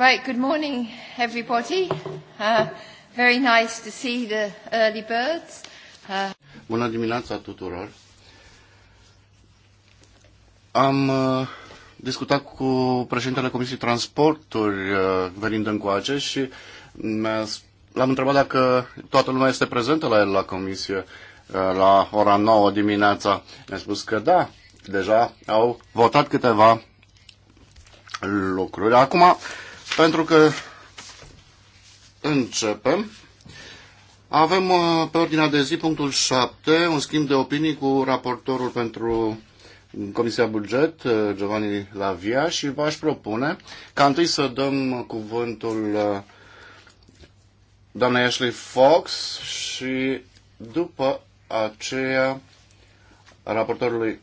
Right, good morning, everybody. Uh, very nice to see the early birds. Uh... Bună dimineața tuturor. Am uh, discutat cu președintele Comisiei Transporturi uh, venind în coace și l-am întrebat dacă toată lumea este prezentă la el la comisie uh, la ora 9 dimineața. Mi-a spus că da, deja au votat câteva lucruri. Acum uh, pentru că începem. Avem uh, pe ordinea de zi punctul 7, un schimb de opinii cu raportorul pentru Comisia Buget, uh, Giovanni Lavia, și v-aș propune ca întâi să dăm cuvântul uh, doamnei Ashley Fox și după aceea raportorului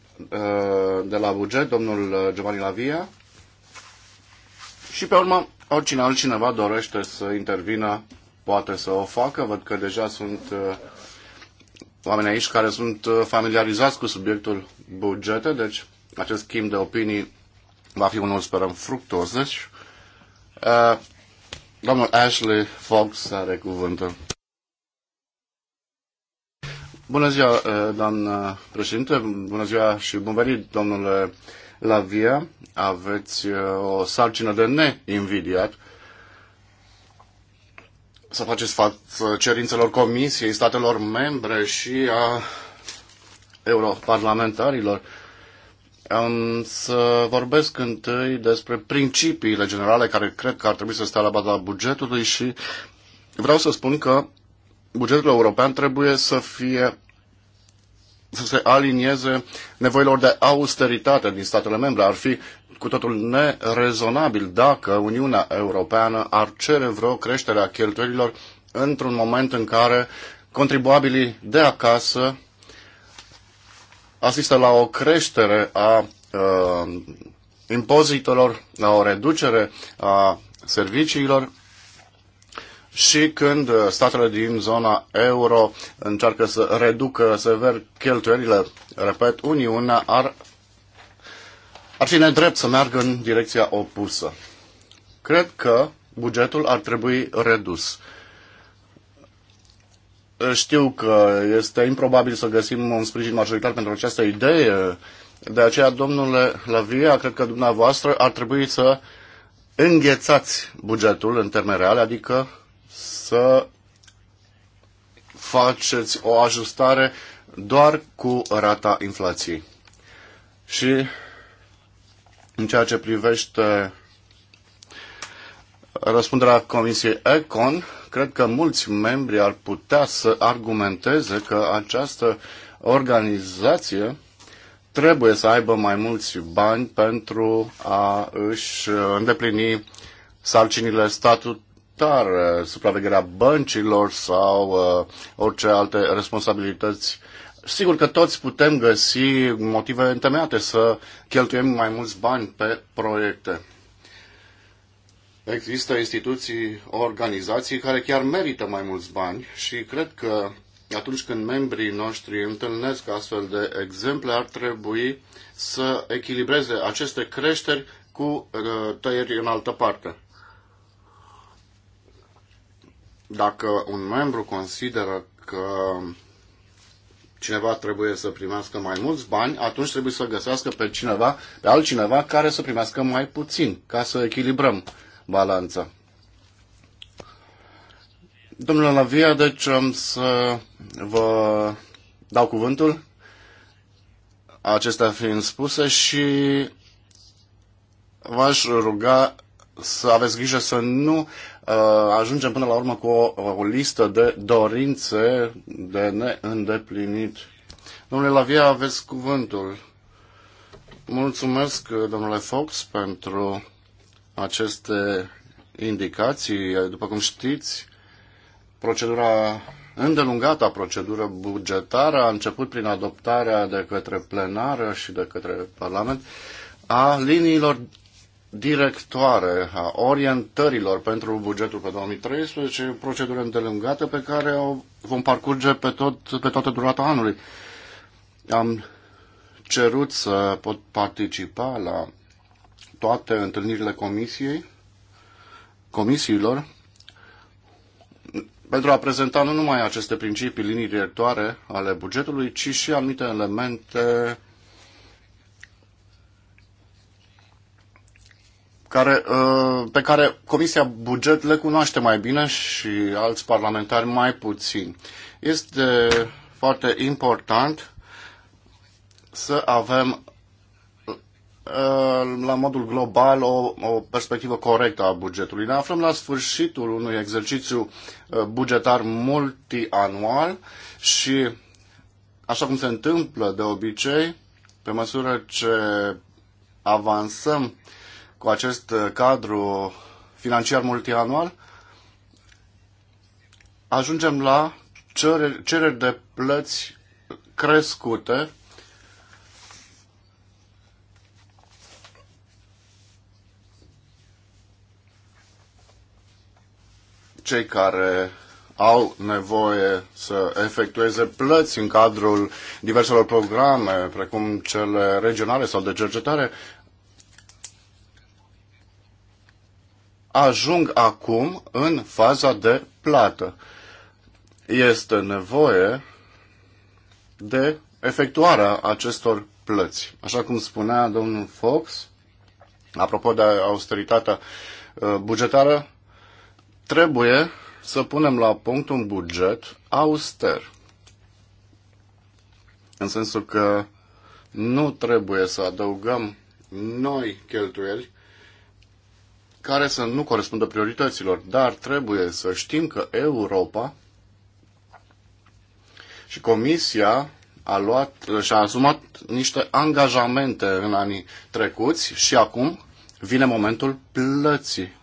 de la buget, domnul Giovanni Lavia, și pe urmă, oricine altcineva dorește să intervină, poate să o facă. Văd că deja sunt uh, oameni aici care sunt uh, familiarizați cu subiectul bugete, deci acest schimb de opinii va fi unul, sperăm, fructuos. Deci, uh, domnul Ashley Fox are cuvântul. Bună ziua, uh, doamnă președinte, bună ziua și bun venit, domnule la via, aveți uh, o sarcină de neinvidiat să faceți față cerințelor Comisiei, statelor membre și a europarlamentarilor. Am să vorbesc întâi despre principiile generale care cred că ar trebui să stea la baza bugetului și vreau să spun că bugetul european trebuie să fie să se alinieze nevoilor de austeritate din statele membre. Ar fi cu totul nerezonabil dacă Uniunea Europeană ar cere vreo creștere a cheltuielilor într-un moment în care contribuabilii de acasă asistă la o creștere a uh, impozitelor, la o reducere a serviciilor și când uh, statele din zona euro încearcă să reducă sever cheltuielile, repet, Uniunea ar, ar fi nedrept să meargă în direcția opusă. Cred că bugetul ar trebui redus. Știu că este improbabil să găsim un sprijin majoritar pentru această idee, de aceea, domnule Lavia, cred că dumneavoastră ar trebui să înghețați bugetul în termen reale, adică să faceți o ajustare doar cu rata inflației. Și în ceea ce privește răspunderea Comisiei Econ, cred că mulți membri ar putea să argumenteze că această organizație trebuie să aibă mai mulți bani pentru a își îndeplini sarcinile statut bugetare, uh, supravegherea băncilor sau uh, orice alte responsabilități. Sigur că toți putem găsi motive întemeiate să cheltuim mai mulți bani pe proiecte. Există instituții, organizații care chiar merită mai mulți bani și cred că atunci când membrii noștri întâlnesc astfel de exemple, ar trebui să echilibreze aceste creșteri cu uh, tăieri în altă parte dacă un membru consideră că cineva trebuie să primească mai mulți bani, atunci trebuie să găsească pe cineva, pe altcineva care să primească mai puțin, ca să echilibrăm balanța. Domnule Lavia, deci am să vă dau cuvântul, acestea fiind spuse, și v-aș ruga să aveți grijă să nu Uh, ajungem până la urmă cu o, o listă de dorințe de neîndeplinit. Domnule Lavia, aveți cuvântul. Mulțumesc, domnule Fox, pentru aceste indicații. După cum știți, procedura îndelungată procedură bugetară a început prin adoptarea de către plenară și de către Parlament a liniilor directoare a orientărilor pentru bugetul pe 2013, procedură îndelungată pe care o vom parcurge pe, tot, pe toată durata anului. Am cerut să pot participa la toate întâlnirile comisiei, comisiilor pentru a prezenta nu numai aceste principii, linii directoare ale bugetului, ci și anumite elemente care, uh, pe care Comisia Buget le cunoaște mai bine și alți parlamentari mai puțin. Este foarte important să avem uh, la modul global o, o perspectivă corectă a bugetului. Ne aflăm la sfârșitul unui exercițiu uh, bugetar multianual și, așa cum se întâmplă de obicei, pe măsură ce avansăm cu acest uh, cadru financiar multianual, ajungem la cereri de plăți crescute cei care au nevoie să efectueze plăți în cadrul diverselor programe, precum cele regionale sau de cercetare, ajung acum în faza de plată. Este nevoie de efectuarea acestor plăți. Așa cum spunea domnul Fox, apropo de austeritatea uh, bugetară, trebuie să punem la punct un buget auster. În sensul că nu trebuie să adăugăm noi cheltuieli care să nu corespundă priorităților, dar trebuie să știm că Europa și Comisia a luat și-a asumat niște angajamente în anii trecuți și acum vine momentul plății.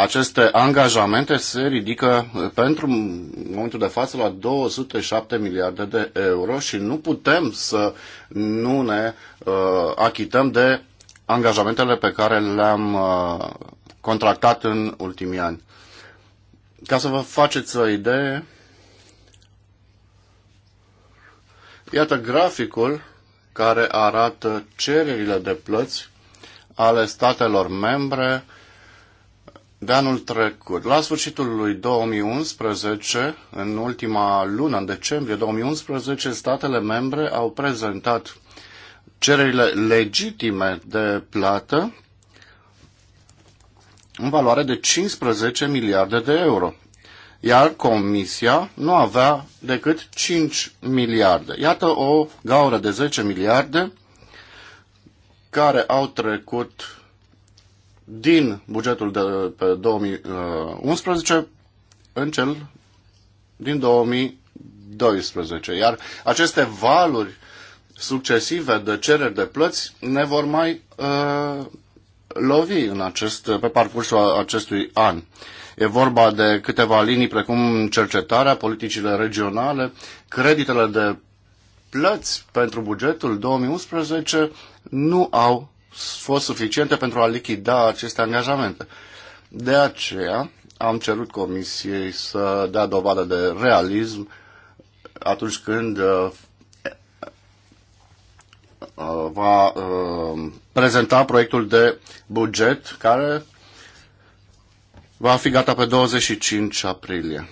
aceste angajamente se ridică uh, pentru momentul de față la 207 miliarde de euro și nu putem să nu ne uh, achităm de angajamentele pe care le-am uh, contractat în ultimii ani. Ca să vă faceți o idee, iată graficul care arată cererile de plăți ale statelor membre uh, de anul trecut. La sfârșitul lui 2011, în ultima lună, în decembrie 2011, statele membre au prezentat cererile legitime de plată în valoare de 15 miliarde de euro, iar Comisia nu avea decât 5 miliarde. Iată o gaură de 10 miliarde care au trecut din bugetul de pe 2011 uh, în cel din 2012. Iar aceste valuri succesive de cereri de plăți ne vor mai uh, lovi în acest, pe parcursul acestui an. E vorba de câteva linii precum cercetarea, politicile regionale, creditele de plăți pentru bugetul 2011 nu au fost suficiente pentru a lichida aceste angajamente. De aceea am cerut Comisiei să dea dovadă de realism atunci când uh, uh, va uh, prezenta proiectul de buget care va fi gata pe 25 aprilie.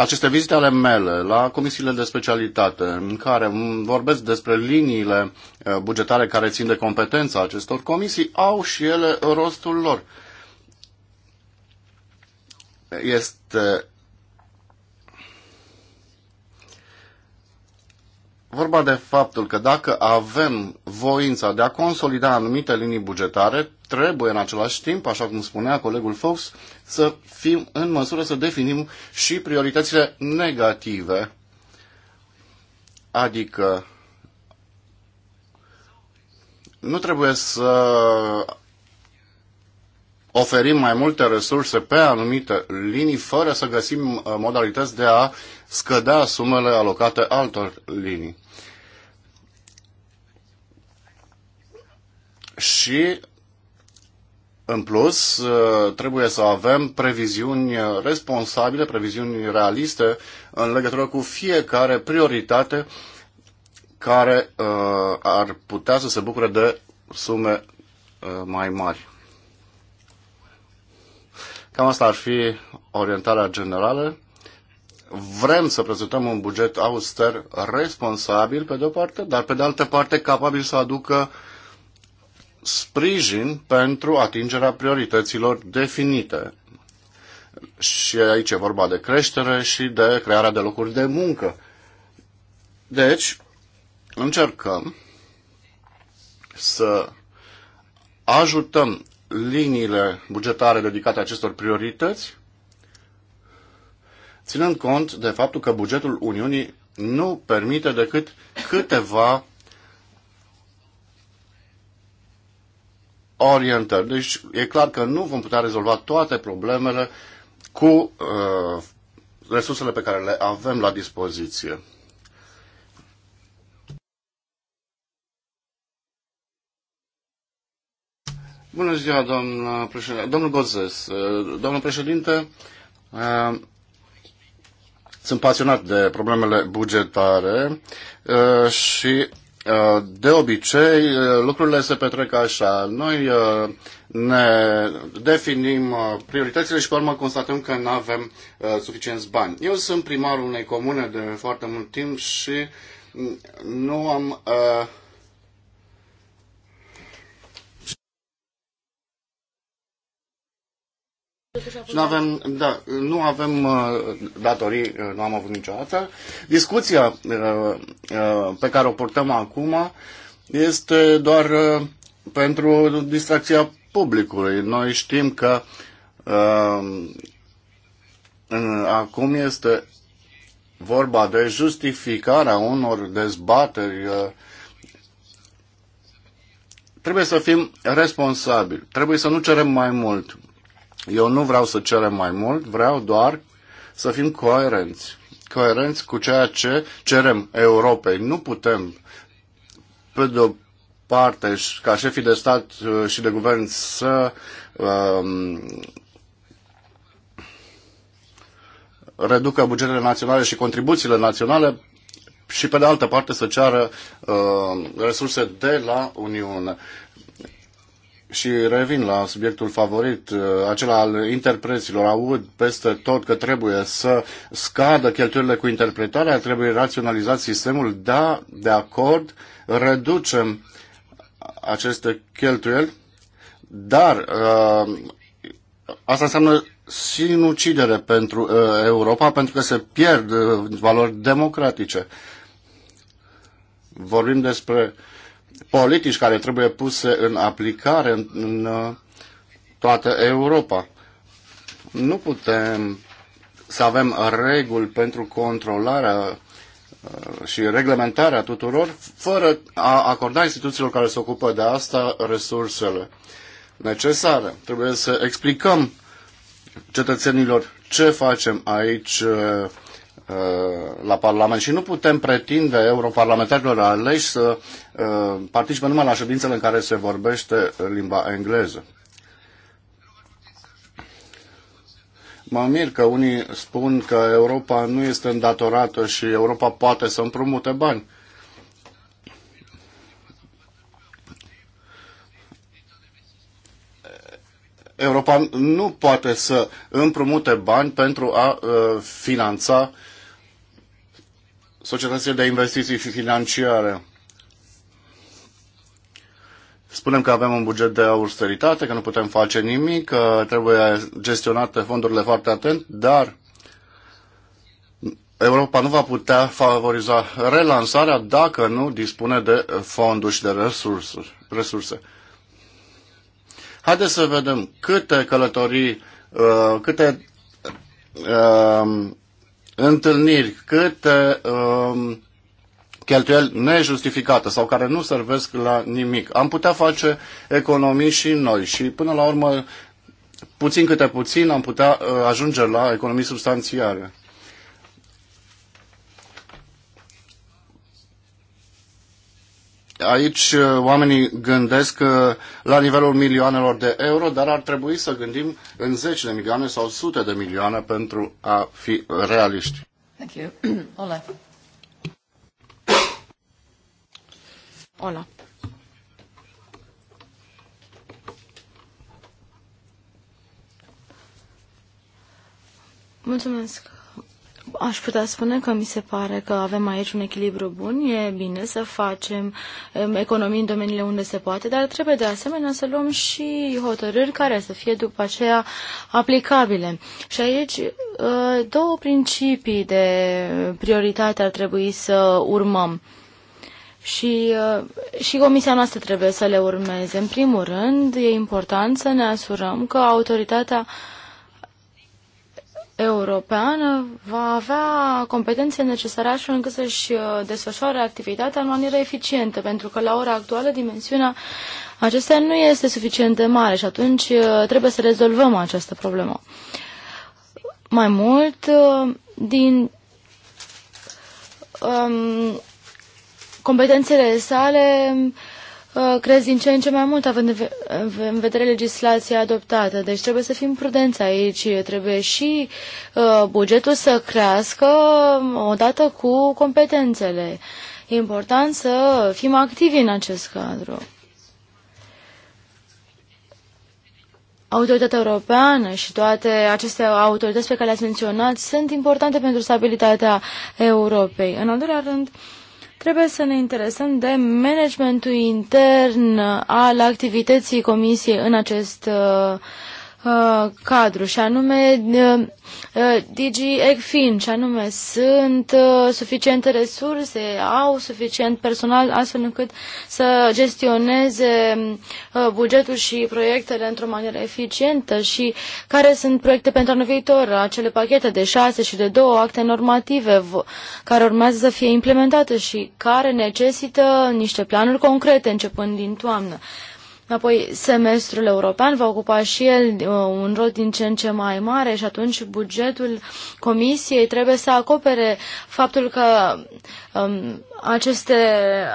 aceste vizite ale mele la comisiile de specialitate, în care vorbesc despre liniile eh, bugetare care țin de competența acestor comisii, au și ele rostul lor. Este vorba de faptul că dacă avem voința de a consolida anumite linii bugetare, trebuie în același timp, așa cum spunea colegul Fox, să fim în măsură să definim și prioritățile negative, adică nu trebuie să oferim mai multe resurse pe anumite linii fără să găsim uh, modalități de a scădea sumele alocate altor linii. Și în plus, uh, trebuie să avem previziuni responsabile, previziuni realiste în legătură cu fiecare prioritate care uh, ar putea să se bucure de sume uh, mai mari. Cam asta ar fi orientarea generală. Vrem să prezentăm un buget auster responsabil, pe de o parte, dar pe de altă parte capabil să aducă uh, sprijin pentru atingerea priorităților definite. Și aici e vorba de creștere și de crearea de locuri de muncă. Deci, încercăm să ajutăm liniile bugetare dedicate acestor priorități, ținând cont de faptul că bugetul Uniunii nu permite decât câteva orientări. Deci e clar că nu vom putea rezolva toate problemele cu uh, resursele pe care le avem la dispoziție. Bună ziua, domnul președinte. Domnul Gozes, uh, domnul președinte, uh, sunt pasionat de problemele bugetare uh, și de obicei, eh, lucrurile se petrec așa. Noi eh, ne definim eh, prioritățile și pe urmă constatăm că nu avem suficienți bani. Eu sunt primarul unei comune de foarte mult timp și mm, nu am uh, Nu avem, da, nu avem uh, datorii, uh, nu am avut niciodată. Discuția uh, pe care o purtăm acum este doar pentru distracția publicului. Noi știm că acum este vorba de justificarea unor dezbateri. Trebuie să fim responsabili, trebuie să nu cerem mai mult eu nu vreau să cerem mai mult, vreau doar să fim coerenți. Coerenți cu ceea ce cerem Europei. Nu putem, pe de o parte, ca șefii de stat uh, și de guvern să um, reducă bugetele naționale și contribuțiile naționale și pe de altă parte să ceară uh, resurse de la Uniune și revin la subiectul favorit, uh, acela al interpreților. Aud peste tot că trebuie să scadă cheltuielile cu interpretarea, trebuie raționalizat sistemul. Da, de acord, reducem aceste cheltuieli, dar uh, asta înseamnă sinucidere pentru uh, Europa, pentru că se pierd uh, valori democratice. Vorbim despre uh, politici care trebuie puse în aplicare în, în uh, toată Europa. Nu putem să avem reguli pentru controlarea uh, și reglementarea tuturor fără a acorda instituțiilor care se ocupă de asta resursele necesare. Trebuie să explicăm cetățenilor ce facem aici, uh, Uh, la Parlament și nu putem pretinde europarlamentarilor aleși să uh, participe numai la ședințele în care se vorbește limba engleză. Mă mir că unii spun că Europa nu este îndatorată și Europa poate să împrumute bani. Europa nu poate să împrumute bani pentru a uh, finanța uh, societățile de investiții și financiare. Spunem că avem un buget de austeritate, că nu putem face nimic, că trebuie gestionate fondurile foarte atent, dar Europa nu va putea favoriza relansarea dacă nu dispune de fonduri și de resurse. Haideți să vedem câte călătorii, uh, câte uh, întâlniri, cât uh, um, cheltuieli nejustificate sau care nu servesc la nimic. Am putea face economii și noi și până la urmă, puțin câte puțin, am putea uh, ajunge la economii substanțiale. Aici uh, oamenii gândesc la nivelul milioanelor de euro, dar ar trebui să gândim în zeci de milioane sau sute de milioane pentru a fi realiști. Thank you. Hola. Hola. Mulțumesc. Aș putea spune că mi se pare că avem aici un echilibru bun, e bine să facem um, economii în domeniile unde se poate, dar trebuie de asemenea să luăm și hotărâri care să fie după aceea aplicabile. Și aici uh, două principii de prioritate ar trebui să urmăm. Și, uh, și comisia noastră trebuie să le urmeze. În primul rând, e important să ne asurăm că autoritatea uh, europeană va avea competențe necesare astfel încât să-și uh, desfășoare activitatea în manieră eficientă, pentru că la ora actuală dimensiunea acestea nu este suficient de mare și atunci uh, trebuie să rezolvăm această problemă. Mai mult, uh, din um, competențele sale Uh, cresc din ce în ce mai mult, având în vedere legislația adoptată. Deci trebuie să fim prudenți aici, trebuie și uh, bugetul să crească um, odată cu competențele. E important să fim activi în acest cadru. Autoritatea europeană și toate aceste autorități pe care le-ați menționat sunt importante pentru stabilitatea Europei. În al doilea rând, uh, Trebuie să ne interesăm de managementul intern al activității Comisiei în acest uh, uh, cadru și anume uh, uh, Digi ECFIN și anume sunt uh, suficiente resurse, au suficient personal astfel încât să gestioneze uh, bugetul și proiectele într-o manieră eficientă și care sunt proiecte pentru anul viitor, acele pachete de șase și de două acte normative care urmează să fie implementate și care necesită niște planuri concrete începând din toamnă. Apoi, semestrul european va ocupa și el uh, un rol din ce în ce mai mare și atunci bugetul comisiei trebuie să acopere faptul că um, aceste,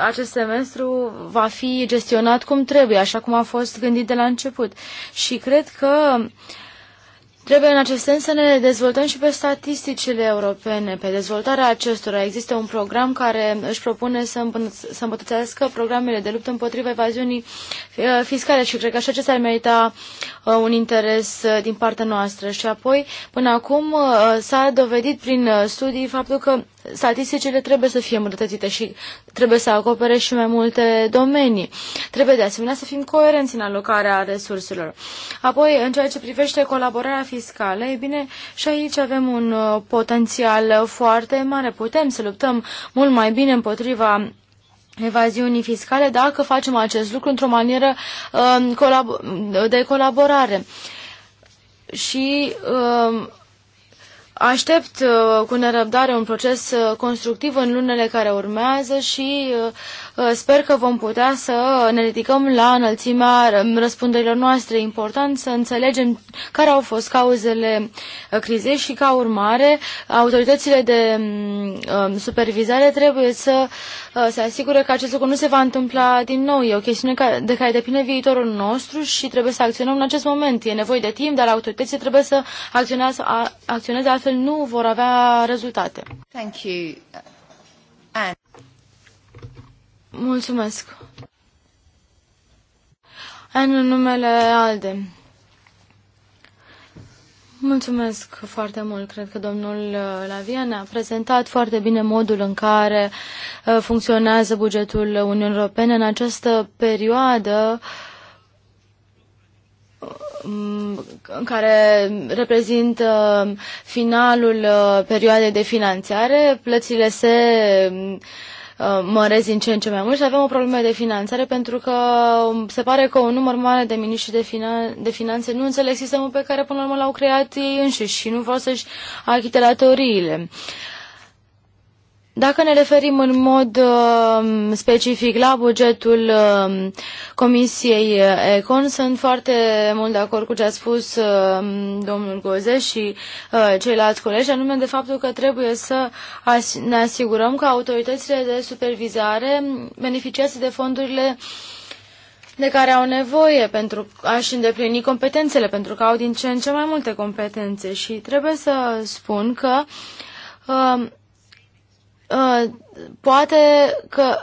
acest semestru va fi gestionat cum trebuie, așa cum a fost gândit de la început. Și cred că uh, Trebuie în acest sens să ne dezvoltăm și pe statisticile europene, pe dezvoltarea acestora. Există un program care își propune să, îmbunăț- să programele de luptă împotriva evaziunii uh, fiscale și cred că așa acesta ar merita uh, un interes uh, din partea noastră. Și apoi, până acum, s-a dovedit prin studii faptul că statisticile trebuie să fie îmbunătățite și trebuie să acopere și mai multe domenii. Trebuie de asemenea să fim coerenți în alocarea resurselor. Apoi, în ceea ce privește colaborarea fiscală, e bine, și aici avem un uh, potențial foarte mare. Putem să luptăm mult mai bine împotriva evaziunii fiscale dacă facem acest lucru într-o manieră uh, de colaborare. Și uh, Aștept uh, cu nerăbdare un proces uh, constructiv în lunele care urmează și uh, Uh, sper că vom putea să ne ridicăm la înălțimea răspunderilor noastre. Important să înțelegem care au fost cauzele uh, crizei și, ca urmare, autoritățile de mm, um, supervizare trebuie să uh, se asigure că acest lucru nu se va întâmpla din nou. E o chestiune de care depinde viitorul nostru și trebuie să acționăm în acest moment. E nevoie de timp, dar autoritățile trebuie să acționeze, acționeze altfel nu vor avea rezultate. Thank you. Mulțumesc. În numele ALDE. Mulțumesc foarte mult. Cred că domnul uh, Lavia ne-a prezentat foarte bine modul în care uh, funcționează bugetul Uniunii Europene în această perioadă um, în care reprezintă finalul uh, perioadei de finanțare. Plățile se um, Uh, mărezi din ce în ce mai mult și avem o problemă de finanțare pentru că um, se pare că un număr mare de miniștri de, finan- de finanțe nu înțeleg sistemul pe care până la urmă l-au creat ei înșiși și nu vor să-și achite la teoriile. Uh, dacă ne referim în mod uh, specific la bugetul uh, Comisiei uh, Econ, sunt foarte mult de acord cu ce a spus uh, domnul Goze și uh, ceilalți colegi, anume de faptul că trebuie să as ne asigurăm că autoritățile de supervizare beneficiază de fondurile de care au nevoie pentru a-și îndeplini competențele, pentru că au din ce în ce mai multe competențe și trebuie să spun că uh, Uh, poate că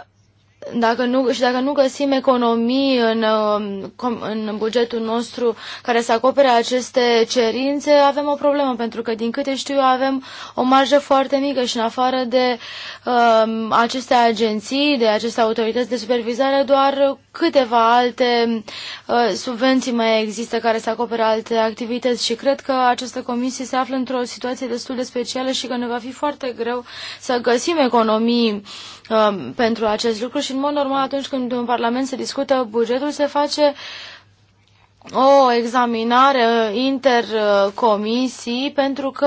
dacă nu, și dacă nu găsim economii în, um, în bugetul nostru care să acopere aceste cerințe, avem o problemă, pentru că, din câte știu eu, avem o marjă foarte mică și, în afară de um, aceste agenții, de aceste autorități de supervizare, doar câteva alte uh, subvenții mai există care să acopere alte activități și cred că această comisie se află într-o situație destul de specială și că ne va fi foarte greu să găsim economii uh, Um, pentru acest lucru și, în mod normal, atunci când în Parlament se discută bugetul, se face o examinare intercomisii pentru că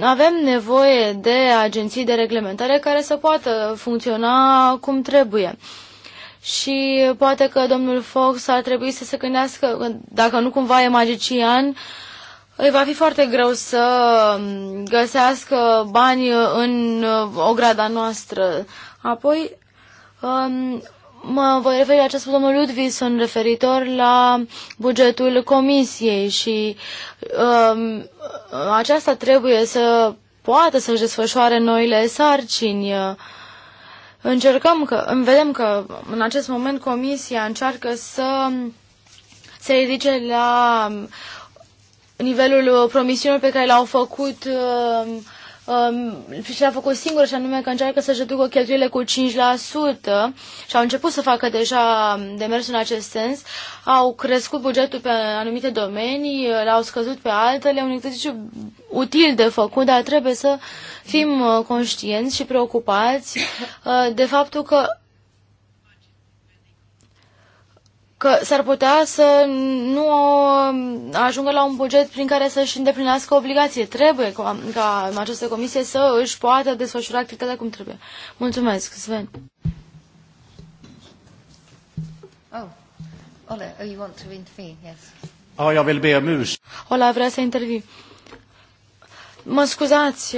avem nevoie de agenții de reglementare care să poată funcționa cum trebuie. Și poate că domnul Fox ar trebui să se gândească, dacă nu cumva e magician, uh, îi va fi foarte greu să găsească bani în uh, ograda noastră. Apoi, um, mă voi referi la ce spus domnul Ludvison referitor la bugetul comisiei și um, aceasta trebuie să poată să-și desfășoare noile sarcini. Încercăm că, vedem că în acest moment comisia încearcă să se ridice la nivelul uh, promisiunilor pe care le-au făcut uh, um, și le-a făcut singură și anume că încearcă să-și reducă cheltuielile cu 5% și au început să facă deja demersul în acest sens, au crescut bugetul pe anumite domenii, uh, l-au scăzut pe altele, un exercițiu util de făcut, dar trebuie să fim uh, conștienți și preocupați de faptul că că s-ar putea să nu ajungă la un buget prin care să-și îndeplinească obligație. Trebuie ca, ca această comisie să își poată desfășura activitatea cum trebuie. Mulțumesc, Sven. Oh, Ola, oh, you want to intervene, yes. Oh, eu vill be om Ola vrea să intervii. Mă scuzați,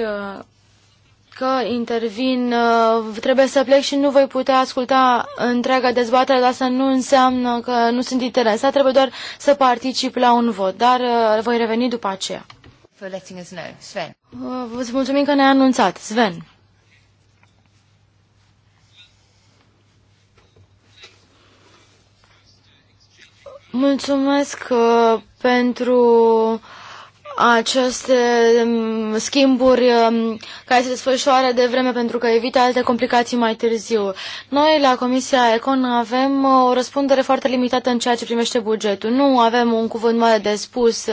că intervin, uh, trebuie să plec și nu voi putea asculta întreaga dezbatere, dar asta nu înseamnă că nu sunt interesat, trebuie doar să particip la un vot, dar uh, voi reveni după aceea. For letting us know. Sven. Uh, vă mulțumim că ne-a anunțat. Sven. Mulțumesc pentru aceste um, schimburi um, care se desfășoară de vreme pentru că evită alte complicații mai târziu. Noi la Comisia Econ avem uh, o răspundere foarte limitată în ceea ce primește bugetul. Nu avem un cuvânt mare de spus.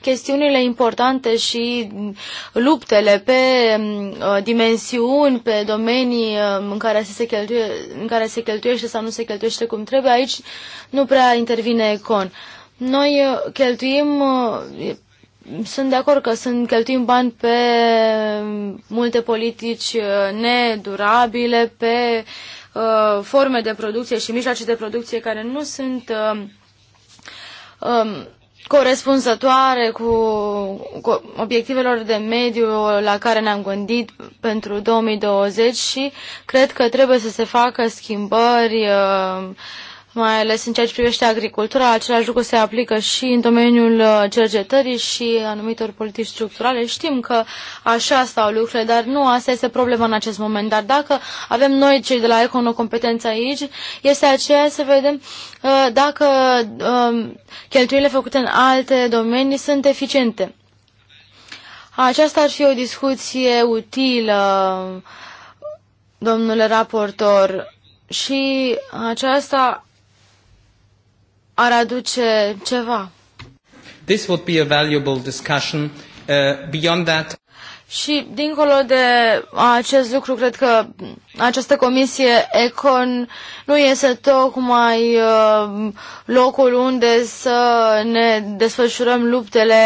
Chestiunile importante și um, luptele pe uh, dimensiuni, pe domenii în care se, cheltuie, în care se cheltuiește sau nu se cheltuiește cum trebuie, aici nu prea intervine Econ. Noi uh, cheltuim sunt de acord că sunt cheltuim bani pe multe politici uh, nedurabile, pe uh, forme de producție și mijloace de producție care nu sunt uh, um, corespunzătoare cu, cu obiectivelor de mediu la care ne-am gândit pentru 2020 și cred că trebuie să se facă schimbări uh, mai ales în ceea ce privește agricultura. Același lucru se aplică și în domeniul uh, cercetării și anumitor politici structurale. Știm că așa stau lucrurile, dar nu asta este problema în acest moment. Dar dacă avem noi cei de la Econo competență aici, este aceea să vedem uh, dacă um, cheltuielile făcute în alte domenii sunt eficiente. Aceasta ar fi o discuție utilă, domnule raportor, și aceasta ar aduce ceva. This would be a valuable discussion. Uh, beyond that, și dincolo de acest lucru, cred că această comisie Econ nu este tocmai uh, locul unde să ne desfășurăm luptele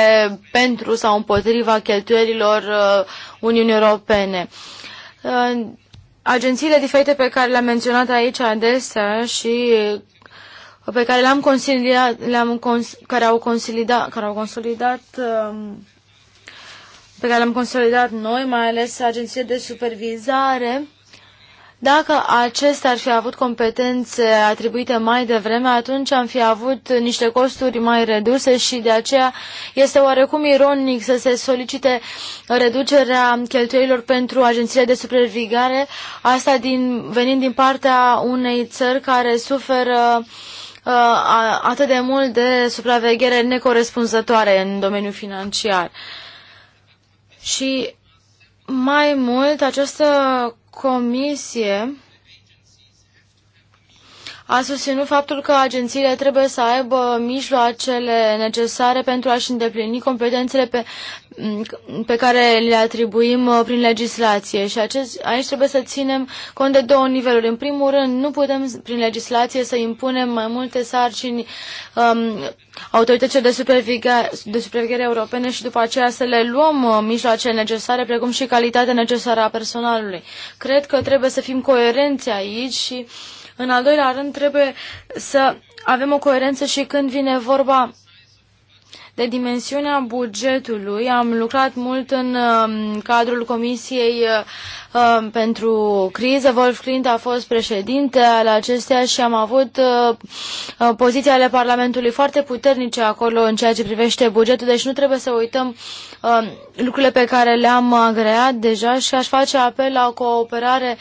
pentru sau împotriva cheltuielilor uh, Uniunii Europene. Uh, agențiile diferite pe care le-am menționat aici adesea și pe care le-am consolidat, le-am cons- care au consolidat, care au consolidat um, pe care le-am consolidat noi, mai ales agenția de supervizare, dacă acestea ar fi avut competențe atribuite mai devreme, atunci am fi avut niște costuri mai reduse și de aceea este oarecum ironic să se solicite reducerea cheltuielilor pentru agențiile de supervigare, asta din, venind din partea unei țări care suferă uh, Uh, atât de mult de supraveghere necorespunzătoare în domeniul financiar. Și mai mult, această comisie a susținut faptul că agențiile trebuie să aibă mijloacele necesare pentru a-și îndeplini competențele pe Mm, pe care le atribuim uh, prin legislație și acest, aici trebuie să ținem cont de două niveluri. În primul rând, nu putem prin legislație să impunem mai multe sarcini um, autorităților de supraveghere, de supraveghere europene și după aceea să le luăm uh, mijloacele necesare, precum și calitatea necesară a personalului. Cred că trebuie să fim coerenți aici și, în al doilea rând, trebuie să avem o coerență și când vine vorba de dimensiunea bugetului. Am lucrat mult în um, cadrul Comisiei uh, um, pentru criză. Wolf Clint a fost președinte al acesteia și am avut uh, uh, poziția ale Parlamentului foarte puternice acolo în ceea ce privește bugetul, deci nu trebuie să uităm um, lucrurile pe care le-am agreat deja și aș face apel la o cooperare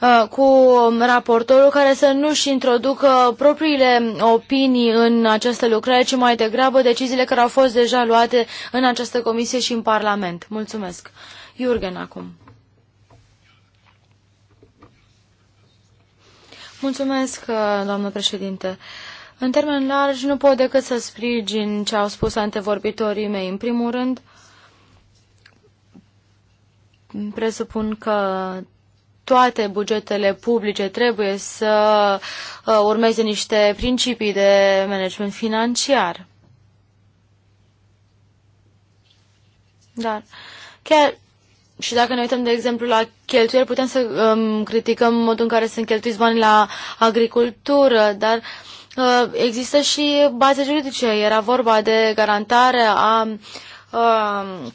Uh, cu raportorul care să nu-și introducă propriile opinii în această lucrare, ci mai degrabă deciziile care au fost deja luate în această comisie și în Parlament. Mulțumesc. Iurgen acum. Mulțumesc, uh, doamnă președinte. În termen larg, nu pot decât să sprijin ce au spus antevorbitorii mei. În primul rând, presupun că toate bugetele publice trebuie să uh, urmeze niște principii de management financiar. Dar chiar și dacă ne uităm, de exemplu, la cheltuieli, putem să um, criticăm modul în care sunt cheltuiți banii la agricultură, dar uh, există și baze juridice. Era vorba de garantare a uh,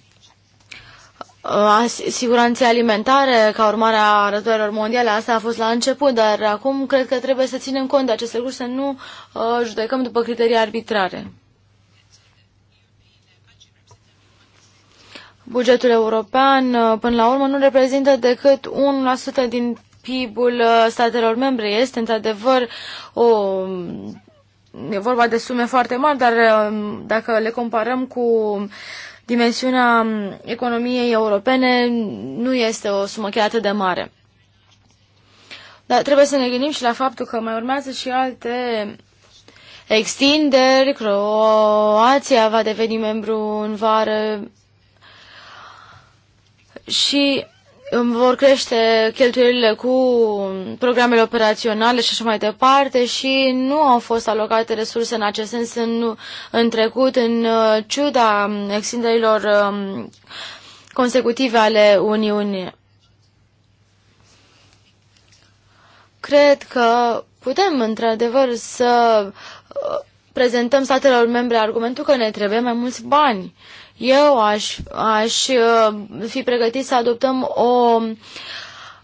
Uh, siguranței alimentare ca urmare a războiilor mondiale. Asta a fost la început, dar acum cred că trebuie să ținem cont de aceste lucruri, să nu uh, judecăm după criterii arbitrare. Bugetul european, uh, până la urmă, nu reprezintă decât 1% din PIB-ul uh, statelor membre. Este, într-adevăr, o e vorba de sume foarte mari, dar dacă le comparăm cu dimensiunea economiei europene nu este o sumă chiar atât de mare. Dar trebuie să ne gândim și la faptul că mai urmează și alte extinderi. Croația va deveni membru în vară și vor crește cheltuielile cu programele operaționale și așa mai departe și nu au fost alocate resurse în acest sens în, în trecut, în uh, ciuda extinderilor um, consecutive ale Uniunii. Cred că putem, într-adevăr, să uh, prezentăm statelor membre argumentul că ne trebuie mai mulți bani. Eu aș, aș uh, fi pregătit să adoptăm o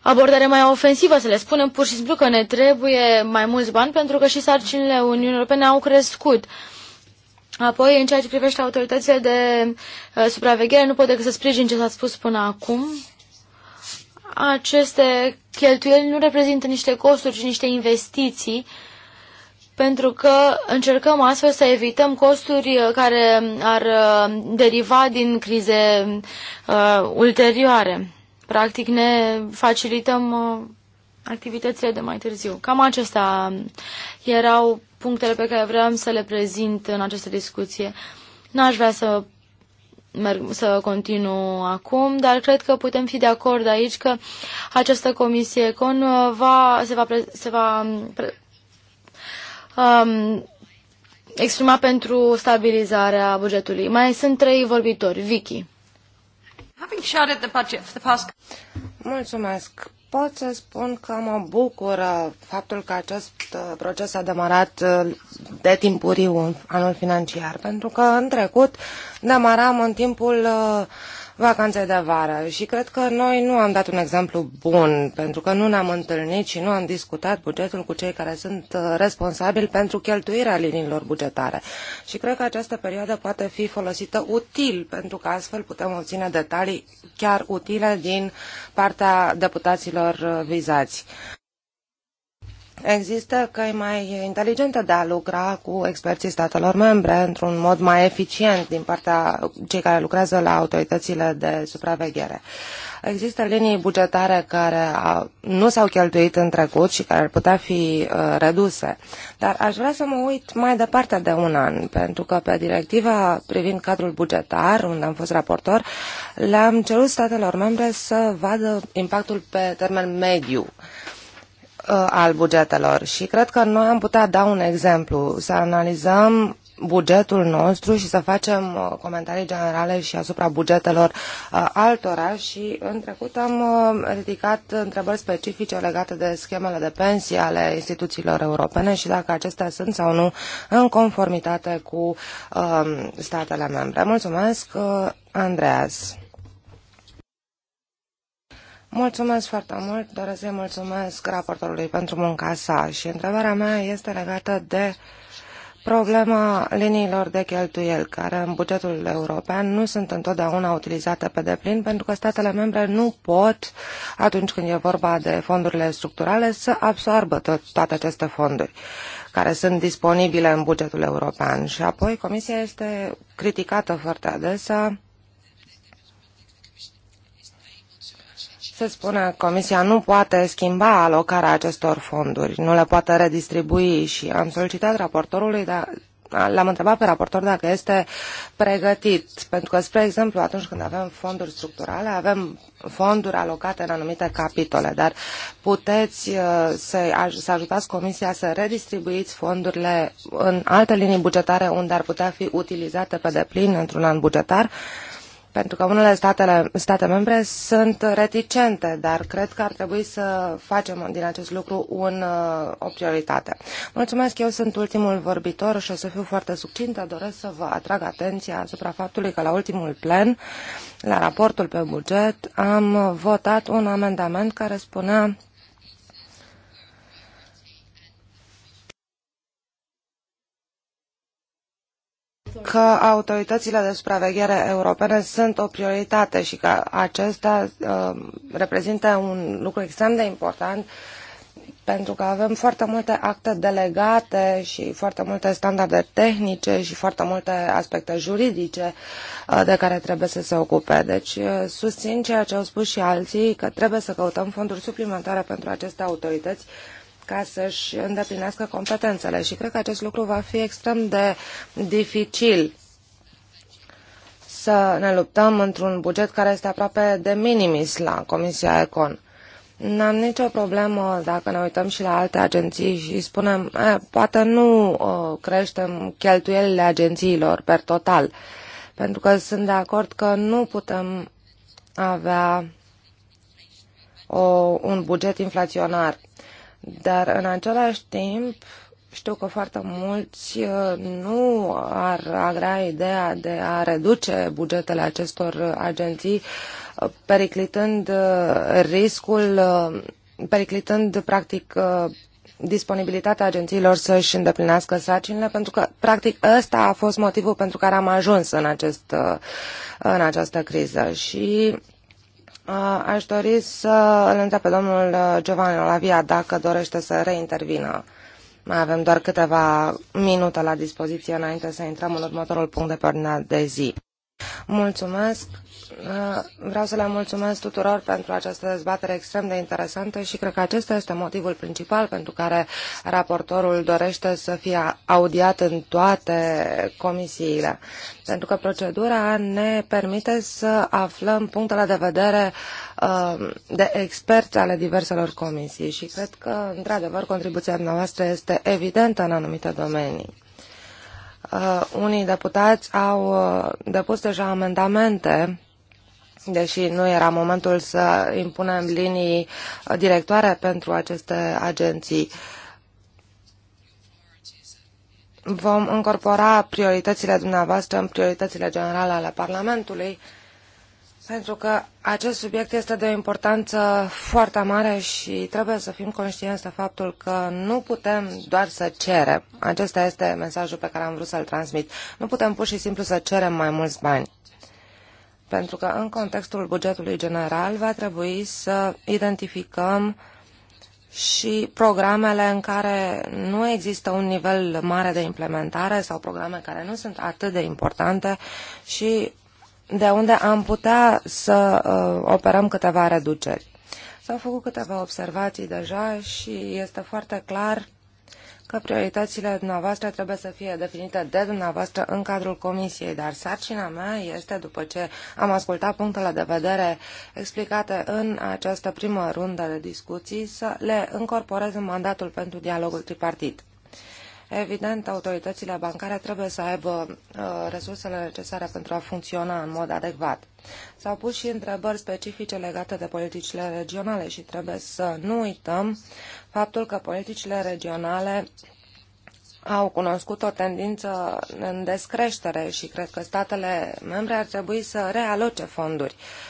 abordare mai ofensivă, să le spunem pur și simplu că ne trebuie mai mulți bani pentru că și sarcinile Uniunii Europene au crescut. Apoi, în ceea ce privește autoritățile de uh, supraveghere, nu pot decât să sprijin ce s-a spus până acum. Aceste cheltuieli nu reprezintă niște costuri, ci niște investiții uh, pentru că încercăm astfel să evităm costuri uh, care uh, ar uh, deriva din crize uh, ulterioare. Practic ne facilităm uh, activitățile de mai târziu. Cam acestea um, erau punctele pe care vreau să le prezint în această discuție. N-aș vrea să merg, să continu acum, dar cred că putem fi de acord aici că această comisie CON va, se va, pre, se va um, pre, um, exprima pentru stabilizarea bugetului. Mai sunt trei vorbitori. Vicky. Mulțumesc. Pot să spun că mă bucură faptul că acest uh, proces a demarat uh, de timpuriu anul financiar, pentru că în trecut demaram în timpul uh, vacanțe de vară și cred că noi nu am dat un exemplu bun, pentru că nu ne-am întâlnit și nu am discutat bugetul cu cei care sunt uh, responsabili pentru cheltuirea liniilor bugetare. Și cred că această perioadă poate fi folosită util, pentru că astfel putem obține detalii chiar utile din partea deputaților uh, vizați. Există căi mai inteligente de a lucra cu experții statelor membre într-un mod mai eficient din partea cei care lucrează la autoritățile de supraveghere. Există linii bugetare care nu s-au cheltuit în trecut și care ar putea fi uh, reduse. Dar aș vrea să mă uit mai departe de un an, pentru că pe directiva privind cadrul bugetar, unde am fost raportor, le-am cerut statelor membre să vadă impactul pe termen mediu Uh, al bugetelor și cred că noi am putea da un exemplu, să analizăm bugetul nostru și să facem uh, comentarii generale și asupra bugetelor uh, altora și în trecut am ridicat întrebări specifice legate de schemele de pensii ale instituțiilor europene și dacă acestea sunt sau nu în conformitate cu statele membre. Mulțumesc, Andreas. Mulțumesc foarte mult, doresc să-i mulțumesc raportorului pentru munca sa și întrebarea mea este legată de problema liniilor de cheltuieli, care în bugetul european nu sunt întotdeauna utilizate pe deplin, pentru că statele membre nu pot, atunci când e vorba de fondurile structurale, să absorbă tot, toate aceste fonduri care sunt disponibile în bugetul european. Și apoi Comisia este criticată foarte adesea Se spune că Comisia nu poate schimba alocarea acestor fonduri, nu le poate redistribui și am solicitat raportorului, dar l-am întrebat pe raportor dacă este pregătit, pentru că, spre exemplu, atunci când avem fonduri structurale, avem fonduri alocate în anumite capitole, dar puteți uh, să, să ajutați Comisia să redistribuiți fondurile în alte linii bugetare unde ar putea fi utilizate pe deplin într-un an bugetar, uh, pentru că unele statele, state membre sunt reticente, dar cred că ar trebui să facem din acest lucru un, uh, o prioritate. Mulțumesc, eu sunt ultimul vorbitor și o să fiu foarte succintă. Doresc să vă atrag atenția asupra faptului că la ultimul plen, la raportul pe buget, am votat un amendament care spunea că autoritățile de supraveghere europene sunt o prioritate și că acestea um, reprezintă un lucru extrem de important pentru că avem foarte multe acte delegate și foarte multe standarde tehnice și foarte multe aspecte juridice uh, de care trebuie să se ocupe. Deci uh, susțin ceea ce au spus și alții, că trebuie să căutăm fonduri suplimentare pentru aceste autorități ca să-și îndeplinească competențele și cred că acest lucru va fi extrem de dificil să ne luptăm într-un buget care este aproape de minimis la Comisia Econ. N-am nicio problemă dacă ne uităm și la alte agenții și spunem, e, poate nu uh, creștem cheltuielile agențiilor per total, pentru că sunt de acord că nu putem avea o, un buget inflaționar. Dar în același timp știu că foarte mulți uh, nu ar agra ideea de a reduce bugetele acestor agenții, uh, periclitând uh, riscul, periclitând practic disponibilitatea agențiilor să-și îndeplinească sarcinile, pentru că, practic, ăsta a fost motivul pentru care am ajuns în, acest, în această criză. Și Uh, aș dori să îl întreb pe domnul uh, Giovanni Olavia dacă dorește să reintervină. Mai avem doar câteva minute la dispoziție înainte să intrăm în următorul punct de pe ordinea de zi. Mulțumesc. Uh, vreau să le mulțumesc tuturor pentru această dezbatere extrem de interesantă și cred că acesta este motivul principal pentru care raportorul dorește să fie audiat în toate comisiile. Pentru că procedura ne permite să aflăm punctele de vedere uh, de experți ale diverselor comisii și cred că, într-adevăr, contribuția noastră este evidentă în anumite domenii uh, unii deputați au uh, depus deja amendamente deși nu era momentul să impunem linii directoare pentru aceste agenții. Vom încorpora prioritățile dumneavoastră în prioritățile generale ale Parlamentului uh, pentru că acest subiect este de o importanță foarte mare și trebuie să fim conștienți de faptul că nu putem doar să cerem. Acesta este mesajul pe care am vrut să-l transmit. Nu putem pur și simplu să cerem mai mulți bani. Pentru că în contextul bugetului general va trebui să identificăm și programele în care nu există un nivel mare de implementare sau programe care nu sunt atât de importante și de unde am putea să uh, operăm câteva reduceri. S-au făcut câteva observații deja și este foarte clar că prioritățile dumneavoastră trebuie să fie definite de dumneavoastră în cadrul comisiei, dar sarcina mea este, după ce am ascultat punctele de vedere explicate în această primă rundă de discuții, să le încorporez în mandatul pentru dialogul tripartit. Evident, autoritățile bancare trebuie să aibă uh, resursele necesare pentru a funcționa în mod adecvat. S-au pus și întrebări specifice legate de politicile regionale și trebuie să nu uităm faptul că politicile regionale au cunoscut o tendință în descreștere și cred că statele membre ar trebui să realoce fonduri. Uh,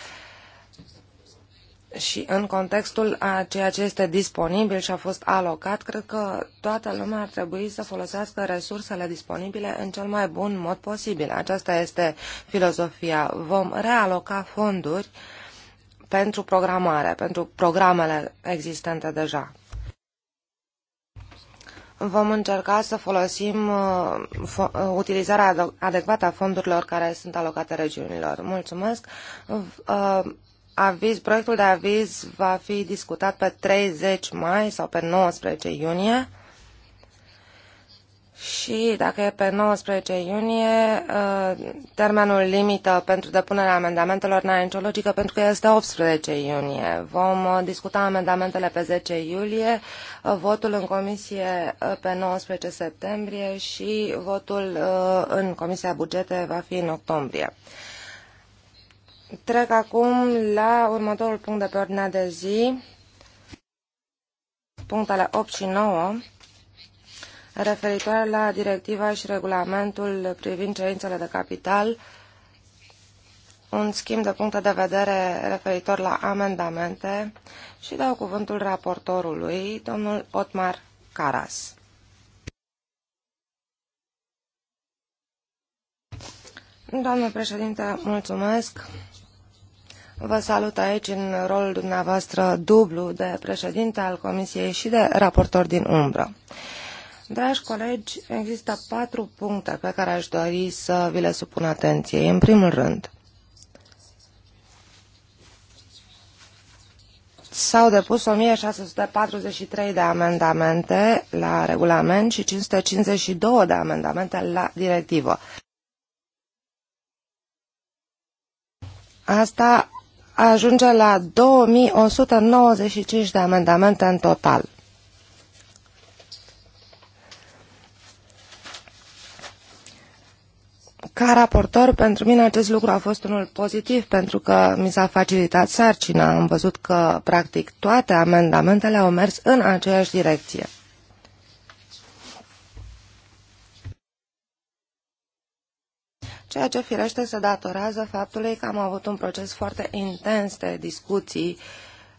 și în contextul a ceea ce este disponibil și a fost alocat, cred că toată lumea ar trebui să folosească resursele disponibile în cel mai bun mod posibil. Aceasta este filozofia. Vom realoca fonduri pentru programare, pentru programele existente deja. Vom încerca să folosim uh, uh, utilizarea adecvată a fondurilor care sunt alocate regiunilor. Mulțumesc. Uh, aviz, proiectul de aviz va fi discutat pe 30 mai sau pe 19 iunie. Și dacă e pe 19 iunie, uh, termenul limită pentru depunerea amendamentelor n-are nicio logică pentru că este 18 iunie. Vom uh, discuta amendamentele pe 10 iulie, uh, votul în comisie pe 19 septembrie și votul în Comisia Bugete va fi în octombrie. Trec acum la următorul punct de pe ordinea de zi, punctele 8 și 9, referitoare la directiva și regulamentul privind cerințele de capital, un schimb de puncte de vedere referitor la amendamente și dau cuvântul raportorului, domnul Otmar Caras. Doamne președinte, mulțumesc. Vă salut aici în rolul dumneavoastră dublu de președinte al Comisiei și de raportor din umbră. Dragi colegi, există patru puncte pe care aș dori să vi le supun atenției. În primul rând, s-au depus 1643 de amendamente la regulament și 552 de amendamente la directivă. Asta ajunge la 2195 de amendamente în total. Ca raportor, pentru mine acest lucru a fost unul pozitiv pentru că mi s-a facilitat sarcina. Am văzut că, practic, toate amendamentele au mers în aceeași direcție. ceea ce firește se datorează faptului că am avut un proces foarte intens de discuții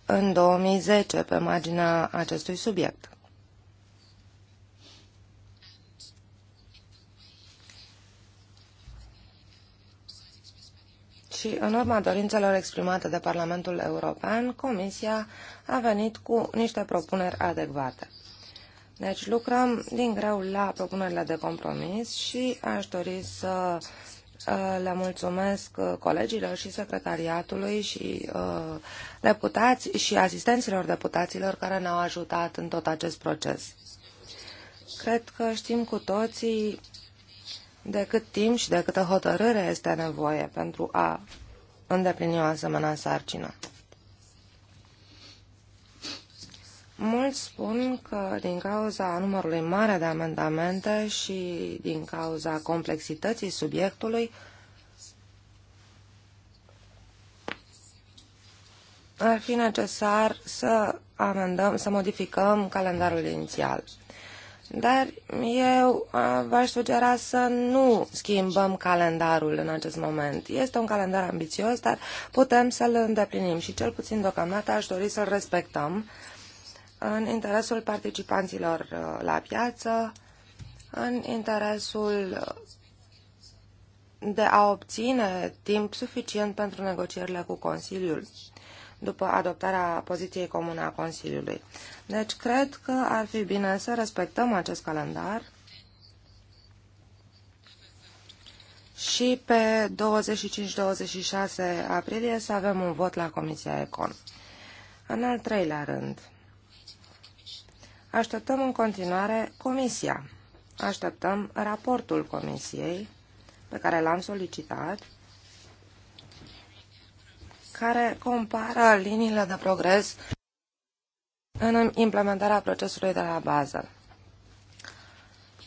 în 2010 pe marginea acestui subiect. și în urma dorințelor exprimate de Parlamentul European, Comisia a venit cu niște propuneri adecvate. Deci lucrăm din greu la propunerile de compromis și aș dori să le mulțumesc uh, colegilor și secretariatului și uh, deputați și asistenților deputaților care ne-au ajutat în tot acest proces. Cred că știm cu toții de cât timp și de câtă hotărâre este nevoie pentru a îndeplini o asemenea sarcină. Mulți spun că din cauza numărului mare de amendamente și din cauza complexității subiectului, ar fi necesar să amendăm, să modificăm calendarul inițial. Dar eu v-aș sugera să nu schimbăm calendarul în acest moment. Este un calendar ambițios, dar putem să-l îndeplinim și cel puțin deocamdată aș dori să-l respectăm în interesul participanților uh, la piață, în interesul de a obține timp suficient pentru negocierile cu Consiliul după adoptarea poziției comune a Consiliului. Deci cred că ar fi bine să respectăm acest calendar și pe 25-26 aprilie să avem un vot la Comisia Econ. În al treilea rând, Așteptăm în continuare comisia. Așteptăm raportul comisiei pe care l-am solicitat, care compară liniile de progres în implementarea procesului de la Basel.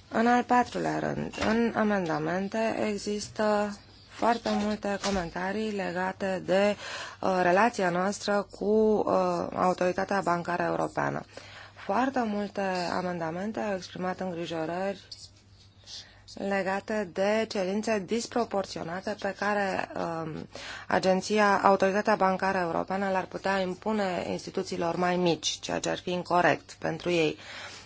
În al patrulea rând, în amendamente există foarte multe comentarii legate de uh, relația noastră cu uh, Autoritatea Bancară Europeană. Uh, foarte multe amendamente au exprimat îngrijorări legate de cerințe disproporționate pe care um, agenția, Autoritatea Bancară Europeană le-ar putea impune instituțiilor mai mici, ceea ce ar fi incorrect pentru ei. Uh,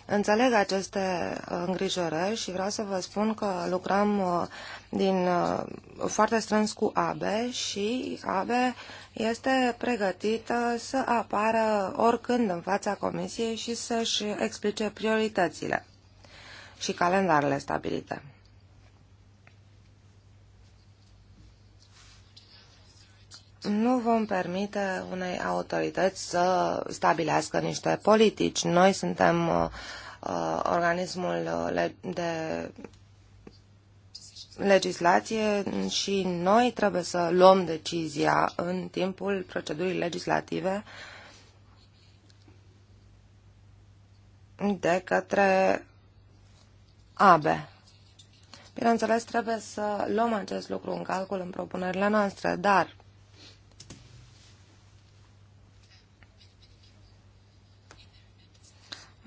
Înțeleg aceste uh, îngrijorări și vreau să vă spun că lucrăm uh, din, uh, foarte strâns cu ABE și ABE este pregătită să apară oricând în fața Comisiei și să-și explice prioritățile și calendarele stabilite. nu vom permite unei autorități să stabilească niște politici. Noi suntem uh, uh organismul uh, de legislație și noi trebuie să luăm decizia în timpul procedurii legislative de către ABE. Bineînțeles, trebuie să luăm acest lucru în calcul în propunerile noastre, dar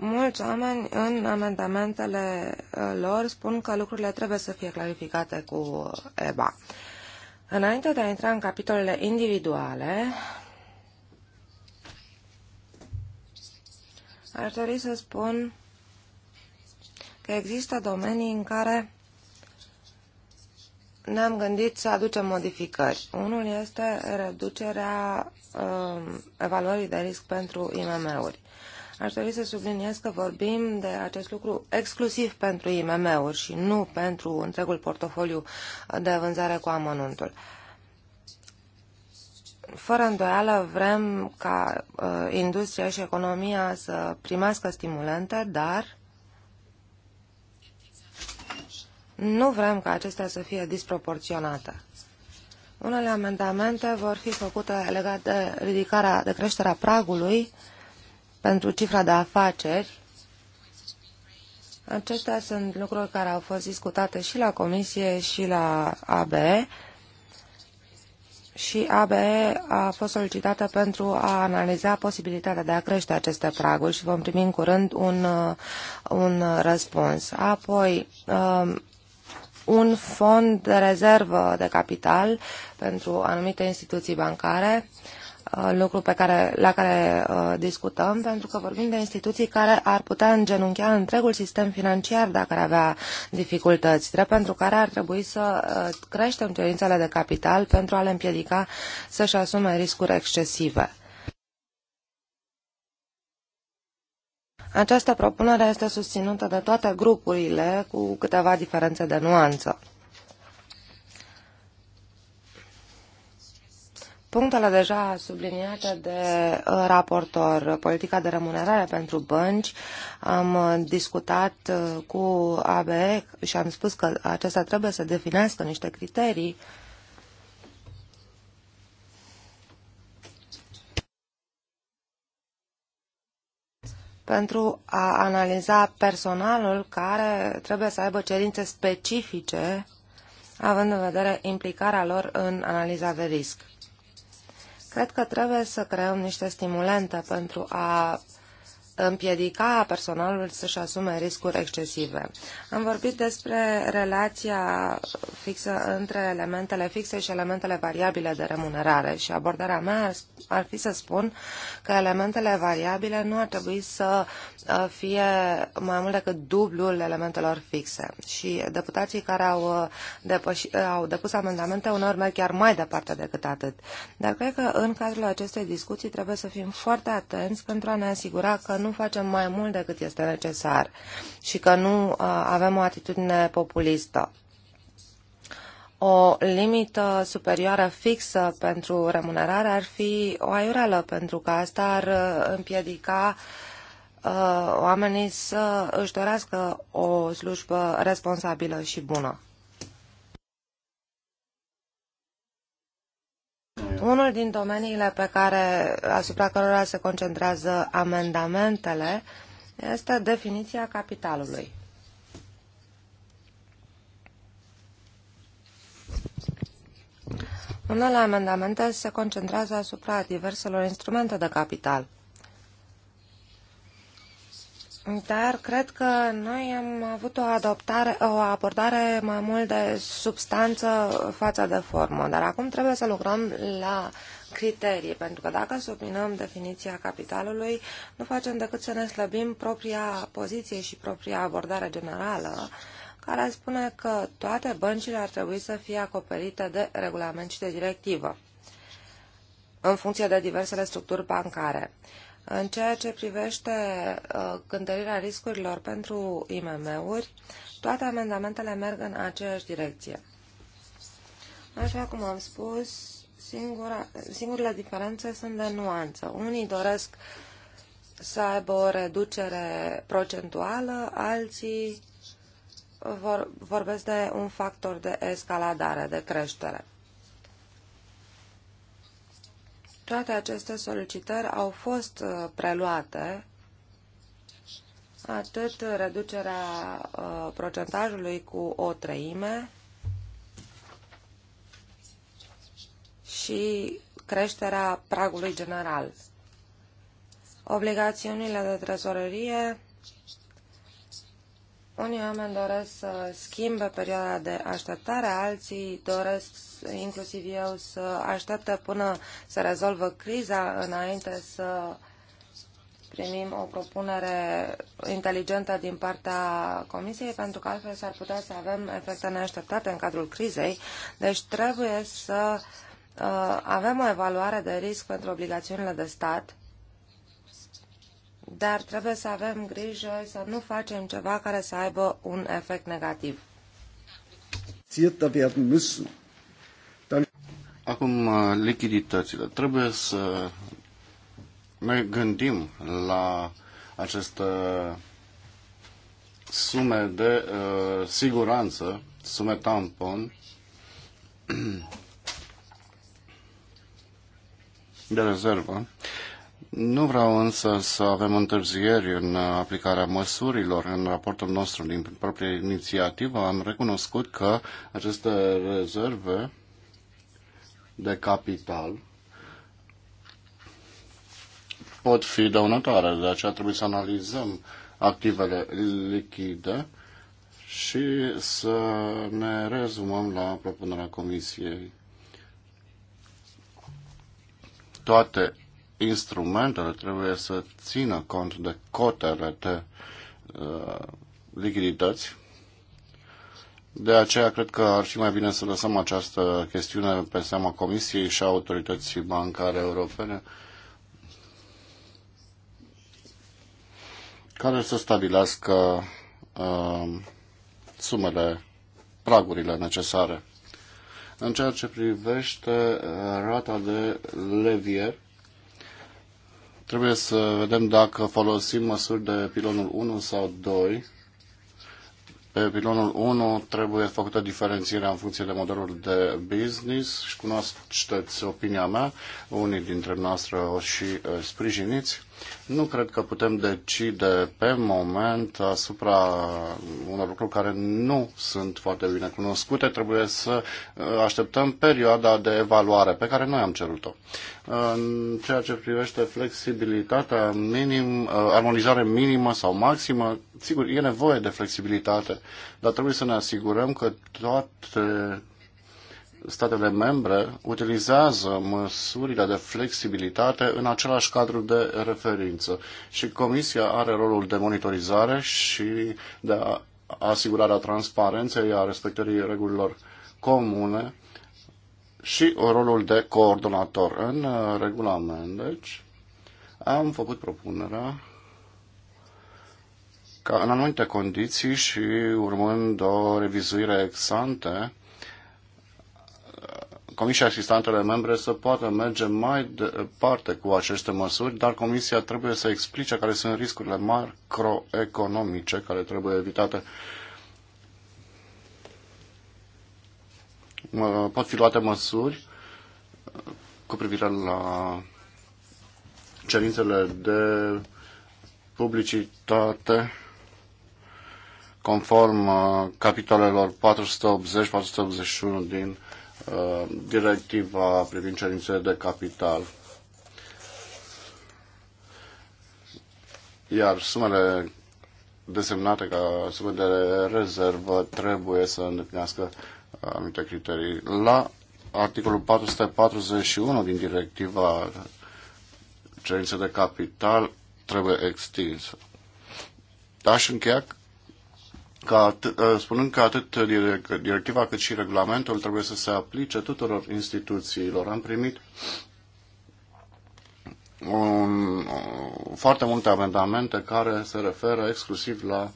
Mulți oameni în amendamentele uh, lor spun că lucrurile trebuie să fie clarificate cu uh, EBA. Înainte de a intra în capitolele individuale, ar trebui să spun că există domenii în care ne-am gândit să aducem modificări. Unul este reducerea um, evaluării de risc pentru IMM-uri. Aș dori să subliniez că vorbim de acest lucru exclusiv pentru IMM-uri și nu pentru întregul portofoliu de vânzare cu amănuntul fără îndoială vrem ca uh, industria și economia să primească stimulente, dar nu vrem ca acestea să fie disproporționate. Unele amendamente vor fi făcute legate de ridicarea, de creșterea pragului pentru cifra de afaceri, acestea sunt lucruri care au fost discutate și la Comisie și la ABE și ABE a fost solicitată pentru a analiza posibilitatea de a crește aceste praguri și vom primi în curând un, uh, un răspuns. Apoi, um, un fond de rezervă de capital pentru anumite instituții bancare Uh, lucru pe care, la care uh, discutăm, pentru că vorbim de instituții care ar putea îngenunchea întregul sistem financiar dacă ar avea dificultăți, drept pentru care ar trebui să uh, creștem cerințele de capital pentru a le împiedica să-și asume riscuri excesive. Această propunere este susținută de toate grupurile, cu câteva diferențe de nuanță. Punctele deja subliniate de uh, raportor, politica de remunerare pentru bănci, am uh, discutat uh, cu ABE și am spus că acesta trebuie să definească niște criterii pentru a analiza personalul care trebuie să aibă cerințe specifice, având în vedere implicarea lor în analiza de risc. Cred că trebuie să creăm niște stimulente pentru a împiedica personalul să-și asume riscuri excesive. Am vorbit despre relația fixă între elementele fixe și elementele variabile de remunerare și abordarea mea ar fi să spun că elementele variabile nu ar trebui să uh, fie mai mult decât dublul elementelor fixe. Și deputații care au, uh, depăși, uh, au depus amendamente uneori merg chiar mai departe decât atât. Dar cred că în cadrul acestei discuții trebuie să fim foarte atenți pentru a ne asigura că nu nu facem mai mult decât este necesar și că nu uh, avem o atitudine populistă. O limită superioară fixă pentru remunerare ar fi o aiureală, pentru că asta ar uh, împiedica uh, oamenii să își dorească o slujbă responsabilă și bună. Unul din domeniile pe care, asupra cărora se concentrează amendamentele este definiția capitalului. Unele amendamente se concentrează asupra diverselor instrumente de capital – dar cred că noi am avut o, adoptare, o abordare mai mult de substanță față de formă, dar acum trebuie să lucrăm la criterii, pentru că dacă subminăm definiția capitalului, nu facem decât să ne slăbim propria poziție și propria abordare generală, care spune că toate băncile ar trebui să fie acoperite de regulament și de directivă, în funcție de diversele structuri bancare. În ceea ce privește uh, cântărirea riscurilor pentru IMM-uri, toate amendamentele merg în aceeași direcție. Așa cum am spus, singura, singurele diferențe sunt de nuanță. Unii doresc să aibă o reducere procentuală, alții vor, vorbesc de un factor de escaladare, de creștere. Toate aceste solicitări au fost uh, preluate, atât reducerea uh, procentajului cu o treime și creșterea pragului general. Obligațiunile de trezorerie unii oameni doresc să schimbe perioada de așteptare, alții doresc, inclusiv eu, să aștepte până se rezolvă criza înainte să primim o propunere inteligentă din partea Comisiei, pentru că altfel s-ar putea să avem efecte neașteptate în cadrul crizei. Deci trebuie să uh, avem o evaluare de risc pentru obligațiunile de stat dar trebuie să avem grijă să nu facem ceva care să aibă un efect negativ. Acum, uh, lichiditățile. Trebuie să ne gândim la aceste sume de uh, siguranță, sume tampon, de rezervă. Nu vreau însă să avem întârzieri în aplicarea măsurilor. În raportul nostru din proprie inițiativă am recunoscut că aceste rezerve de capital pot fi dăunătoare, de aceea trebuie să analizăm activele lichide și să ne rezumăm la propunerea Comisiei. Toate instrumentele trebuie să țină cont de cotele de uh, lichidități. De aceea cred că ar fi mai bine să lăsăm această chestiune pe seama Comisiei și a autorității bancare europene care să stabilească uh, sumele, pragurile necesare. În ceea ce privește uh, rata de levier, Trebuie să vedem dacă folosim măsuri de pilonul 1 sau 2. Pe pilonul 1 trebuie făcută diferențierea în funcție de modelul de business și cunoașteți opinia mea, unii dintre noastre o și uh, sprijiniți. Nu cred că putem decide pe moment asupra unor lucruri care nu sunt foarte bine cunoscute. Trebuie să uh, așteptăm perioada de evaluare pe care noi am cerut-o. Uh, în ceea ce privește flexibilitatea minim, uh, armonizare minimă sau maximă, sigur, e nevoie de flexibilitate, dar trebuie să ne asigurăm că toate statele membre utilizează măsurile de flexibilitate în același cadru de referință și Comisia are rolul de monitorizare și de asigurarea transparenței, a respectării regulilor comune și rolul de coordonator. În uh, regulament, deci, am făcut propunerea ca în anumite condiții și urmând o revizuire ex ante, Comisia și statele membre să poată merge mai departe cu aceste măsuri, dar Comisia trebuie să explice care sunt riscurile macroeconomice care trebuie evitate. Pot fi luate măsuri cu privire la cerințele de publicitate conform capitolelor 480-481 din Uh, directiva privind cerințele de capital. Iar sumele desemnate ca sume de rezervă trebuie să îndeplinească anumite criterii. La articolul 441 din directiva cerințe de capital trebuie extinsă. Aș încheia ca, ă, spunând că atât directiva cât și regulamentul trebuie să se aplice tuturor instituțiilor. Am primit un, foarte multe amendamente care se referă exclusiv la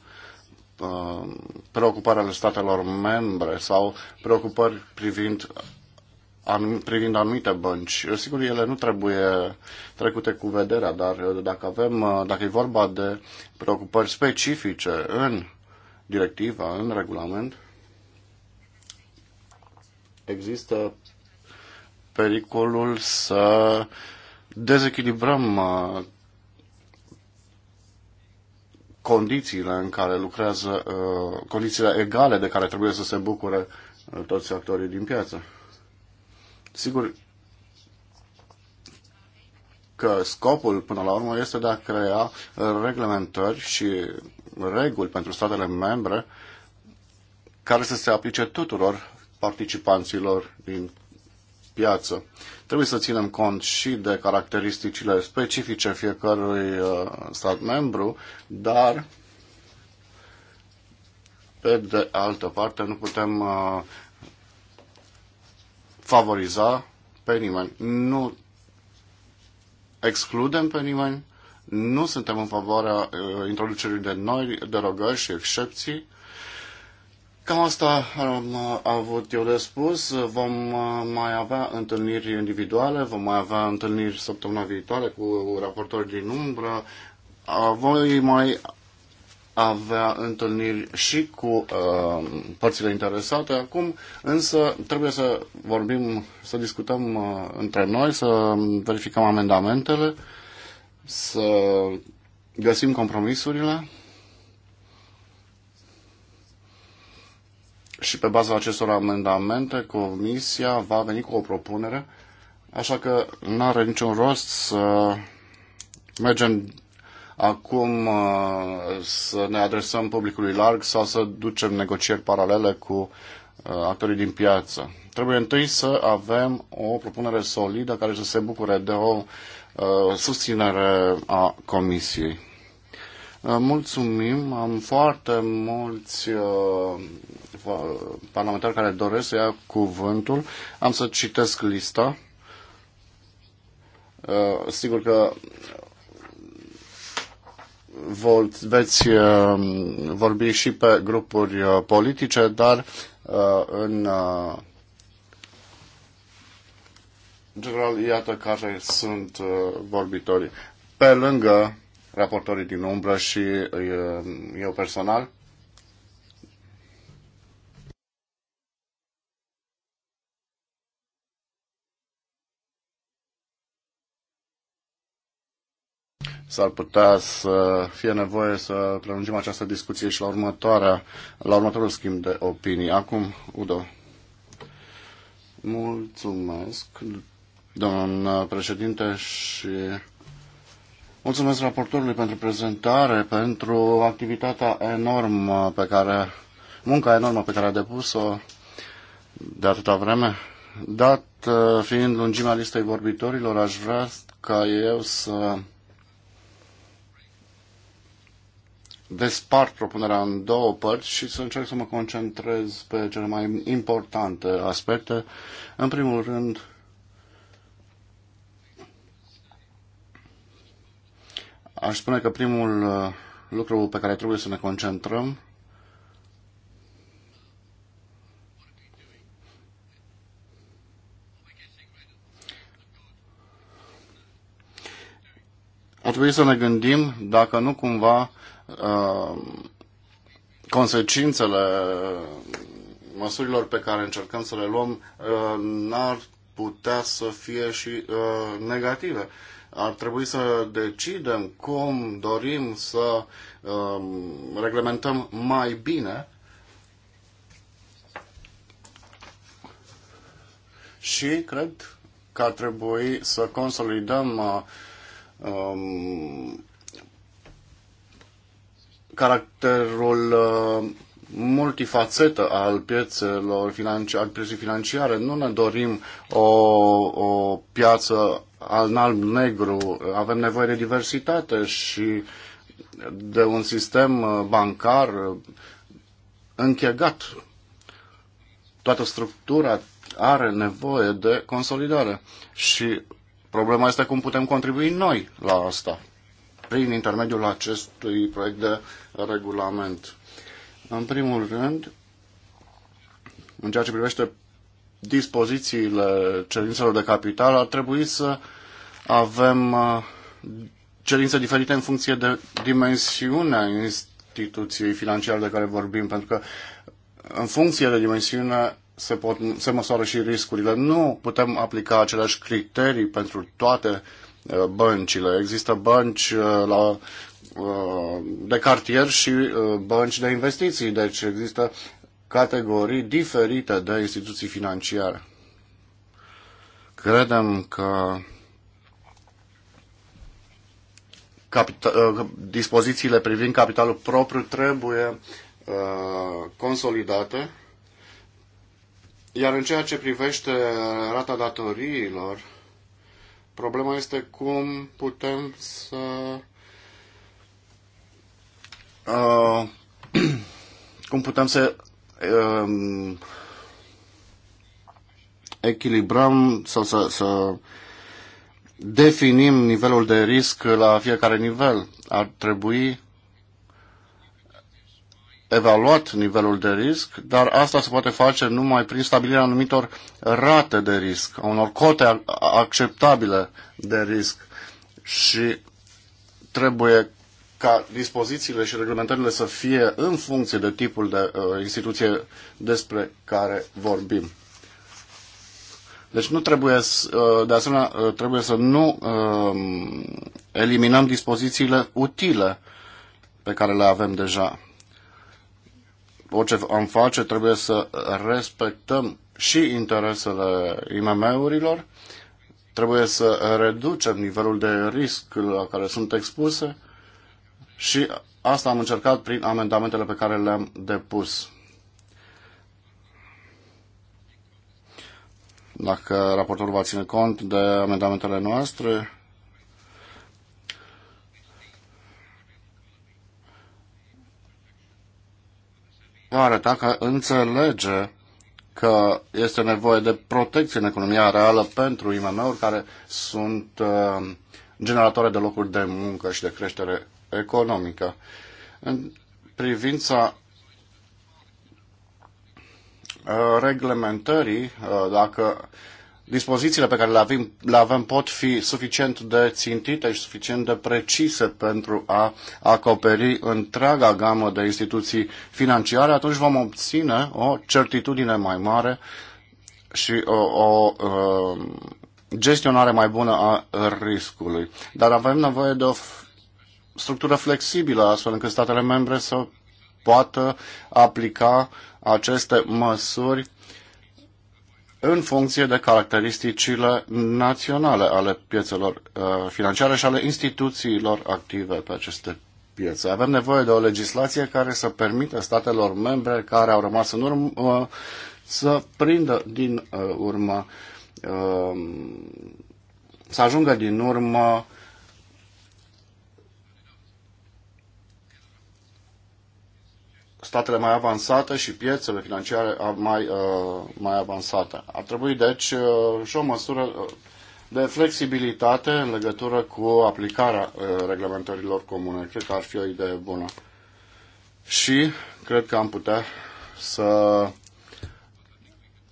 ă, preocupări ale statelor membre sau preocupări privind, anum, privind anumite bănci. Sigur, ele nu trebuie trecute cu vederea, dar dacă avem, ă, dacă e vorba de preocupări specifice în Directivă, în regulament, există pericolul să dezechilibrăm uh, condițiile în care lucrează, uh, condițiile egale de care trebuie să se bucure uh, toți actorii din piață. Sigur, că scopul până la urmă este de a crea reglementări și reguli pentru statele membre care să se aplice tuturor participanților din piață. Trebuie să ținem cont și de caracteristicile specifice fiecărui uh, stat membru, dar pe de altă parte nu putem uh, favoriza pe nimeni. Nu excludem pe nimeni, nu suntem în favoarea uh, introducerii de noi derogări și excepții. Cam asta am uh, avut eu de spus. Vom uh, mai avea întâlniri individuale, vom mai avea întâlniri săptămâna viitoare cu raportori din umbră. Voi mai avea întâlniri și cu uh, părțile interesate acum, însă trebuie să vorbim, să discutăm uh, între noi, să verificăm amendamentele, să găsim compromisurile și pe baza acestor amendamente Comisia va veni cu o propunere, așa că nu are niciun rost să mergem acum uh, să ne adresăm publicului larg sau să ducem negocieri paralele cu uh, actorii din piață. Trebuie întâi să avem o propunere solidă care să se bucure de o uh, susținere a Comisiei. Mulțumim, am foarte mulți parlamentari care doresc să ia cuvântul. Am să citesc lista. Sigur că veți uh, vorbi și pe grupuri uh, politice, dar uh, în general, iată care sunt vorbitorii. Pe lângă raportorii din umbră și eu personal, s-ar putea să fie nevoie să prelungim această discuție și la, următoarea, la următorul schimb de opinii. Acum, Udo. Mulțumesc, domnul președinte, și mulțumesc raportorului pentru prezentare, pentru activitatea enormă pe care, munca enormă pe care a depus-o de atâta vreme. Dat uh, fiind lungimea listei vorbitorilor, aș vrea ca eu să despart propunerea în două părți și să încerc să mă concentrez pe cele mai importante aspecte. În primul rând, aș spune că primul uh, lucru pe care trebuie să ne concentrăm ar trebui să ne gândim dacă nu cumva Uh, consecințele măsurilor pe care încercăm să le luăm uh, n-ar putea să fie și uh, negative. Ar trebui să decidem cum dorim să uh, reglementăm mai bine și cred că ar trebui să consolidăm uh, um, caracterul uh, multifacetă al piețelor financiare, al pieței financiare. Nu ne dorim o, o piață al alb-negru. Avem nevoie de diversitate și de un sistem uh, bancar uh, închegat. Toată structura are nevoie de consolidare și problema este cum putem contribui noi la asta prin intermediul acestui proiect de regulament. În primul rând, în ceea ce privește dispozițiile cerințelor de capital, ar trebui să avem uh, cerințe diferite în funcție de dimensiunea instituției financiare de care vorbim, pentru că în funcție de dimensiune se, pot, se măsoară și riscurile. Nu putem aplica aceleași criterii pentru toate uh, Uh, băncile. Există bănci uh, la, uh, de cartier și bănci de investiții, deci există categorii diferite de instituții financiare. Credem că dispozițiile privind capitalul propriu trebuie consolidate, iar în ceea ce privește rata datoriilor, Problema este cum putem să uh, cum putem să uh, echilibrăm sau să, să definim nivelul de risc la fiecare nivel. Ar trebui evaluat nivelul de risc, dar asta se poate face numai prin stabilirea anumitor rate de risc, a unor cote acceptabile de risc și trebuie ca dispozițiile și reglementările să fie în funcție de tipul de uh, instituție despre care vorbim. Deci nu trebuie, să, uh, de asemenea, uh, trebuie să nu um, eliminăm dispozițiile utile pe care le avem deja orice am face, trebuie să respectăm și interesele IMM-urilor, trebuie să reducem nivelul de risc la care sunt expuse și asta am încercat prin amendamentele pe care le-am depus. Dacă raportorul va ține cont de amendamentele noastre, va arăta că înțelege că este nevoie de protecție în economia reală pentru IMM-uri care sunt uh, generatoare de locuri de muncă și de creștere economică. În privința uh, reglementării, uh, dacă dispozițiile pe care le avem, le avem pot fi suficient de țintite și suficient de precise pentru a acoperi întreaga gamă de instituții financiare, atunci vom obține o certitudine mai mare și o, o, o uh, gestionare mai bună a riscului. Dar avem nevoie de o structură flexibilă, astfel încât statele membre să poată aplica aceste măsuri în funcție de caracteristicile naționale ale piețelor uh, financiare și ale instituțiilor active pe aceste piețe. Avem nevoie de o legislație care să permită statelor membre care au rămas în urmă uh, să prindă din uh, urmă, să ajungă din urmă statele mai avansate și piețele financiare mai, uh, mai avansate. Ar trebui, deci, uh, și o măsură uh, de flexibilitate în legătură cu aplicarea reglementărilor comune. Cred că ar fi o idee bună. Și cred că am putea să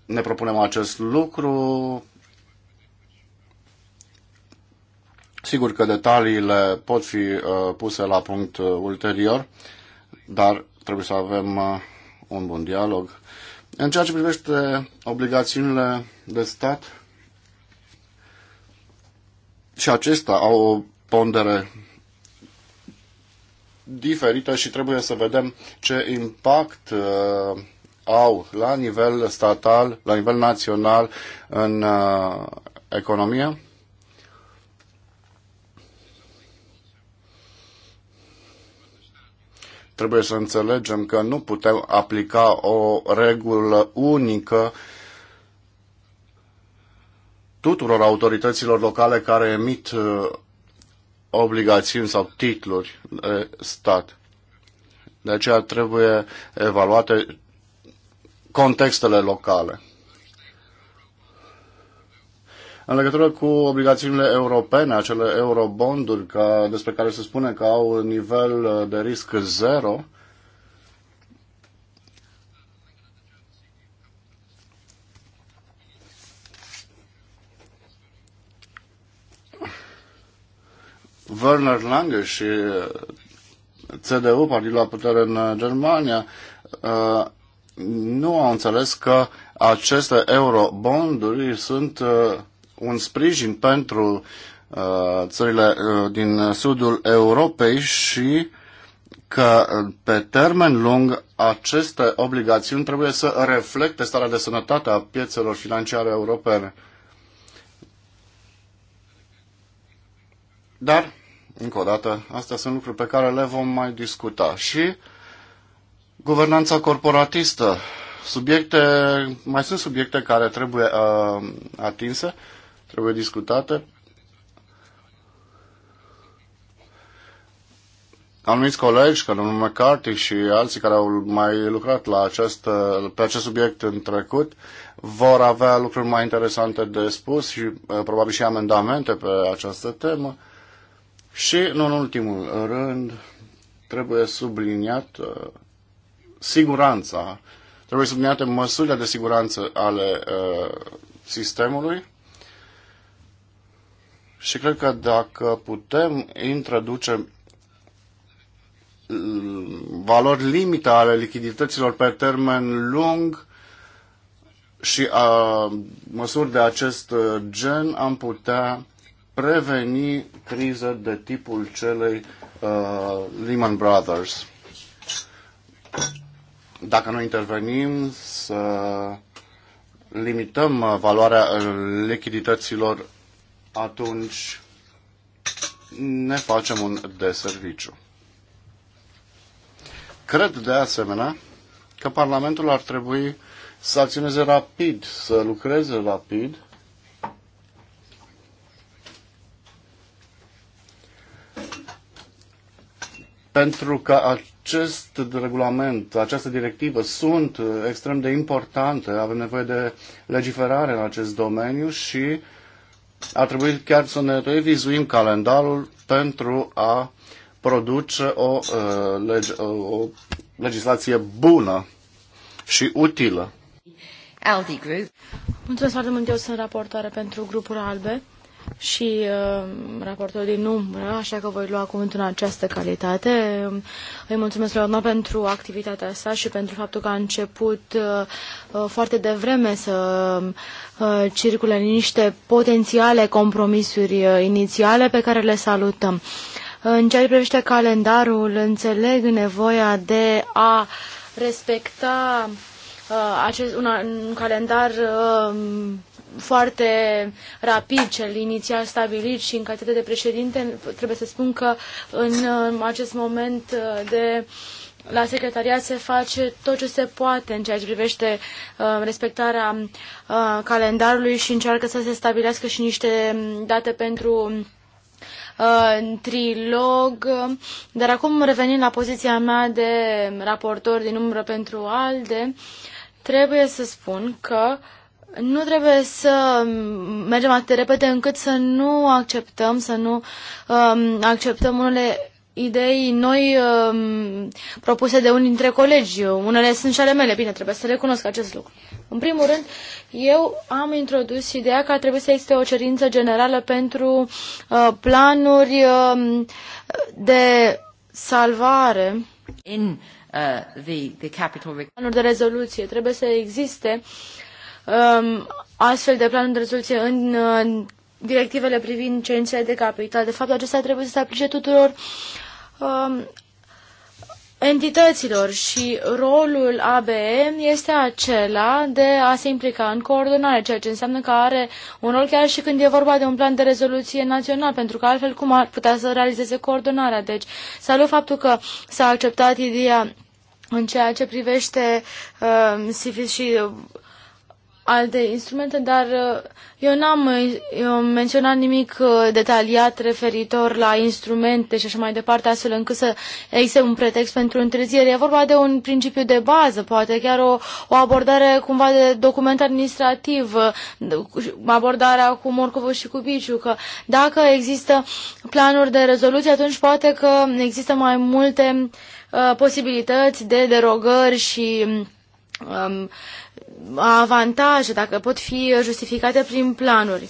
ne propunem acest lucru. Sigur că detaliile pot fi puse la punct ulterior, dar trebuie să avem uh, un bun dialog. În ceea ce privește obligațiunile de stat, și acestea au o pondere diferită și trebuie să vedem ce impact uh, au la nivel statal, la nivel național în uh, economie. trebuie să înțelegem că nu putem aplica o regulă unică tuturor autorităților locale care emit uh, obligațiuni sau titluri de stat. De aceea trebuie evaluate contextele locale în legătură cu obligațiunile europene, acele eurobonduri ca, despre care se spune că au un nivel de risc zero, Werner Lange și uh, CDU, Partidul la Putere în uh, Germania, uh, nu au înțeles că aceste eurobonduri sunt un sprijin pentru uh, țările uh, din sudul Europei și că uh, pe termen lung aceste obligațiuni trebuie să reflecte starea de sănătate a piețelor financiare europene. Dar, încă o dată, astea sunt lucruri pe care le vom mai discuta. Și guvernanța corporatistă. Subiecte, mai sunt subiecte care trebuie uh, atinse trebuie discutate. Anumiți colegi, ca domnul McCarthy și alții care au mai lucrat la acest, pe acest subiect în trecut, vor avea lucruri mai interesante de spus și uh, probabil și amendamente pe această temă. Și, nu în ultimul rând, trebuie subliniat uh, siguranța, trebuie subliniate măsurile de siguranță ale uh, sistemului și cred că dacă putem introduce mm, valori limită ale lichidităților pe termen lung și a, uh, măsuri de acest uh, gen, am putea preveni crize de tipul celei uh, Lehman Brothers. Dacă noi intervenim să limităm uh, valoarea lichidităților atunci ne facem un deserviciu. Cred de asemenea că Parlamentul ar trebui să acționeze rapid, să lucreze rapid pentru că acest regulament, această directivă sunt uh, extrem de importante, avem nevoie de legiferare în acest domeniu și uh, ar trebui chiar să ne revizuim calendarul pentru a produce o, uh, lege, o legislație bună și utilă. Aldi Group. Mulțumesc foarte mult, eu sunt raportoare pentru grupul ALBE și uh, raportor din umbră, așa că voi lua cuvântul în această calitate. Îi mulțumesc Leona, pentru activitatea sa și pentru faptul că a început uh, uh, foarte devreme să uh, circule niște potențiale compromisuri uh, inițiale pe care le salutăm. În ceea ce privește calendarul, înțeleg nevoia de a respecta uh, acest, un, un calendar uh, foarte rapid cel inițial stabilit și în calitate de președinte trebuie să spun că în acest moment uh, de la secretariat se face tot ce se poate în ceea ce privește uh, respectarea uh, calendarului și încearcă să se stabilească și niște mm, date pentru uh, trilog, dar acum revenind la poziția mea de raportor din umbră pentru ALDE, trebuie să spun că uh, nu trebuie să mergem atât de repede încât să nu acceptăm, să nu um, acceptăm unele idei noi um, propuse de unii dintre colegi. Unele sunt și ale mele, bine, trebuie să recunosc acest lucru. În primul rând, eu am introdus ideea că ar trebui să existe o cerință generală pentru uh, planuri uh, de salvare. In uh, the, the capital... Planuri de rezoluție. Trebuie să existe uh, um, astfel de planuri de rezoluție în, în directivele privind cerințele de capital. De fapt, acestea trebuie să se aplice tuturor um, entităților și rolul ABE este acela de a se implica în coordonare, ceea ce înseamnă că are un rol chiar și când e vorba de un plan de rezoluție național, pentru că altfel cum ar putea să realizeze coordonarea. Deci, salut faptul că s-a acceptat ideea în ceea ce privește uh, SIFIS și alte instrumente, dar uh, eu n-am uh, menționat nimic uh, detaliat referitor la instrumente și așa mai departe, astfel încât să existe un pretext pentru întârziere. E vorba de un principiu de bază, poate chiar o, o abordare cumva de document administrativ, abordarea cu Morcovă și cu Biciu, că dacă există planuri de rezoluție, atunci poate că există mai multe uh, posibilități de derogări și um, avantaje, dacă pot fi justificate prin planuri.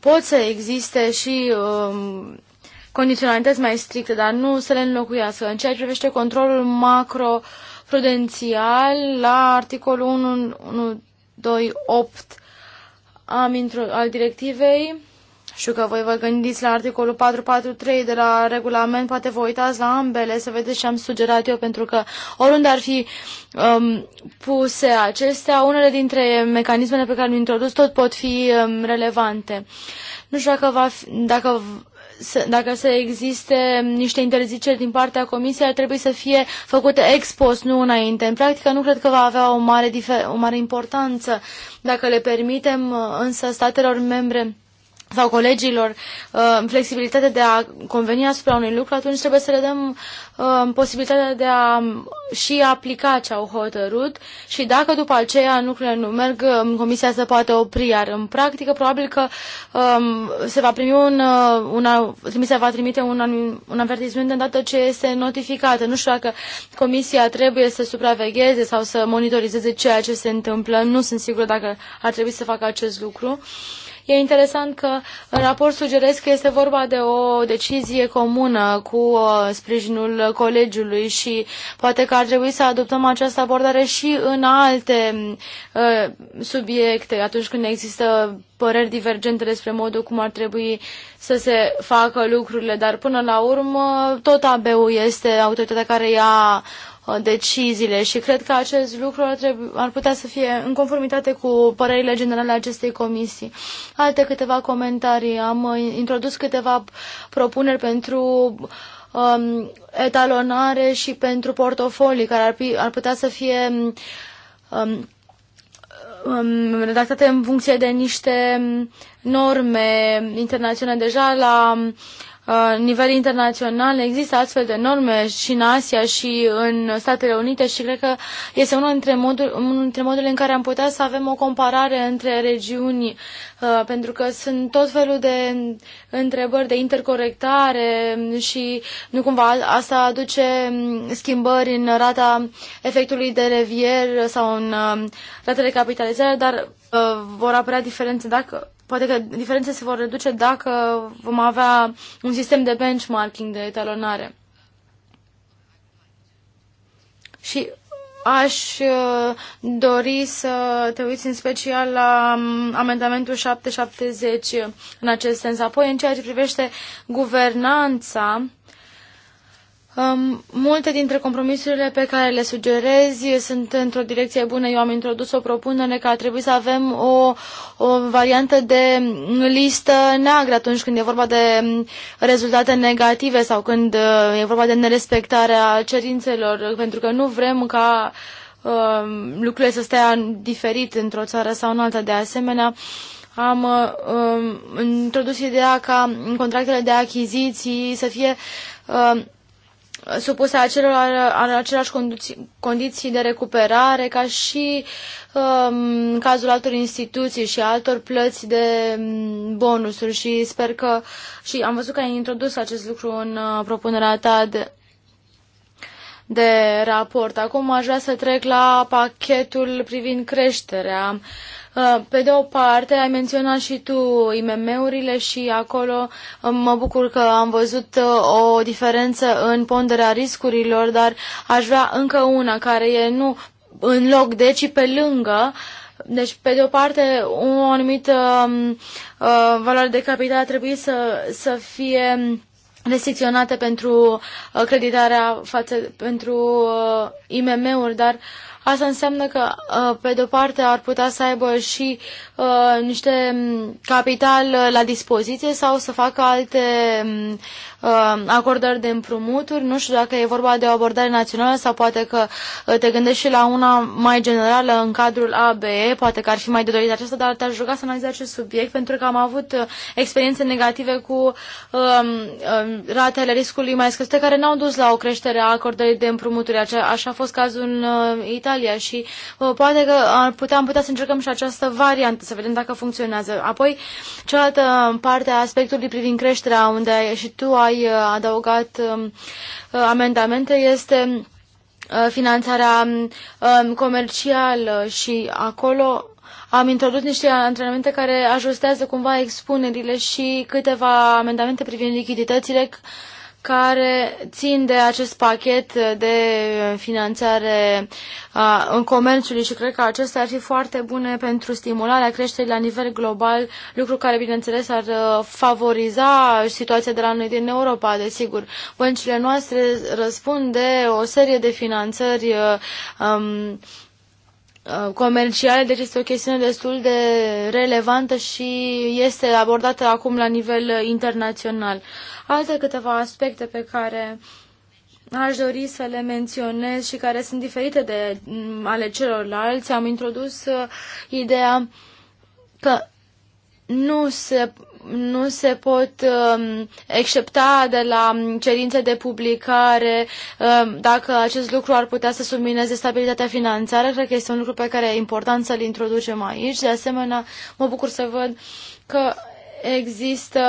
Pot să existe și um, condiționalități mai stricte, dar nu să le înlocuiască. În ceea ce privește controlul macro macro-prudențial, la articolul 128 am intro, al directivei, știu că voi vă gândiți la articolul 443 de la regulament, poate vă uitați la ambele să vedeți ce am sugerat eu, pentru că oriunde ar fi um, puse acestea, unele dintre mecanismele pe care le introdus tot pot fi um, relevante. Nu știu dacă, va fi, dacă dacă să existe niște interziceri din partea Comisiei, ar trebui să fie făcute ex post, nu înainte. În practică nu cred că va avea o mare, o mare importanță dacă le permitem uh, însă statelor membre sau colegilor uh, flexibilitatea de a conveni asupra unui lucru, atunci trebuie să le dăm uh, posibilitatea de a um, și aplica ce au hotărât și dacă după aceea lucrurile nu merg, um, comisia se poate opri, iar în practică probabil că um, se va primi un, uh, una, se va trimite un, un avertisment de dată ce este notificată. Nu știu dacă comisia trebuie să supravegheze sau să monitorizeze ceea ce se întâmplă, nu sunt sigură dacă ar trebui să facă acest lucru. Uh, E interesant că în raport sugerez că este vorba de o decizie comună cu uh, sprijinul colegiului și poate că ar trebui să adoptăm această abordare și în alte uh, subiecte, atunci când există păreri divergente despre modul cum ar trebui să se facă lucrurile, dar până la urmă tot AB-ul este autoritatea care ia Uh, deciziile și cred că acest lucru ar, trebui, ar putea să fie în conformitate cu părerile generale ale acestei comisii. Alte câteva comentarii. Am uh, introdus câteva propuneri pentru um, etalonare și pentru portofolii care ar, ar putea să fie um, um, redactate în funcție de niște norme internaționale. Deja la Uh, nivel internațional există astfel de norme și în Asia și în Statele Unite și cred că este unul dintre, moduri, unul dintre modurile în care am putea să avem o comparare între regiuni, uh, pentru că sunt tot felul de întrebări de intercorectare și nu cumva asta aduce um, schimbări în rata efectului de revier sau în um, ratele de capitalizare, dar uh, vor apărea diferențe dacă Poate că diferențe se vor reduce dacă vom avea un sistem de benchmarking, de etalonare. Și aș uh, dori să te uiți în special la um, amendamentul 770 în acest sens. Apoi, în ceea ce privește guvernanța, Um, multe dintre compromisurile pe care le sugerezi sunt într-o direcție bună. Eu am introdus o propunere că ar trebui să avem o, o variantă de listă neagră atunci când e vorba de rezultate negative sau când uh, e vorba de nerespectarea cerințelor, pentru că nu vrem ca um, lucrurile să stea diferit într-o țară sau în alta. De asemenea, am uh, introdus ideea ca contractele de achiziții să fie supuse acelor, același condiții, condiții de recuperare ca și um, în cazul altor instituții și altor plăți de um, bonusuri și sper că și am văzut că ai introdus acest lucru în uh, propunerea ta de, de raport. Acum aș vrea să trec la pachetul privind creșterea. Uh, Uh, pe de o parte, ai menționat și tu IMM-urile și acolo uh, mă bucur că am văzut uh, o diferență în ponderea riscurilor, dar aș vrea încă una care e nu în loc de, ci pe lângă. Deci, pe de o parte, o anumită um, uh, valoare de capital trebuie să, să fie restricționată pentru uh, creditarea față, pentru uh, IMM-uri, dar uh, Asta înseamnă că, uh, pe de-o parte, ar putea să aibă și uh, niște mm, capital uh, la dispoziție sau să facă alte mm, uh, acordări de împrumuturi. Nu știu dacă e vorba de o abordare națională sau poate că uh, te gândești și la una mai generală în cadrul ABE, poate că ar fi mai de dorit aceasta, dar te-aș ruga să analizezi acest subiect pentru că am avut experiențe negative cu um, um, ratele riscului mai scăzute care n-au dus la o creștere a acordării de împrumuturi. Așa a fost cazul în Italia Italia și uh, poate că ar putea, am putea să încercăm și această variantă, să vedem dacă funcționează. Apoi, cealaltă parte a aspectului privind creșterea, unde și tu ai uh, adăugat um, uh, amendamente, este uh, finanțarea um, comercială și acolo am introdus niște antrenamente care ajustează cumva expunerile și câteva amendamente privind lichiditățile care țin de acest pachet de finanțare în comerțului și cred că acestea ar fi foarte bune pentru stimularea creșterii la nivel global, lucru care, bineînțeles, ar uh, favoriza situația de la noi din Europa, desigur. Băncile noastre răspund de o serie de finanțări uh, um, Uh, comerciale, deci este o chestiune destul de relevantă și este abordată acum la nivel internațional. Alte câteva aspecte pe care aș dori să le menționez și care sunt diferite de mm, ale celorlalți, am introdus uh, ideea că nu se nu se pot um, excepta de la cerințe de publicare um, dacă acest lucru ar putea să submineze stabilitatea financiară. Cred că este un lucru pe care e important să-l introducem aici. De asemenea, mă bucur să văd că există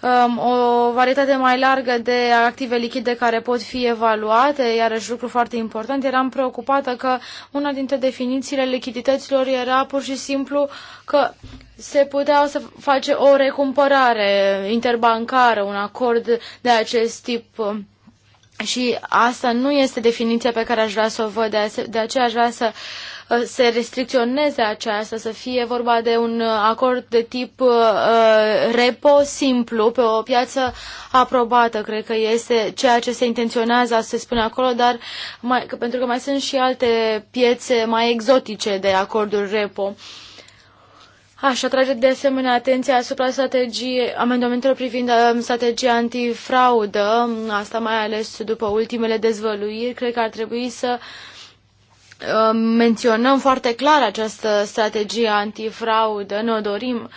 um, o varietate mai largă de active lichide care pot fi evaluate, iarăși lucru foarte important. Eram preocupată că una dintre definițiile lichidităților era pur și simplu că se putea să face o recumpărare interbancară, un acord de acest tip. Și asta nu este definiția pe care aș vrea să o văd, de aceea aș vrea să uh, Uh, se restricționeze aceasta, să fie vorba de un uh, acord de tip uh, repo simplu pe o piață aprobată. Cred că este ceea ce se intenționează să se spune acolo, dar mai, că, pentru că mai sunt și alte piețe mai exotice de acordul repo. Aș atrage de asemenea atenția asupra strategiei, amendamentelor privind um, strategia antifraudă, asta mai ales după ultimele dezvăluiri. Cred că ar trebui să uh, menționăm foarte clar această strategie antifraudă, ne dorim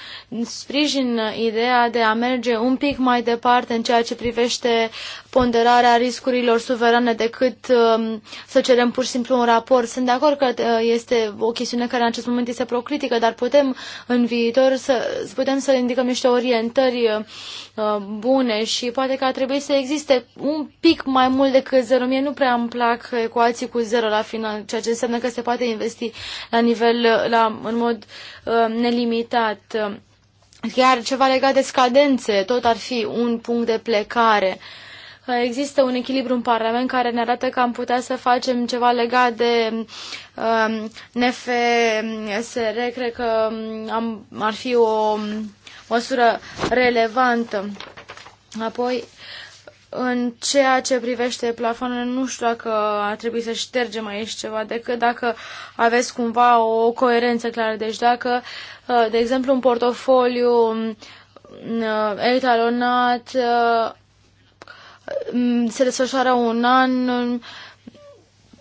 sprijin ideea de a merge un pic mai departe în ceea ce privește ponderarea riscurilor suverane decât um, să cerem pur și simplu un raport. Sunt de acord că uh, este o chestiune care în acest moment este procritică, dar putem în viitor să putem să indicăm niște orientări uh, bune și poate că ar trebui să existe un pic mai mult decât zero. Mie nu prea îmi plac ecuații cu zero la final, ceea ce înseamnă că se poate investi la nivel, uh, la, în mod nelimitat. Iar ceva legat de scadențe, tot ar fi un punct de plecare. Uh, Uh, există un echilibru în Parlament care ne arată că am putea să facem ceva legat de um, NFSR. Cred că um, am, ar fi o um, măsură relevantă. Apoi, în ceea ce privește plafonul, nu știu dacă ar trebui să ștergem aici ceva, decât dacă aveți cumva o coerență clară. Deci dacă, uh, de exemplu, un portofoliu um, uh, etalonat Mm, se desfășoară un an, mm,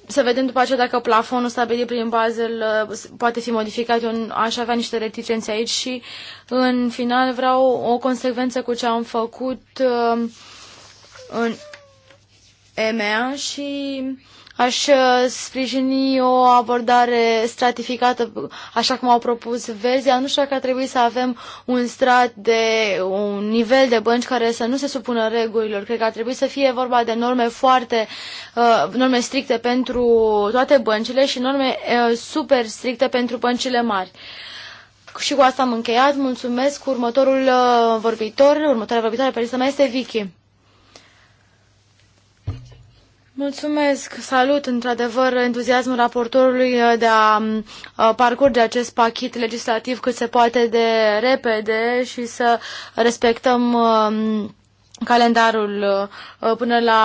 să vedem după aceea dacă plafonul stabilit prin Basel uh, poate fi modificat, eu aș avea niște reticențe aici și în final vreau o consecvență cu ce am făcut uh, în EMEA și Aș uh, sprijini o abordare stratificată, așa cum au propus Verzia. Nu știu dacă ar trebui să avem un strat de un nivel de bănci care să nu se supună regulilor. Cred că ar trebui să fie vorba de norme foarte, uh, norme stricte pentru toate băncile și norme uh, super stricte pentru băncile mari. Și cu asta am încheiat. Mulțumesc următorul uh, vorbitor, următoarea vorbitoare pe lista mea este Vicky. Mulțumesc, salut într-adevăr entuziasmul raportorului uh, de a mm, uh, parcurge acest pachet legislativ cât se poate de repede și să respectăm uh, calendarul uh, până la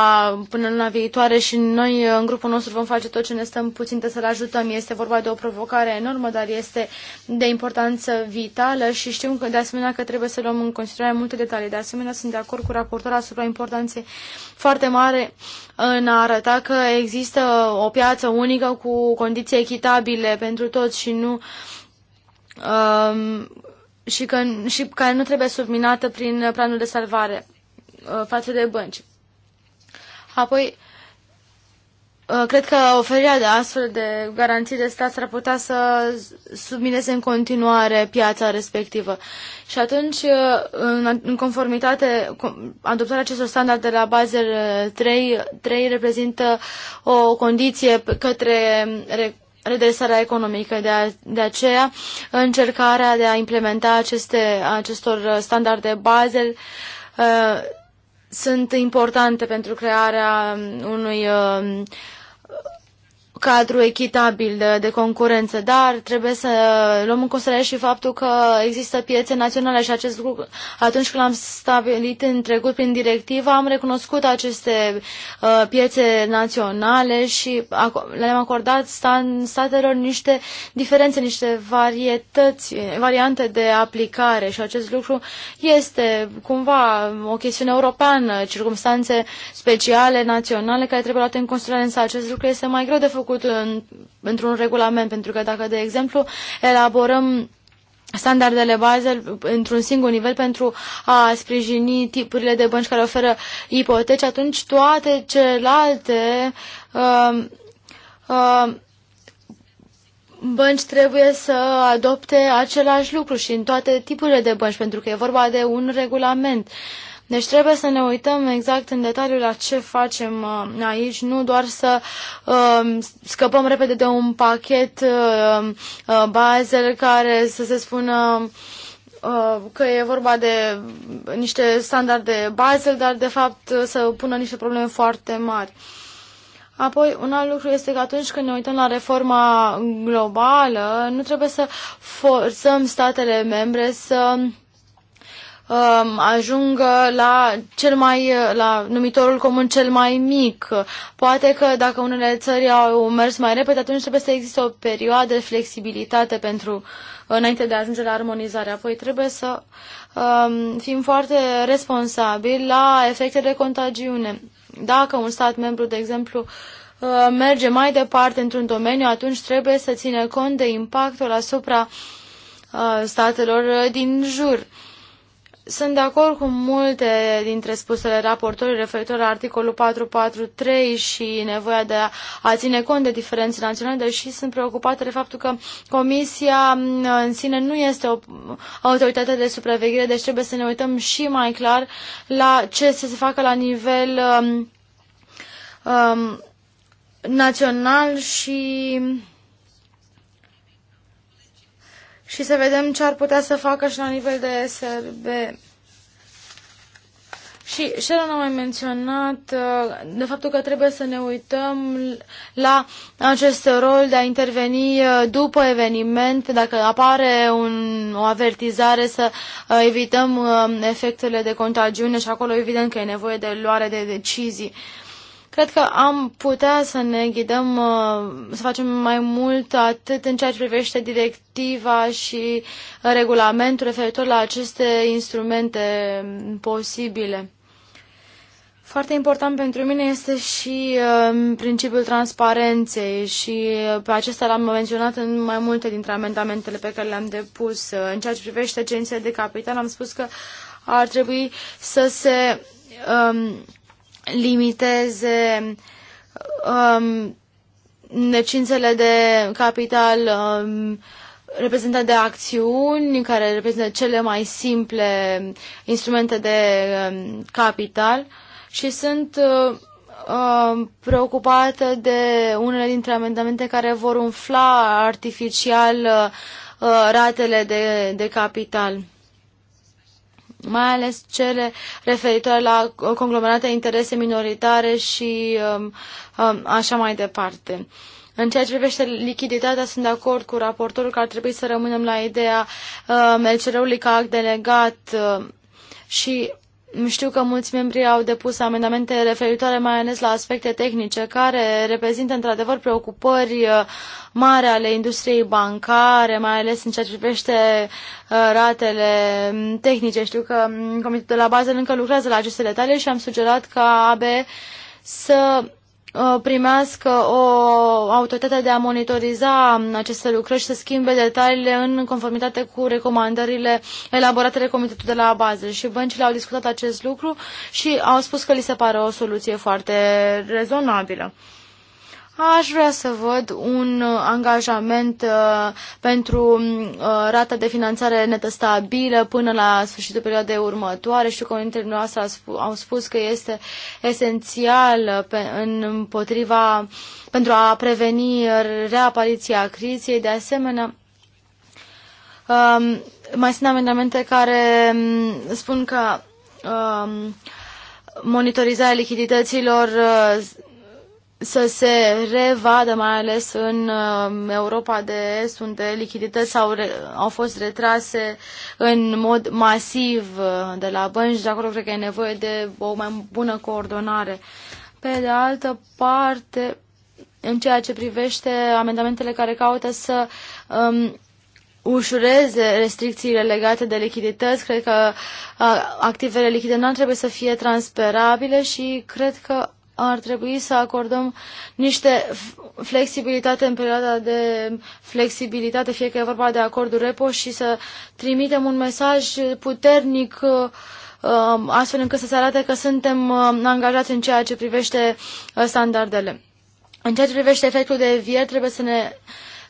până luna viitoare și noi uh, în grupul nostru vom face tot ce ne stăm puțin de să-l ajutăm. Este vorba de o provocare enormă, dar este de importanță vitală și știm că de asemenea că trebuie să luăm în considerare multe detalii. De asemenea sunt de acord cu raportorul asupra importanței foarte mare în a arăta că există o piață unică cu condiții echitabile pentru toți și nu um, și, că, și care nu trebuie subminată prin planul de salvare. Uh, față de bănci. Apoi, uh, cred că oferirea de astfel de garanții de stat ar putea să submineze în continuare piața respectivă. Și atunci, uh, în conformitate, adoptarea acestor standarde la bază 3, 3 reprezintă o condiție către redresarea economică. De, a, de aceea, încercarea de a implementa aceste, acestor standarde bazel sunt importante pentru crearea unui uh, cadru echitabil de concurență, dar trebuie să luăm în considerare și faptul că există piețe naționale și acest lucru, atunci când l-am stabilit în trecut prin directivă, am recunoscut aceste uh, piețe naționale și le-am acordat stan, statelor niște diferențe, niște varietăți, variante de aplicare și acest lucru este cumva o chestiune europeană, circumstanțe speciale, naționale, care trebuie luate în considerare, însă acest lucru este mai greu de făcut făcut în, într-un regulament, pentru că dacă, de exemplu, elaborăm standardele baze într-un singur nivel pentru a sprijini tipurile de bănci care oferă ipoteci, atunci toate celelalte uh, uh, bănci trebuie să adopte același lucru și în toate tipurile de bănci, pentru că e vorba de un regulament. Uh, deci trebuie să ne uităm exact în detaliu la ce facem uh, aici, nu doar să uh, scăpăm repede de un pachet uh, uh, bazel care să se spună uh, că e vorba de niște standarde Basel, dar de fapt să pună niște probleme foarte mari. Apoi, un alt lucru este că atunci când ne uităm la reforma globală, nu trebuie să forțăm statele membre să Um, ajungă la cel mai la numitorul comun cel mai mic. Poate că dacă unele țări au mers mai repede, atunci trebuie să existe o perioadă de flexibilitate pentru înainte de a ajunge la armonizare. Apoi trebuie să um, fim foarte responsabili la efecte de contagiune. Dacă un stat membru, de exemplu, uh, merge mai departe într-un domeniu, atunci trebuie să ține cont de impactul asupra uh, statelor din jur sunt de acord cu multe dintre spusele raportorului referitor la articolul 443 și nevoia de a ține cont de diferențe naționale, deși sunt preocupată de faptul că Comisia mm, în sine nu este o autoritate de supraveghere, deci trebuie să ne uităm și mai clar la ce se facă la nivel um, um, național și și să vedem ce ar putea să facă și la nivel de SRB. Și Sharon a mai menționat uh, de faptul că trebuie să ne uităm la acest rol de a interveni uh, după eveniment, dacă apare un, o avertizare să uh, evităm efectele de contagiune și acolo evident că e nevoie de luare de decizii. Uh, Cred că am putea să ne ghidăm, uh, să facem mai mult atât în ceea ce privește directiva și regulamentul referitor la aceste instrumente posibile. Foarte important pentru mine este și uh, principiul transparenței și uh, pe acesta l-am menționat în mai multe dintre amendamentele pe care le-am depus. În ceea ce privește agenția de capital am spus că ar trebui să se um, limiteze um, necințele de capital um, reprezentate de acțiuni, care reprezintă cele mai simple instrumente de um, capital și sunt uh, um, preocupată de unele dintre amendamente care vor umfla artificial uh, ratele de, de capital mai ales cele referitoare la conglomerate interese minoritare și um, um, așa mai departe. În ceea ce privește lichiditatea, sunt de acord cu raportorul că ar trebui să rămânem la ideea um, LCR-ului ca act delegat um, și știu că mulți membri au depus amendamente referitoare mai ales la aspecte tehnice, care reprezintă într-adevăr preocupări uh, mari ale industriei bancare, mai ales în ceea ce privește uh, ratele mm, tehnice. Știu că mm, Comitetul de la Bază încă lucrează la aceste detalii și am sugerat ca AB să Uh, primească o autoritate de a monitoriza aceste lucrări și să schimbe detaliile în conformitate cu recomandările elaborate de Comitetul de la Bază. Și băncile au discutat acest lucru și au spus că li se pare o soluție foarte rezonabilă. Aș vrea să văd un uh, angajament uh, pentru mm, uh, rata de finanțare netă stabilă până la sfârșitul perioadei următoare. Știu că unii dintre noastre au spus că este esențial uh, pe, în, împotriva, pentru a preveni reapariția crizei. De asemenea, um, mai sunt amendamente care um, spun că um, monitorizarea lichidităților uh, să se revadă, mai ales în um, Europa de Est, unde lichidități au, re, au fost retrase în mod masiv uh, de la bănci. De acolo cred că e nevoie de o mai bună coordonare. Pe de altă parte, în ceea ce privește amendamentele care caută să um, ușureze restricțiile legate de lichidități. Cred că uh, activele lichide nu trebuie să fie transferabile și cred că ar trebui să acordăm niște flexibilitate în perioada de flexibilitate, fie că e vorba de acordul repo și să trimitem un mesaj puternic uh, um, astfel încât să se arate că suntem um, angajați în ceea ce privește uh, standardele. În ceea ce privește efectul de vier, trebuie să ne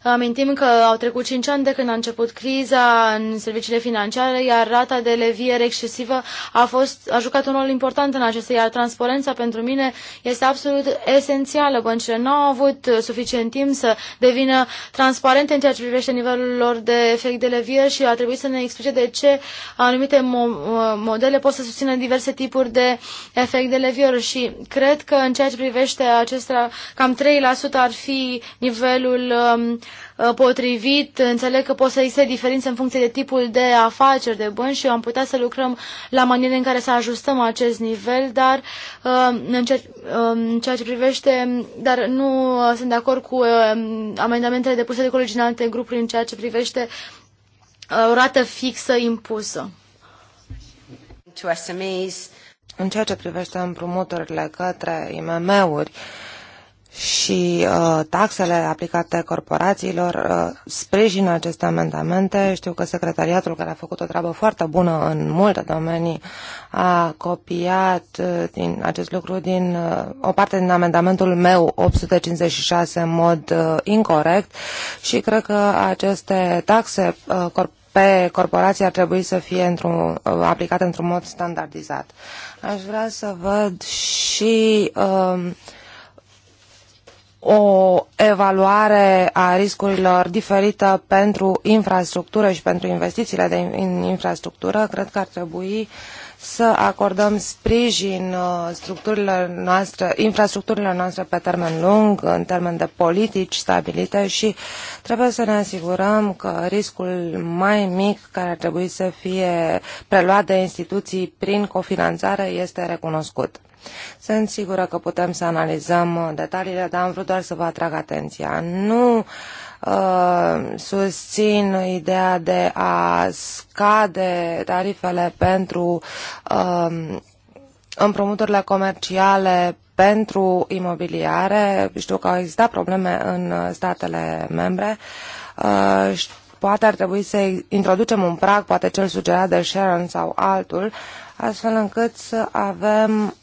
Amintim că au trecut 5 ani de când a început criza în serviciile financiare, iar rata de leviere excesivă a, fost, a jucat un rol important în acestea, iar transparența pentru mine este absolut esențială. Băncile nu au avut suficient timp să devină transparente în ceea ce privește nivelul lor de efect de levier și a trebuit să ne explice de ce anumite mo- modele pot să susțină diverse tipuri de efect de levier și cred că în ceea ce privește acestea, cam 3% ar fi nivelul um, Uh, potrivit. Înțeleg că pot să existe diferențe în funcție de tipul de afaceri de bani și am putea să lucrăm la maniere în care să ajustăm acest nivel, dar uh, uh, în ceea, ce privește, dar nu sunt de acord cu amendamentele depuse de colegii în alte grupuri în ceea ce privește o rată fixă impusă. În ceea ce privește împrumuturile către IMM-uri, uh, și uh, taxele aplicate corporațiilor uh, sprijină aceste amendamente. Știu că secretariatul, care a făcut o treabă foarte bună în multe domenii, a copiat uh, din acest lucru din uh, o parte din amendamentul meu 856 în mod uh, incorrect și cred că aceste taxe uh, pe corporații ar trebui să fie într-un, uh, aplicate într-un mod standardizat. Aș vrea să văd și uh, o evaluare a riscurilor diferită pentru infrastructură și pentru investițiile de în infrastructură, cred că ar trebui să acordăm sprijin uh, structurilor noastre, infrastructurilor noastre pe termen lung, în termen de politici stabilite și trebuie să ne asigurăm că riscul mai mic care ar trebui să fie preluat de instituții prin cofinanțare este recunoscut. Sunt sigură că putem să analizăm uh, detaliile, dar am vrut doar să vă atrag atenția. Nu uh, susțin ideea de a scade tarifele pentru uh, împrumuturile comerciale pentru imobiliare. Știu că au existat probleme în uh, statele membre. Uh, poate ar trebui să introducem un prag, poate cel sugerat de Sharon sau altul, astfel încât să avem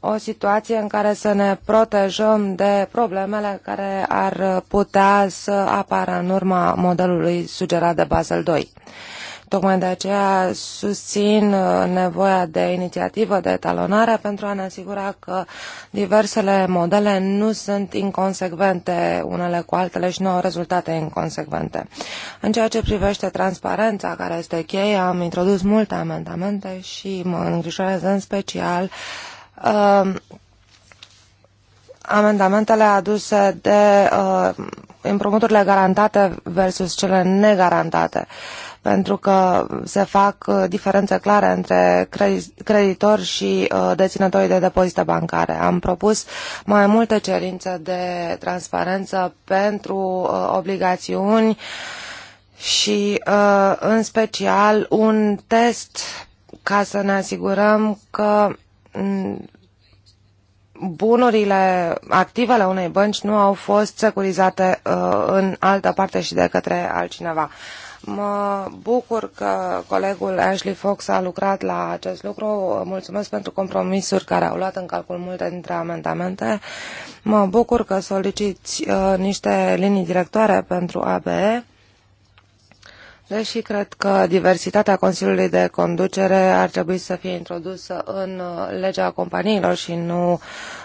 o situație în care să ne protejăm de problemele care ar putea să apară în urma modelului sugerat de Basel II. Tocmai de aceea susțin uh, nevoia de inițiativă de etalonare pentru a ne asigura că diversele modele nu sunt inconsecvente unele cu altele și nu au rezultate inconsecvente. În ceea ce privește transparența, care este cheia, am introdus multe amendamente și mă îngrijorez în special uh, uh, amendamentele aduse de uh, împrumuturile garantate versus cele negarantate, pentru că se fac uh, diferențe clare între creditori și uh, deținătorii de depozite bancare. Am propus mai multe cerințe de transparență pentru uh, obligațiuni și uh, în special un test ca să ne asigurăm că bunurile, activele unei bănci nu au fost securizate uh, în altă parte și de către altcineva. Mă bucur că colegul Ashley Fox a lucrat la acest lucru. Mulțumesc pentru compromisuri care au luat în calcul multe dintre amendamente. Mă bucur că soliciți uh, niște linii directoare pentru ABE Deși cred că diversitatea Consiliului de Conducere ar trebui să fie introdusă în uh, legea companiilor și nu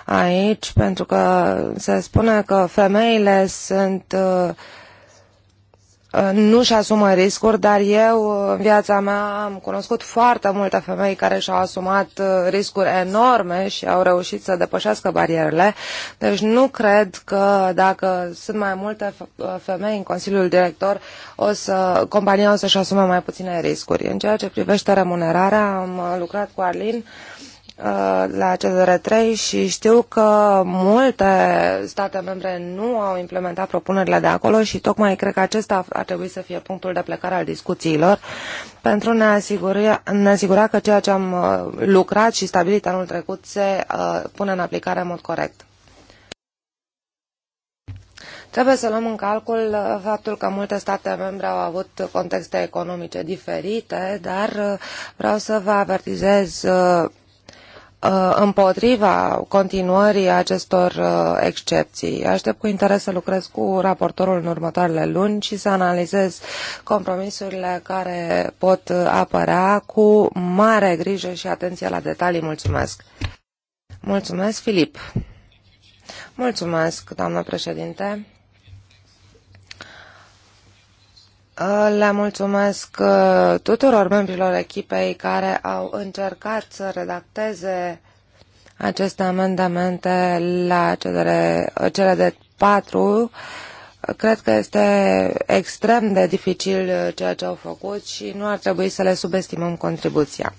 aici, pentru că se spune că femeile sunt uh, nu își asumă riscuri, dar eu în viața mea am cunoscut foarte multe femei care și-au asumat uh, riscuri enorme și au reușit să depășească barierele. Deci nu cred că dacă sunt mai multe uh, femei în Consiliul Director, o să, compania o să-și asume mai puține riscuri. În ceea ce privește remunerarea, am uh, lucrat cu Arlin uh, Uh, la CZR3 și știu că multe state membre nu au implementat propunerile de acolo și tocmai cred că acesta ar trebui să fie punctul de plecare al discuțiilor pentru ne asigura, ne asigura că ceea ce am uh, lucrat și stabilit anul trecut se uh, pune în aplicare în mod corect. Trebuie să luăm în calcul faptul că multe state membre au avut contexte economice diferite, dar vreau să vă avertizez Uh, împotriva continuării acestor uh, excepții. Aștept cu interes să lucrez cu raportorul în următoarele luni și să analizez compromisurile care pot uh, apărea cu mare grijă și atenție la detalii. Mulțumesc! Mulțumesc, Filip! Mulțumesc, doamnă președinte! Le mulțumesc uh, tuturor membrilor echipei care au încercat să redacteze aceste amendamente la cele, cele de patru. Cred că este extrem de dificil uh, ceea ce au făcut și nu ar trebui să le subestimăm contribuția.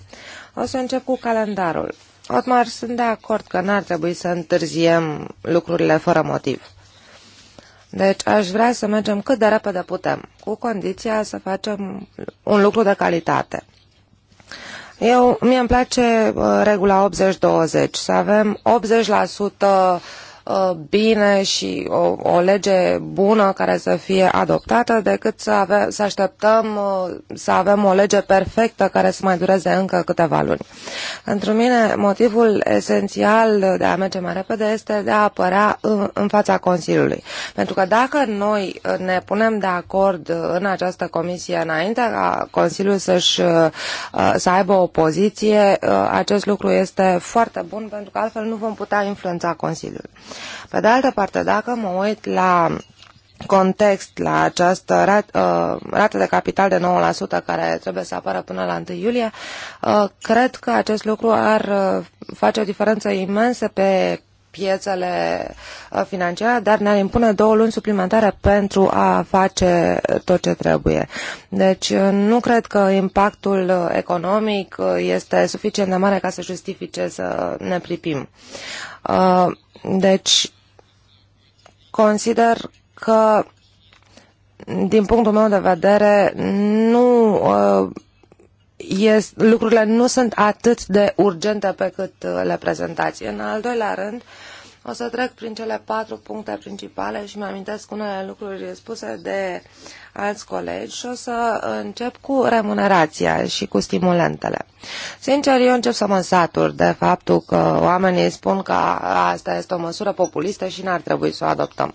O să încep cu calendarul. Otmar, sunt de acord că n-ar trebui să întârziem lucrurile fără motiv. Deci aș vrea să mergem cât de repede putem, cu condiția să facem un lucru de calitate. Eu, mie îmi place uh, regula 80-20, să avem 80% Uh, bine și o, o lege bună care să fie adoptată decât să, ave, să așteptăm uh, să avem o lege perfectă care să mai dureze încă câteva luni. Pentru mine, motivul esențial de a merge mai repede este de a apărea în, în fața Consiliului. Pentru că dacă noi ne punem de acord în această comisie înainte ca Consiliul să-și, uh, să aibă o poziție, acest lucru este foarte bun pentru că altfel nu vom putea influența Consiliul. Pe de altă parte, dacă mă uit la context la această rat, uh, rată de capital de 9% care trebuie să apară până la 1 iulie, uh, cred că acest lucru ar uh, face o diferență imensă pe piețele uh, financiare, dar ne-ar impune două luni suplimentare pentru a face tot ce trebuie. Deci uh, nu cred că impactul uh, economic este suficient de mare ca să justifice să ne pripim. Deci, consider că, din punctul meu de vedere, nu, uh, lucrurile nu sunt atât de urgente pe cât uh, le prezentați. În al doilea rând, o să trec prin cele patru puncte principale și mi-amintesc unele lucruri spuse de alți colegi și o să încep cu remunerația și cu stimulentele. Sincer, eu încep să mă satur de faptul că oamenii spun că asta este o măsură populistă și n-ar trebui să o adoptăm.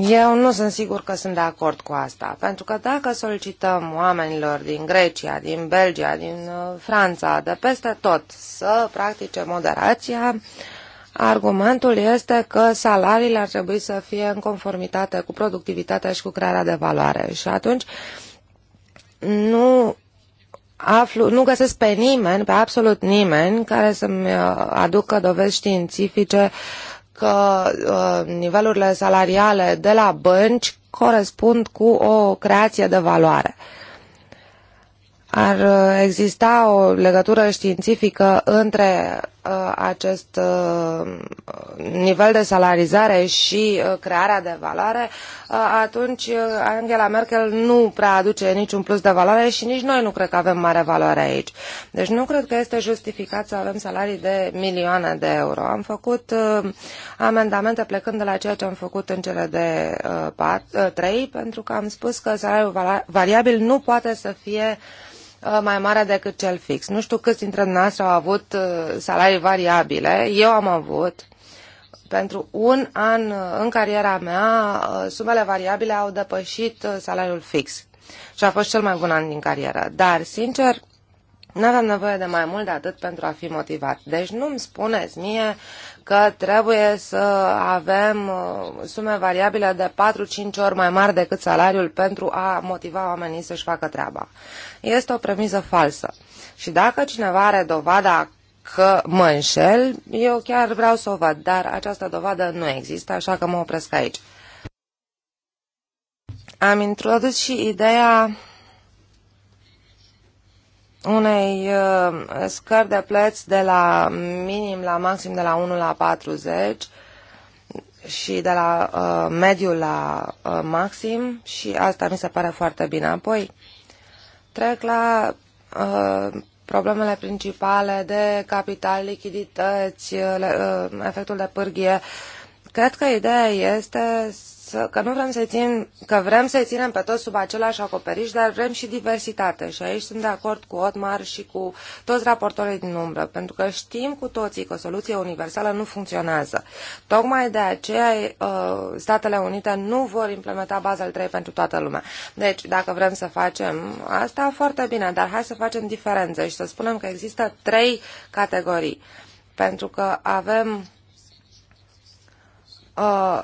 Eu nu sunt sigur că sunt de acord cu asta, pentru că dacă solicităm oamenilor din Grecia, din Belgia, din uh, Franța, de peste tot să practice moderația, uh, Argumentul este că salariile ar trebui să fie în conformitate cu productivitatea și cu crearea de valoare. Și atunci nu aflu, nu găsesc pe nimeni, pe absolut nimeni, care să-mi uh, aducă dovezi științifice că uh, nivelurile salariale de la bănci corespund cu o creație de valoare. Ar uh, exista o legătură științifică între Uh, acest uh, nivel de salarizare și uh, crearea de valoare, atunci Angela Merkel nu prea aduce niciun plus de valoare și nici noi nu cred că avem mare valoare aici. Deci nu cred că este justificat să avem salarii de milioane de euro. Am făcut amendamente plecând de la ceea ce am făcut în cele de trei, pentru că am spus că salariul variabil nu poate să fie uh, Uh, mai mare decât cel fix. Nu știu câți dintre dumneavoastră au avut uh, salarii variabile. Eu am avut. Pentru un an uh, în cariera mea, sumele variabile au depășit salariul fix. Și a fost cel mai bun an din carieră. Dar, sincer, nu avem nevoie de mai mult de atât pentru a fi motivat. Deci nu-mi spuneți mie că trebuie să avem uh, sume variabile de 4-5 ori mai mari decât salariul pentru a motiva oamenii să-și facă treaba. Este o premiză falsă. Și dacă cineva are dovada că mă înșel, eu chiar vreau să o văd, dar această dovadă nu există, așa că mă opresc aici. Am introdus și ideea unei uh, scări de plăți de la minim la maxim de la 1 la 40 și de la uh, mediu la uh, maxim și asta mi se pare foarte bine. Apoi trec la uh, problemele principale de capital, lichidități, uh, uh efectul de pârghie. Cred că ideea este că nu vrem să țin, că vrem să ținem pe toți sub același acoperiș, dar vrem și diversitate. Și aici sunt de acord cu Otmar și cu toți raportorii din umbră, pentru că știm cu toții că soluția universală nu funcționează. Tocmai de aceea ă, Statele Unite nu vor implementa Basel 3 pentru toată lumea. Deci, dacă vrem să facem asta, foarte bine, dar hai să facem diferențe și să spunem că există trei categorii. Pentru că avem uh,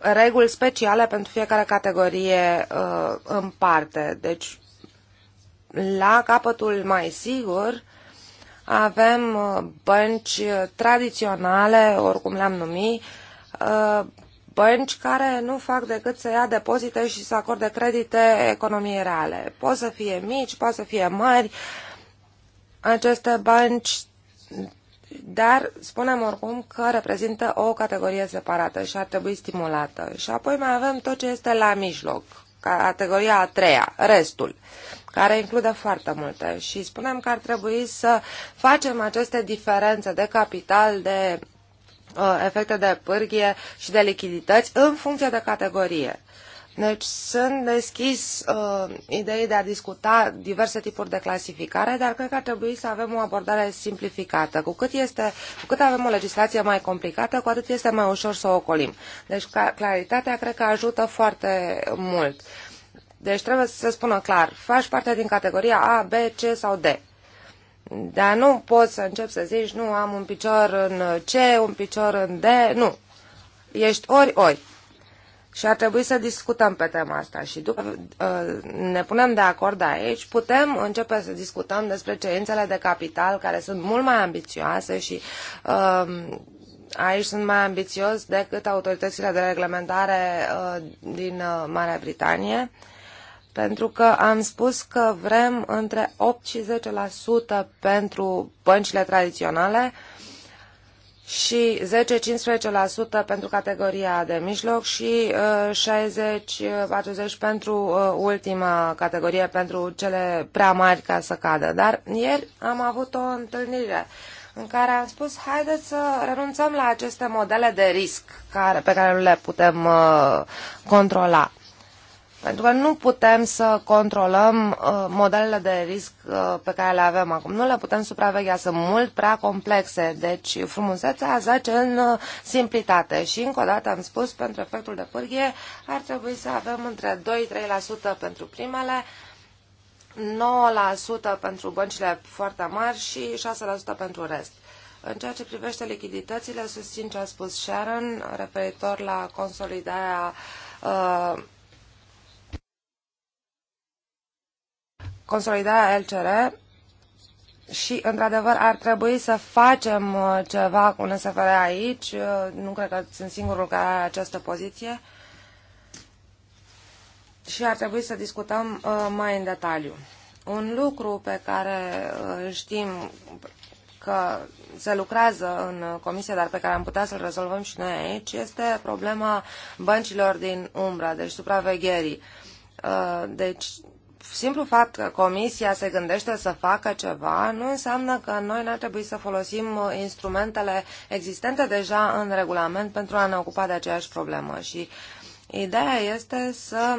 reguli speciale pentru fiecare categorie uh, în parte. Deci, la capătul mai sigur, avem uh, bănci tradiționale, oricum le-am numit, uh, bănci care nu fac decât să ia depozite și să acorde credite economiei reale. Pot să fie mici, pot să fie mari. Aceste bănci dar spunem oricum că reprezintă o categorie separată și ar trebui stimulată. Și apoi mai avem tot ce este la mijloc, categoria a treia, restul, care include foarte multe. Și spunem că ar trebui să facem aceste diferențe de capital, de uh, efecte de pârghie și de lichidități în funcție de categorie. Uh, deci sunt deschis uh, ideii de a discuta diverse tipuri de clasificare, dar cred că ar trebui să avem o abordare simplificată. Cu cât, este, cu cât avem o legislație mai complicată, cu atât este mai ușor să o ocolim. Deci claritatea cred că ajută foarte mult. Deci trebuie să se spună clar, faci parte din categoria A, B, C sau D. Dar nu poți să încep să zici, nu, am un picior în C, un picior în D, nu. Ești ori, ori. Și ar trebui să discutăm pe tema asta și după uh, ne punem de acord aici, putem începe să discutăm despre cerințele de capital care sunt mult mai ambițioase și uh, aici sunt mai ambițios decât autoritățile de reglementare uh, din Marea Britanie, pentru că am spus că vrem între 8 și 10% pentru băncile tradiționale, și 10-15% pentru categoria de mijloc și 60-40% uh, pentru uh, ultima categorie, pentru cele prea mari ca să cadă. Dar ieri am avut o întâlnire în care am spus haideți să renunțăm la aceste modele de risc care, pe care nu le putem uh, controla. Pentru că nu putem să controlăm uh, modelele de risc uh, pe care le avem acum. Nu le putem supraveghea, sunt mult prea complexe. Deci frumusețea zace în uh, simplitate. Și încă o dată am spus, pentru efectul de pârghie ar trebui să avem între 2-3% pentru primele, 9% pentru băncile foarte mari și 6% pentru rest. În ceea ce privește lichiditățile, susțin ce a spus Sharon referitor la consolidarea uh, consolidarea LCR și, într-adevăr, ar trebui să facem uh, ceva cu NSFR aici. Uh, nu cred că sunt singurul care are această poziție. Și ar trebui să discutăm uh, mai în detaliu. Un lucru pe care știm că se lucrează în comisie, dar pe care am putea să-l rezolvăm și noi aici, este problema băncilor din umbra, deci supravegherii. Deci simplu fapt că Comisia se gândește să facă ceva nu înseamnă că noi n-ar trebui să folosim uh, instrumentele existente deja în regulament pentru a ne ocupa de aceeași problemă. Și ideea este să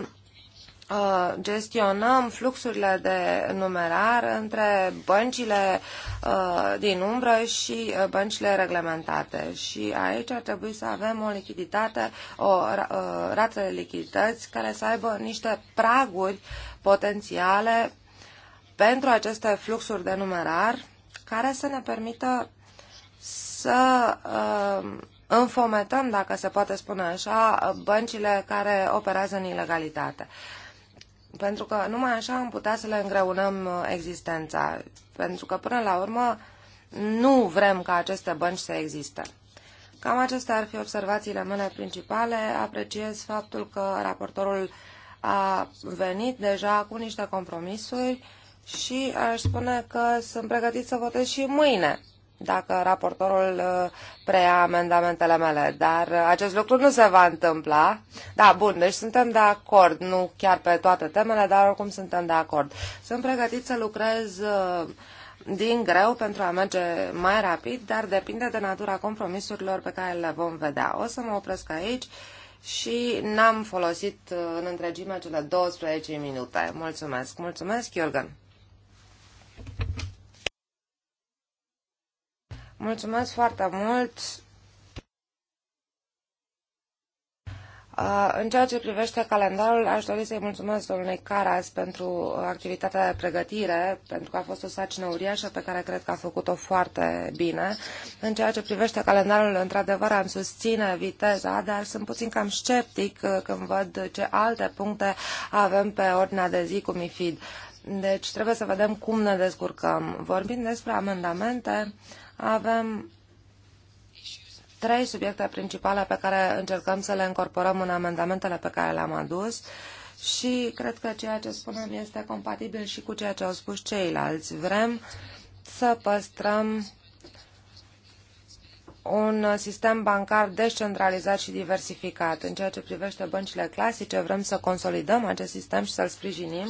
Uh, gestionăm fluxurile de numerar între băncile uh, din umbră și uh, băncile reglementate. Și aici ar trebui să avem o lichiditate, o rată de lichidități care să aibă niște praguri potențiale pentru aceste fluxuri de numerar care să ne permită să înfometăm, dacă se poate spune așa, băncile care operează în ilegalitate. Pentru că numai așa am putea să le îngreunăm uh, existența. Pentru că, până la urmă, nu vrem ca aceste bănci să existe. Cam acestea ar fi observațiile mele principale. Apreciez faptul că raportorul a venit deja cu niște compromisuri și aș spune că sunt pregătit să votez și mâine dacă raportorul uh, preia amendamentele mele, dar uh, acest lucru nu se va întâmpla. Da, bun, deci suntem de acord, nu chiar pe toate temele, dar oricum suntem de acord. Sunt pregătit să lucrez uh, din greu pentru a merge mai rapid, dar depinde de natura compromisurilor pe care le vom vedea. O să mă opresc aici și n-am folosit în întregime cele 12 minute. Mulțumesc, mulțumesc, Iorgan. Mulțumesc foarte mult! În ceea ce privește calendarul, aș dori să-i mulțumesc domnului Caras pentru activitatea de pregătire, pentru că a fost o sacină uriașă pe care cred că a făcut-o foarte bine. În ceea ce privește calendarul, într-adevăr, am susține viteza, dar sunt puțin cam sceptic uh, când văd ce alte puncte avem pe ordinea de zi cu MIFID. Deci trebuie să vedem cum ne descurcăm. vorbind despre amendamente, uh, avem trei subiecte principale pe care încercăm să le incorporăm în amendamentele pe care le-am adus și cred că ceea ce spunem este compatibil și cu ceea ce au spus ceilalți. Vrem să păstrăm un sistem bancar descentralizat și diversificat. În ceea ce privește băncile clasice, vrem să consolidăm acest sistem și să-l sprijinim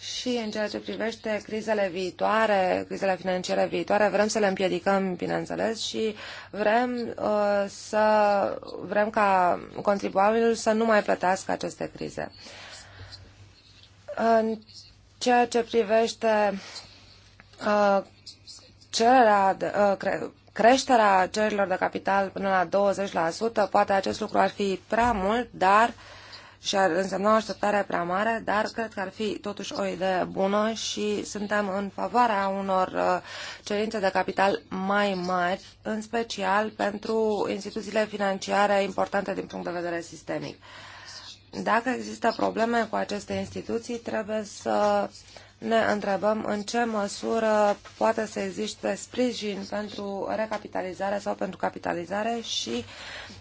și în ceea ce privește crizele viitoare, crizele financiare viitoare, vrem să le împiedicăm, bineînțeles, și vrem uh, să vrem ca contribuabilul să nu mai plătească aceste crize. În ceea ce privește uh, cererea de, uh, cre creșterea cererilor de capital până la 20%, poate acest lucru ar fi prea mult, dar uh, și ar însemna o așteptare prea mare, dar cred că ar fi totuși o idee bună și suntem în favoarea unor uh, cerințe de capital mai mari, în special pentru instituțiile financiare importante din punct de vedere sistemic. Dacă există probleme cu aceste instituții, trebuie să ne întrebăm în ce măsură poate să existe sprijin pentru recapitalizare sau pentru capitalizare și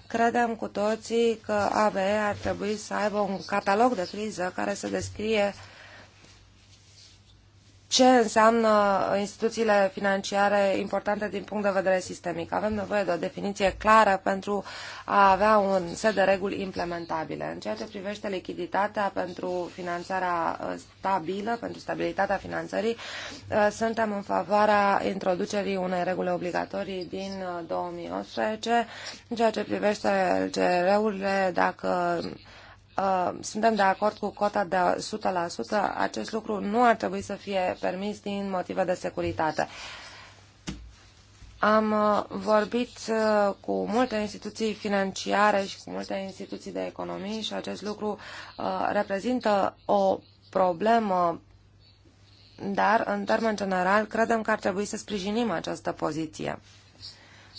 Credem cu toții că ABE ar trebui să aibă un catalog de criză care să descrie uh, ce înseamnă instituțiile financiare importante din punct de vedere sistemic. Avem nevoie de o definiție clară pentru a avea un set de reguli implementabile. În ceea ce privește lichiditatea pentru finanțarea uh, stabilă, pentru stabilitatea finanțării, uh, suntem în favoarea introducerii unei reguli obligatorii din 2018. Uh, în ceea ce privește lgr urile dacă Uh, suntem de acord cu cota de 100%, acest lucru nu ar trebui să fie permis din motive de securitate. Am uh, vorbit uh, cu multe instituții financiare și cu multe instituții de economie și acest lucru reprezintă o problemă, dar, în termen general, credem că ar trebui să sprijinim această poziție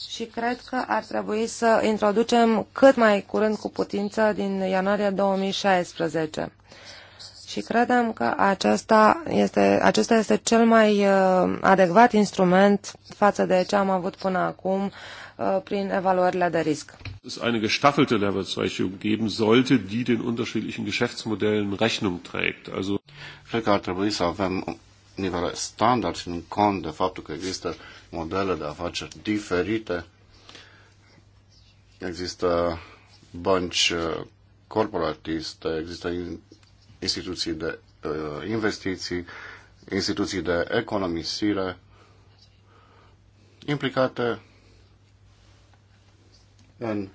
și cred că ar trebui să introducem cât mai curând cu putință din ianuarie 2016. Și credem că acesta este, acesta este cel mai uh, adecvat instrument față de ce am avut până acum uh, prin evaluările de risc. eine gestaffelte Leverage geben sollte, die den unterschiedlichen Geschäftsmodellen Rechnung trägt. Cred că ar trebui să avem nivel standard și în cont de faptul că există uh, modele de afaceri diferite. Există bănci uh, corporatiste, există instituții de uh, investiții, instituții de economisire implicate în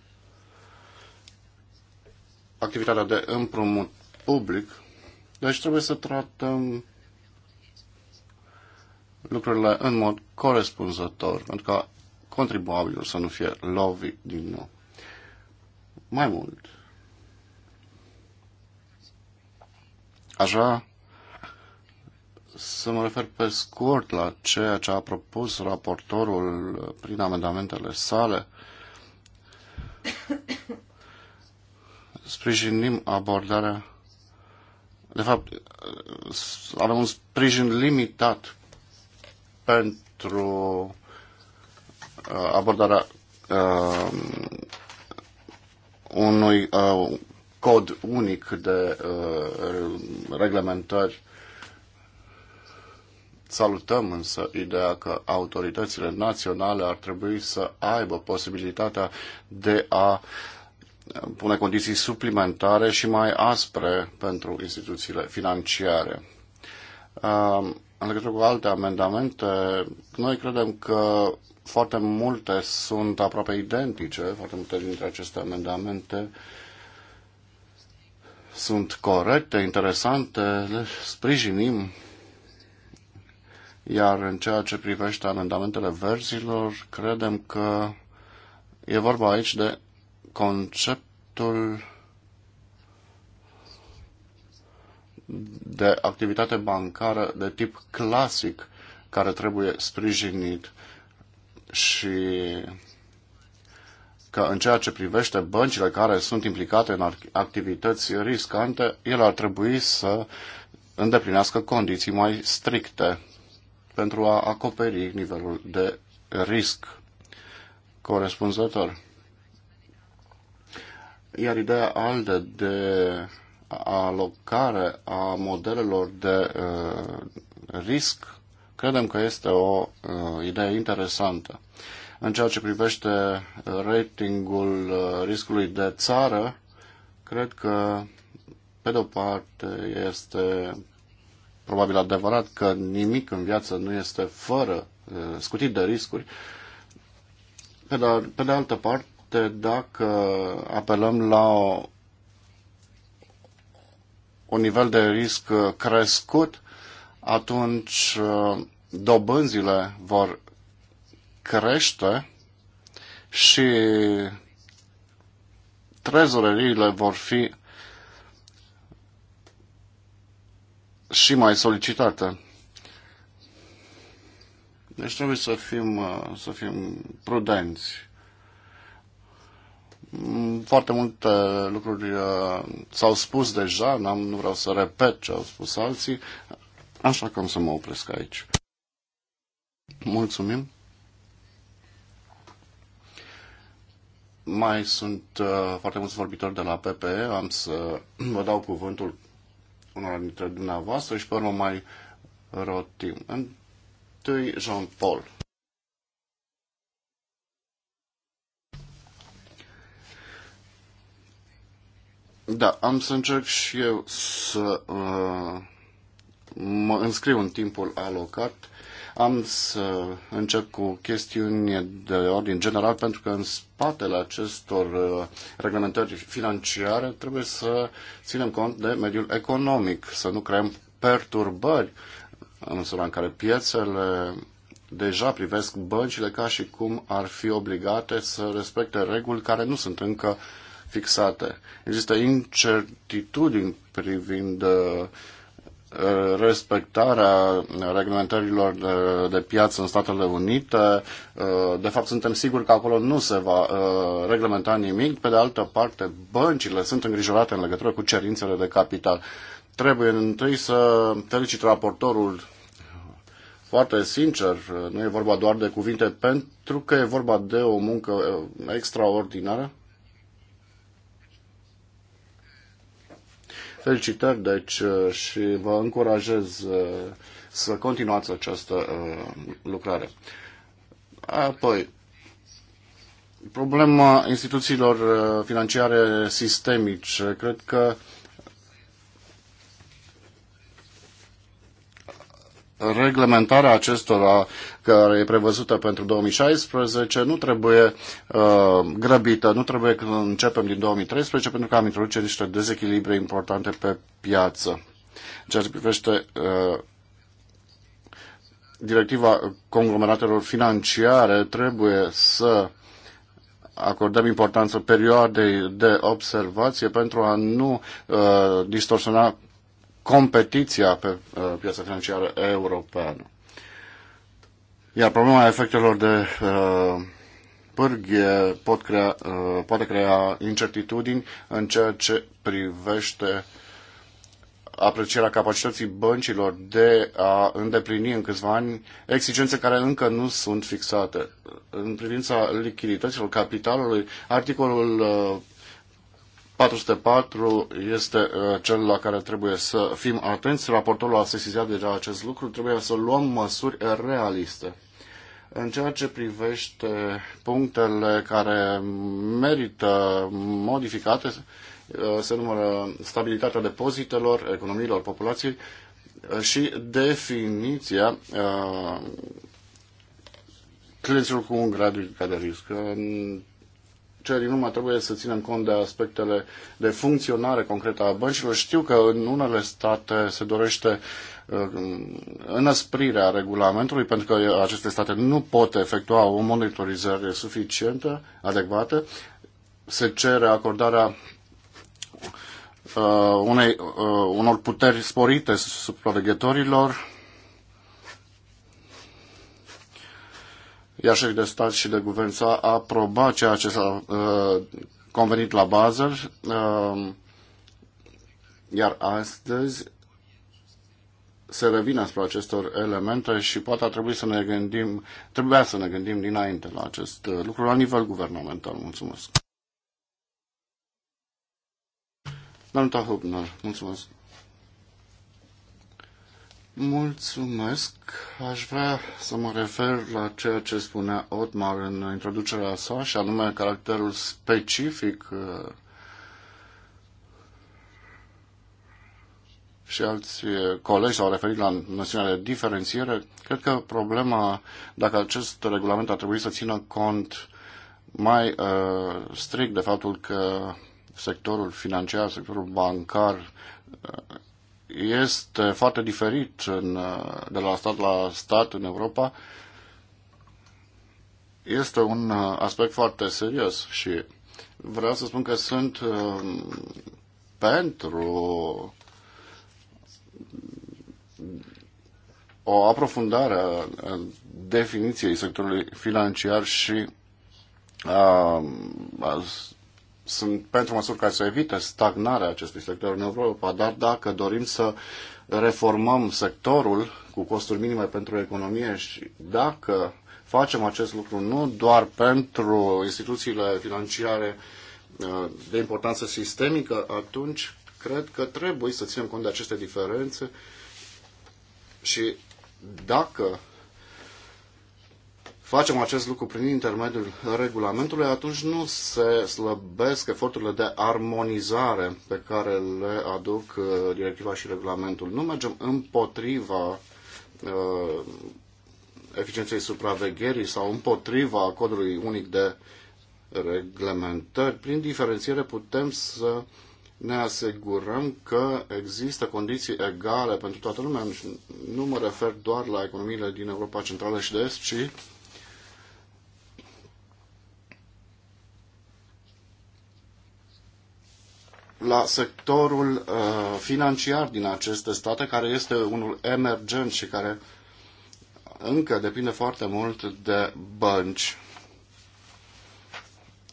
activitatea de împrumut public, deci trebuie să tratăm lucrurile în mod corespunzător, pentru ca contribuabilul să nu fie lovit din nou. Mai mult, aș vrea să mă refer pe scurt la ceea ce a propus raportorul prin amendamentele sale. Sprijinim abordarea. De fapt, avem un sprijin limitat pentru pentru uh, abordarea uh, unui uh, cod unic de uh, reglementări. Salutăm însă ideea că autoritățile naționale ar trebui să aibă posibilitatea de a pune condiții suplimentare și mai aspre pentru instituțiile financiare. În legătură cu alte amendamente, noi credem că foarte multe sunt aproape identice, foarte multe dintre aceste amendamente sunt corecte, interesante, le sprijinim. Iar în ceea ce privește amendamentele verzilor, credem că e vorba aici de conceptul de activitate bancară de tip clasic care trebuie sprijinit și că în ceea ce privește băncile care sunt implicate în activități riscante, ele ar trebui să îndeplinească condiții mai stricte pentru a acoperi nivelul de risc corespunzător. Iar ideea ALDE de alocare a modelelor de uh, risc, credem că este o uh, idee interesantă. În ceea ce privește ratingul uh, riscului de țară, cred că, pe de-o parte, este probabil adevărat că nimic în viață nu este fără uh, scutit de riscuri. Pe de, pe de altă parte, dacă apelăm la o un nivel de risc uh, crescut, atunci uh, dobânzile vor crește și trezoreriile vor fi și mai solicitate. Deci trebuie să fim, uh, să fim prudenți. Mm, foarte multe lucruri uh, s-au spus deja, n-am, nu vreau să repet ce au spus alții, așa că am să mă opresc aici. Mulțumim! Mai sunt uh, foarte mulți vorbitori de la PPE, am să vă dau cuvântul unor dintre dumneavoastră și pe urmă mai rotim. Întâi Jean-Paul. Da, am să încerc și eu să uh, mă înscriu în timpul alocat. Am să încep cu chestiuni de ordin general, pentru că în spatele acestor uh, reglementări financiare trebuie să ținem cont de mediul economic, să nu creăm perturbări în măsura în care piețele deja privesc băncile ca și cum ar fi obligate să respecte reguli care nu sunt încă uh, fixate. Există incertitudini privind uh, respectarea reglementărilor de, de piață în Statele Unite. Uh, de fapt, suntem siguri că acolo nu se va uh, reglementa nimic. Pe de altă parte, băncile sunt îngrijorate în legătură cu cerințele de capital. Trebuie întâi să felicit raportorul foarte sincer, nu e vorba doar de cuvinte, pentru că e vorba de o muncă extraordinară Felicitări, deci, uh, și vă încurajez uh, să continuați această uh, lucrare. Apoi, problema instituțiilor financiare sistemice. Cred că reglementarea acestora care e prevăzută pentru 2016 nu trebuie uh, grăbită, nu trebuie că începem din 2013 pentru că am introduce niște dezechilibre importante pe piață. ceea ce privește uh, directiva conglomeratelor financiare trebuie să acordăm importanță perioadei de observație pentru a nu uh, distorsiona competiția pe uh, piața financiară europeană. Iar problema efectelor de uh, pârghie pot crea, uh, poate crea incertitudini în ceea ce privește aprecierea capacității băncilor de a îndeplini în câțiva ani exigențe care încă nu sunt fixate. În privința lichidităților, capitalului, articolul 404 este uh, cel la care trebuie să fim atenți. Raportorul a sesizat deja acest lucru. Trebuie să luăm măsuri realiste. În ceea ce privește punctele care merită modificate, uh, se numără stabilitatea depozitelor, economiilor populației uh, și definiția uh, clienților cu un grad ridicat de risc din urmă trebuie să ținem cont de aspectele de funcționare concretă a băncilor. Știu că în unele state se dorește uh, înăsprirea regulamentului, pentru că aceste state nu pot efectua o monitorizare suficientă, adecvată. Se cere acordarea uh, unei, uh, unor puteri sporite supraveghetorilor, iar de stat și de guvern să aproba ceea ce s-a uh, convenit la Basel, uh, iar astăzi se revine asupra acestor elemente și poate ar trebui să ne gândim, trebuia să ne gândim dinainte la acest uh, lucru la nivel guvernamental. Mulțumesc. Domnul Tahubner, mulțumesc. Mulțumesc. Aș vrea să mă refer la ceea ce spunea Otmar în introducerea sa, și anume caracterul specific uh, și alți uh, colegi s-au referit la noțiunea de diferențiere. Cred că problema, dacă acest regulament ar trebui să țină cont mai uh, strict de faptul că sectorul financiar, sectorul bancar uh, este foarte diferit în, de la stat la stat în Europa, este un aspect foarte serios și vreau să spun că sunt um, pentru o aprofundare a definiției sectorului financiar și a, a sunt pentru măsuri care să evite stagnarea acestui sector în Europa, dar dacă dorim să reformăm sectorul cu costuri minime pentru economie și dacă facem acest lucru nu doar pentru instituțiile financiare uh, de importanță sistemică, atunci cred că trebuie să ținem cont de aceste diferențe și dacă facem acest lucru prin intermediul regulamentului, atunci nu se slăbesc eforturile de armonizare pe care le aduc uh, directiva și regulamentul. Nu mergem împotriva uh, eficienței supravegherii sau împotriva codului unic de reglementări. Prin diferențiere putem să ne asigurăm că există condiții egale pentru toată lumea. Nu mă refer doar la economiile din Europa Centrală și de Est, ci la sectorul uh, financiar din aceste state, care este unul emergent și care încă depinde foarte mult de bănci,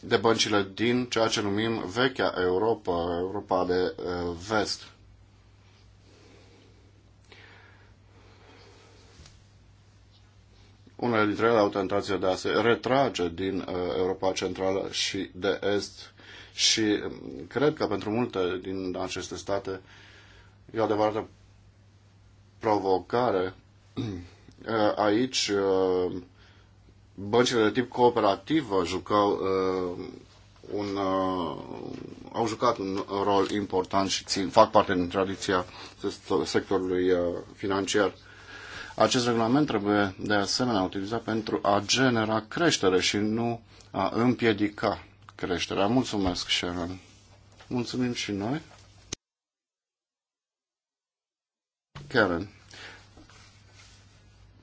de băncile din ceea ce numim vechea Europa, Europa de uh, vest. Unele dintre ele au tentația de a se retrage din uh, Europa Centrală și de Est și um, cred că pentru multe din aceste state e o adevărată provocare. Uh, aici uh, băncile de tip cooperativă jucau uh, un, au jucat un rol important și țin, fac parte din tradiția sectorului financiar. Acest regulament trebuie de asemenea utilizat pentru a genera creștere și nu a împiedica creșterea. Mulțumesc, Sharon. Mulțumim și noi. Karen.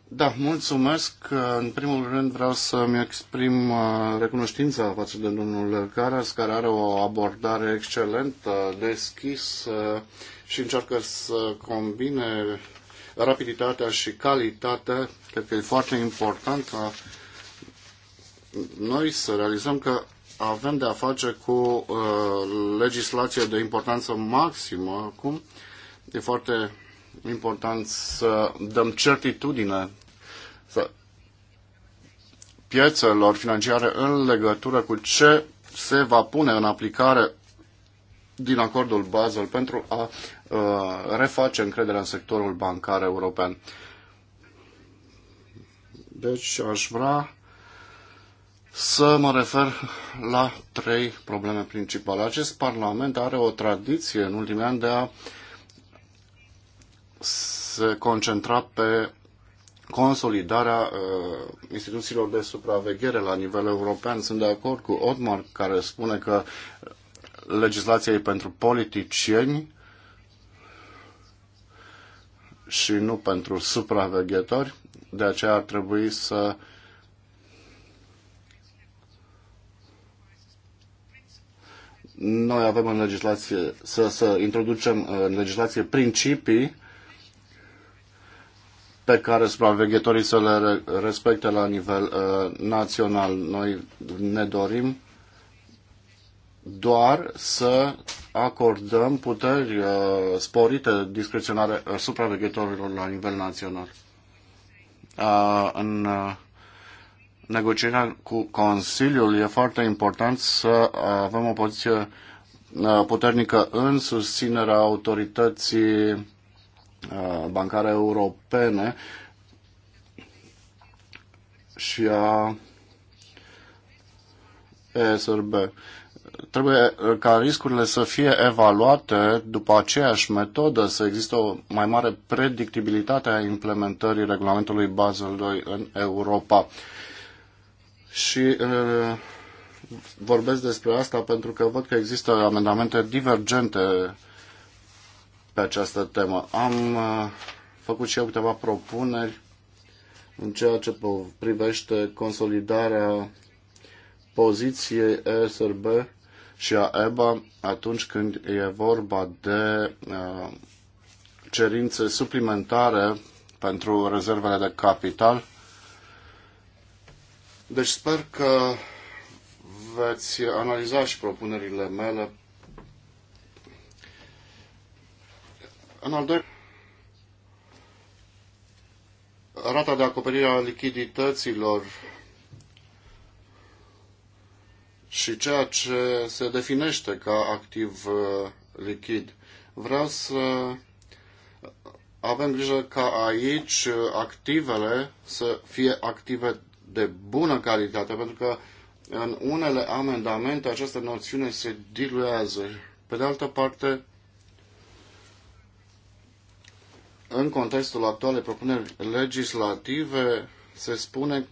Da, mulțumesc. În primul rând vreau să-mi exprim uh, recunoștința față de domnul Caras, care are o abordare excelentă, deschisă și încearcă să combine rapiditatea și calitatea. Cred că e foarte important ca noi să realizăm că avem de a face cu uh, legislație de importanță maximă acum. E foarte important să dăm certitudine să piețelor financiare în legătură cu ce se va pune în aplicare din acordul Basel pentru a uh, reface încrederea în sectorul bancar european. Deci aș vrea să mă refer la trei probleme principale. Acest Parlament are o tradiție în ultimii ani de a se concentra pe consolidarea uh, instituțiilor de supraveghere la nivel european. Sunt de acord cu Otmar care spune că legislația e pentru politicieni și nu pentru supraveghetori. De aceea ar trebui să uh, Noi avem în legislație să, să introducem uh, în legislație principii pe care supraveghetorii să le respecte la nivel uh, național. Noi ne dorim doar să acordăm puteri uh, sporite discreționare uh, supraveghetorilor la nivel național. Uh, în uh, negocierea cu Consiliul, e foarte important să avem o poziție uh, puternică în susținerea autorității uh, bancare europene și a ESRB. Trebuie uh, ca riscurile să fie evaluate după aceeași metodă, să există o mai mare predictibilitate a implementării regulamentului Basel II în Europa și vorbesc despre asta pentru că văd că există amendamente divergente pe această temă. Am făcut și eu câteva propuneri în ceea ce privește consolidarea poziției ESRB și a EBA atunci când e vorba de cerințe suplimentare pentru rezervele de capital deci sper că veți analiza și propunerile mele. În al doilea, rata de acoperire a lichidităților și ceea ce se definește ca activ uh, lichid. Vreau să avem grijă ca aici activele să fie active de bună calitate, pentru că în unele amendamente această noțiune se diluează. Pe de altă parte, în contextul actualei propuneri legislative, se spune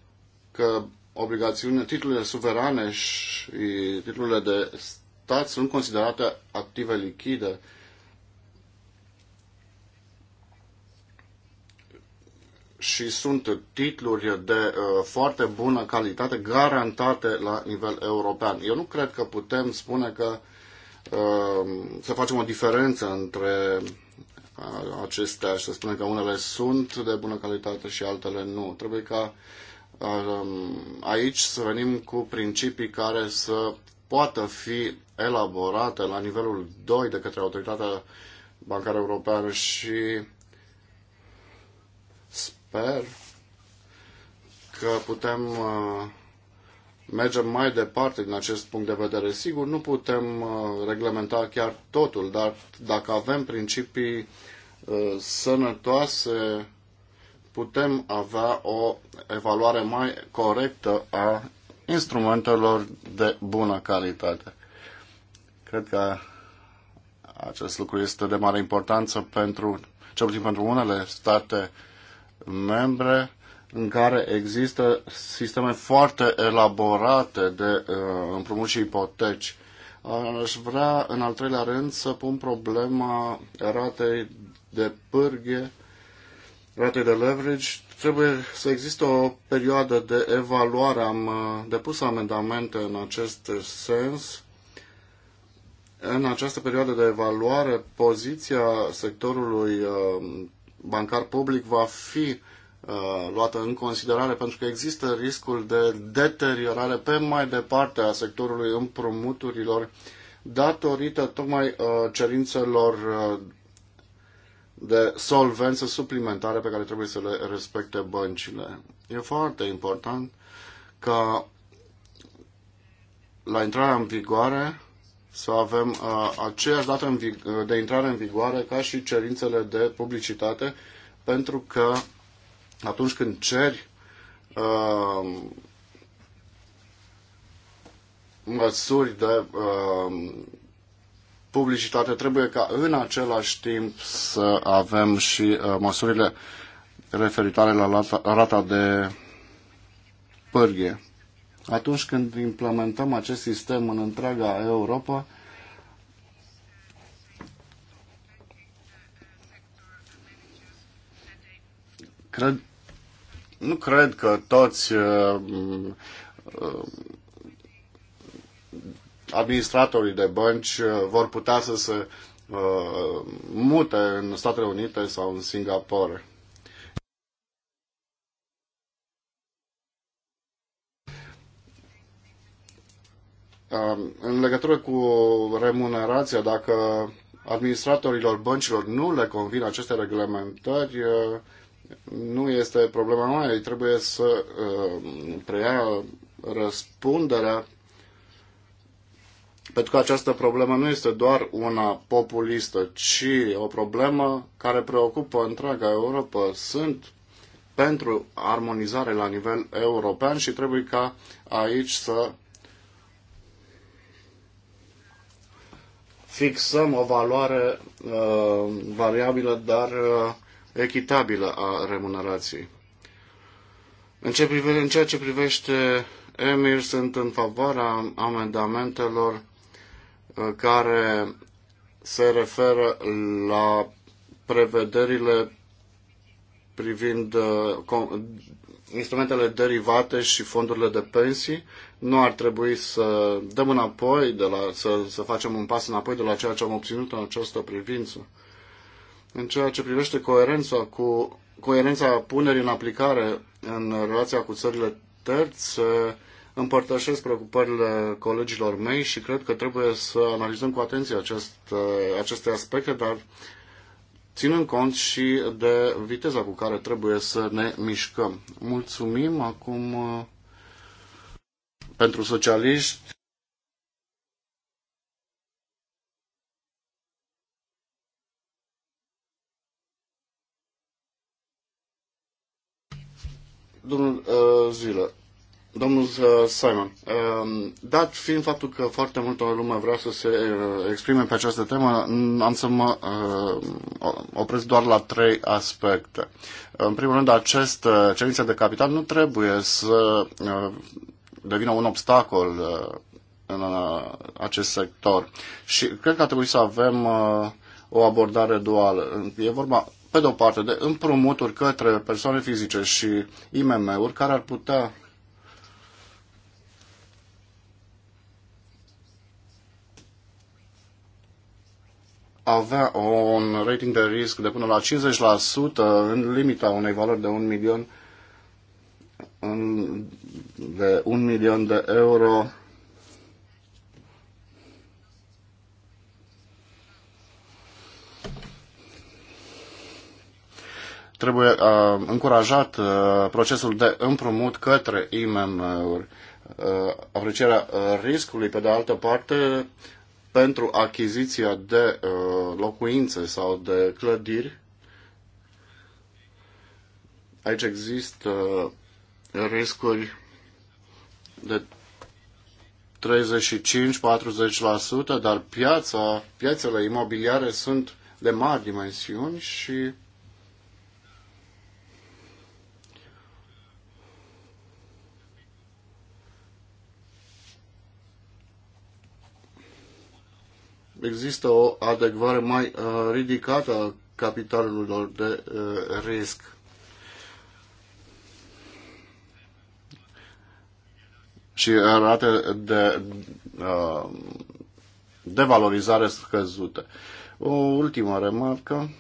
că obligațiunile, titlurile suverane și titlurile de stat sunt considerate active lichide. și sunt titluri de uh, foarte bună calitate garantate la nivel european. Eu nu cred că putem spune că uh, să facem o diferență între uh, acestea și să spunem că unele sunt de bună calitate și altele nu. Trebuie ca uh, aici să venim cu principii care să poată fi elaborate la nivelul 2 de către Autoritatea Bancară Europeană și Sper că putem uh, merge mai departe din acest punct de vedere. Sigur, nu putem uh, reglementa chiar totul, dar dacă avem principii uh, sănătoase, putem avea o evaluare mai corectă a instrumentelor de bună calitate. Cred că acest lucru este de mare importanță pentru, cel puțin pentru unele state membre în care există sisteme foarte elaborate de uh, împrumut și ipoteci. Aș vrea, în al treilea rând, să pun problema ratei de pârghe, ratei de leverage. Trebuie să existe o perioadă de evaluare. Am uh, depus amendamente în acest sens. În această perioadă de evaluare, poziția sectorului uh, bancar public va fi uh, luată în considerare pentru că există riscul de deteriorare pe mai departe a sectorului împrumuturilor datorită tocmai uh, cerințelor uh, de solvență suplimentare pe care trebuie să le respecte băncile. E foarte important ca la intrarea în vigoare să avem uh, aceeași dată uh, de intrare în vigoare ca și cerințele de publicitate, pentru că atunci când ceri uh, măsuri de uh, publicitate, trebuie ca în același timp să avem și uh, măsurile referitoare la rata, rata de pârghie atunci când implementăm acest sistem în întreaga Europa, cred, nu cred că toți uh, uh, administratorii de bănci uh, vor putea să se uh, mute în Statele Unite sau în Singapore. Um, în legătură cu remunerația, dacă administratorilor băncilor nu le convin aceste reglementări, uh, nu este problema mea. Ei trebuie să uh, preia răspunderea pentru că această problemă nu este doar una populistă, ci o problemă care preocupă întreaga Europa. Sunt pentru armonizare la nivel european și trebuie ca aici să fixăm o valoare uh, variabilă, dar uh, echitabilă a remunerației. În, ce privește, în ceea ce privește EMIR, sunt în favoarea amendamentelor uh, care se referă la prevederile privind uh, instrumentele derivate și fondurile de pensii, nu ar trebui să dăm înapoi, de la, să, să facem un pas înapoi de la ceea ce am obținut în această privință. În ceea ce privește coerența cu coerența punerii în aplicare în relația cu țările terțe, împărtășesc preocupările colegilor mei și cred că trebuie să analizăm cu atenție acest, aceste aspecte, dar ținând cont și de viteza cu care trebuie să ne mișcăm. Mulțumim acum pentru socialiști. Domnul uh, Zilă, domnul uh, Simon, uh, um, dat fiind faptul că foarte multă lume vrea să se uh, exprime pe această temă, am să mă uh, opresc doar la trei aspecte. În primul rând, această uh, cerință de capital nu trebuie să uh, devină un obstacol uh, în uh, acest sector. Și cred că ar trebui să avem uh, o abordare duală. E vorba, pe de o parte, de împrumuturi către persoane fizice și IMM-uri care ar putea avea un rating de risc de până la 50% în limita unei valori de 1 milion de un milion de euro trebuie uh, încurajat uh, procesul de împrumut către IMM-uri. Uh, aprecierea uh, riscului, pe de altă parte, pentru achiziția de uh, locuințe sau de clădiri. Aici există riscuri de 35-40%, dar piața, piațele imobiliare sunt de mari dimensiuni și există o adecvare mai uh, ridicată a capitalelor de uh, risc. și rate de uh, devalorizare scăzute. O ultimă remarcă.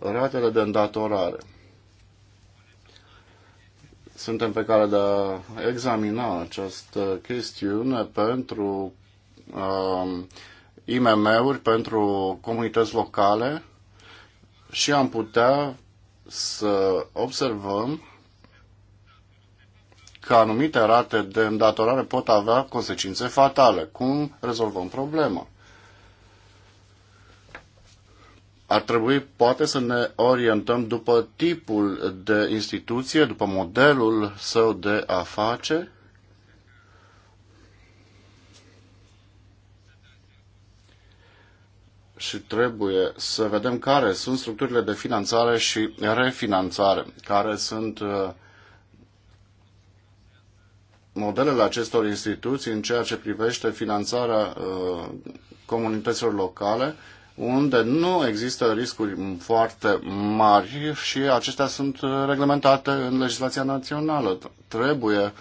Ratele de îndatorare. Suntem pe care de a examina această chestiune pentru uh, IMM-uri, pentru comunități locale și am putea să observăm că anumite rate de îndatorare pot avea consecințe fatale. Cum rezolvăm problema? Ar trebui poate să ne orientăm după tipul de instituție, după modelul său de afaceri și trebuie să vedem care sunt structurile de finanțare și refinanțare, care sunt uh, modelele acestor instituții în ceea ce privește finanțarea uh, comunităților locale, unde nu există riscuri foarte mari și acestea sunt uh, reglementate în legislația națională. Trebuie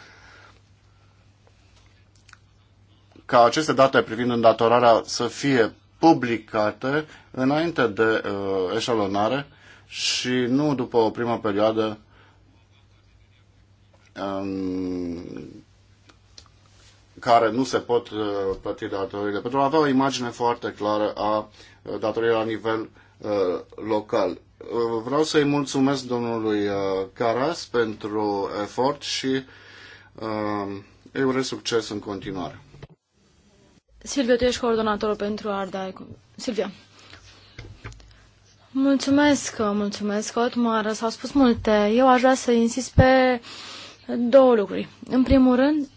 ca aceste date privind îndatorarea să fie publicate înainte de uh, eșalonare și nu după o primă perioadă um, care nu se pot uh, plăti datoriile, pentru a avea o imagine foarte clară a uh, datoriilor la nivel uh, local. Vreau să-i mulțumesc domnului Caras pentru efort și îi urez succes în continuare. Silvia, tu ești coordonatorul pentru Arda. Silvia. Mulțumesc, mulțumesc, Otmar. S-au spus multe. Eu aș vrea să insist pe două lucruri. În primul rând,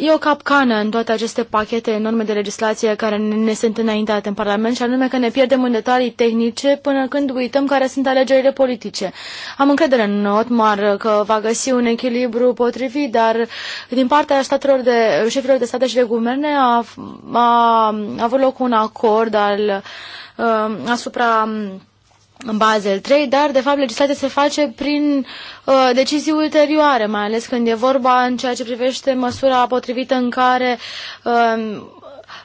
E o capcană în toate aceste pachete enorme de legislație care ne sunt înaintate în Parlament și anume că ne pierdem în detalii tehnice până când uităm care sunt alegerile politice. Am încredere în otmar că va găsi un echilibru potrivit, dar din partea statelor de, șefilor de state și de guverne a, a, a avut loc un acord al, a, um, asupra um, în Basel III, dar de fapt legislația se face prin uh, decizii ulterioare, mai ales când e vorba în ceea ce privește măsura potrivită în care uh,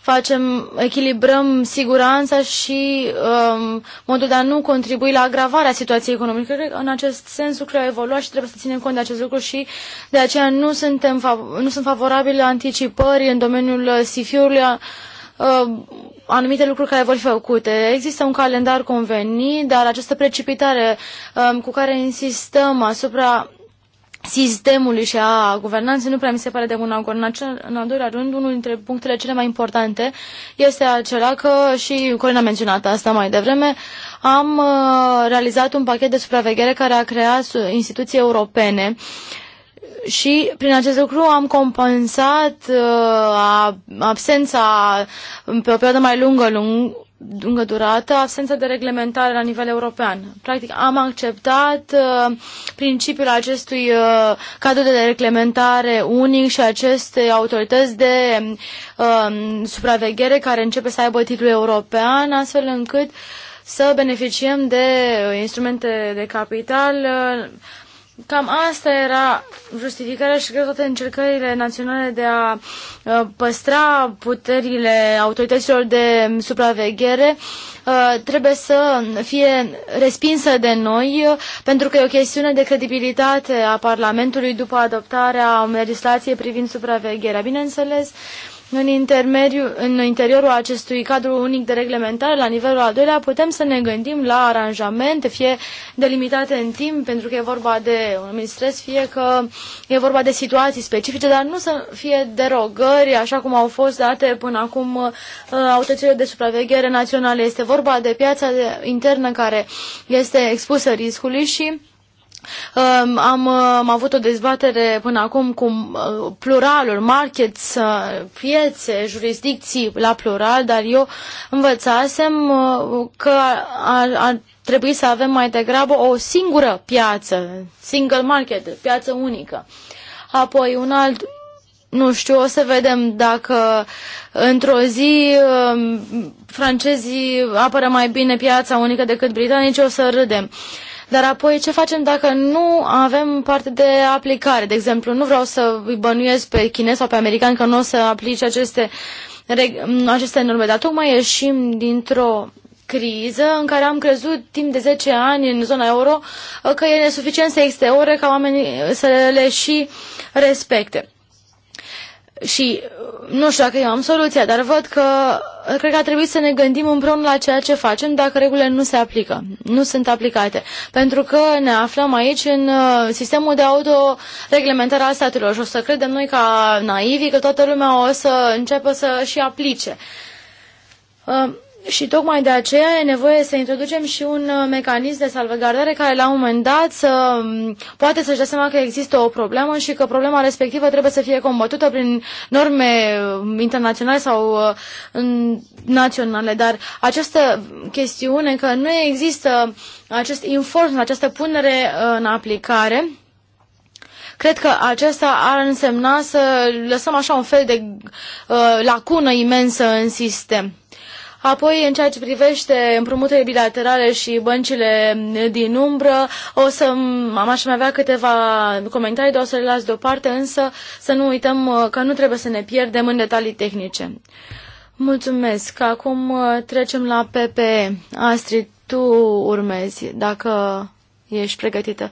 facem, echilibrăm siguranța și uh, modul de a nu contribui la agravarea situației economice. Cred că în acest sens lucrurile au evoluat și trebuie să ținem cont de acest lucru și de aceea nu, suntem, nu sunt favorabile anticipări în domeniul sifi Uh, Uh, anumite lucruri care vor fi făcute. Există un calendar convenit, dar această precipitare um, cu care insistăm asupra sistemului și a guvernanței nu prea mi se pare de bun acord. În, acel, în al doilea rând, unul dintre punctele cele mai importante este acela că, și Corina a menționat asta mai devreme, am uh, realizat un pachet de supraveghere care a creat instituții europene uh, și prin acest lucru am compensat uh, absența pe o perioadă mai lungă, lung, lungă durată, absența de reglementare la nivel european. Practic am acceptat uh, principiul acestui uh, cadru de reglementare unic și aceste autorități de uh, supraveghere care începe să aibă titlul european, astfel încât să beneficiem de instrumente de capital uh, Cam asta era justificarea și cred toate încercările naționale de a uh, păstra puterile autorităților de supraveghere uh, trebuie să fie respinsă de noi uh, pentru că e o chestiune de credibilitate a Parlamentului după adoptarea legislației privind supravegherea. Bineînțeles, în, în interiorul acestui cadru unic de reglementare, la nivelul al doilea, putem să ne gândim la aranjamente, fie delimitate în timp, pentru că e vorba de un stres, fie că e vorba de situații specifice, dar nu să fie derogări, așa cum au fost date până acum uh, autoritățile de supraveghere naționale. Este vorba de piața internă care este expusă riscului și am, am avut o dezbatere până acum cu uh, pluralul, markets, uh, piețe, jurisdicții la plural, dar eu învățasem uh, că ar, ar trebui să avem mai degrabă o singură piață, single market, piață unică. Apoi un alt nu știu, o să vedem dacă într-o zi um, francezii apără mai bine piața unică decât britanicii, o să râdem. Uh, dar apoi ce facem dacă nu avem parte de aplicare? De exemplu, nu vreau să îi bănuiesc pe chinez sau pe american că nu o să aplice aceste, aceste norme, dar tocmai ieșim dintr-o criză în care am crezut timp de 10 ani în zona euro că e nesuficient să existe ore ca oamenii să le și respecte. Și nu știu dacă eu am soluția, dar văd că cred că ar trebui să ne gândim împreună la ceea ce facem dacă regulile nu se aplică, nu sunt aplicate. Pentru că ne aflăm aici în uh, sistemul de autoreglementare al statelor și o să credem noi ca naivi că toată lumea o să înceapă să și aplice. Uh, și tocmai de aceea e nevoie să introducem și un uh, mecanism de salvegardare care la un moment dat să, um, poate să-și dea seama că există o problemă și că problema respectivă trebuie să fie combătută prin norme um, internaționale sau uh, naționale. Dar această chestiune că nu există acest inform, această punere uh, în aplicare, cred că acesta ar însemna să lăsăm așa un fel de uh, lacună imensă în sistem. Apoi, în ceea ce privește împrumuturile bilaterale și băncile din umbră, o să am aș mai avea câteva comentarii, dar o să le las deoparte, însă să nu uităm uh, că nu trebuie să ne pierdem în detalii tehnice. Mulțumesc. Acum uh, trecem la PPE. Astrid, tu urmezi, dacă ești pregătită.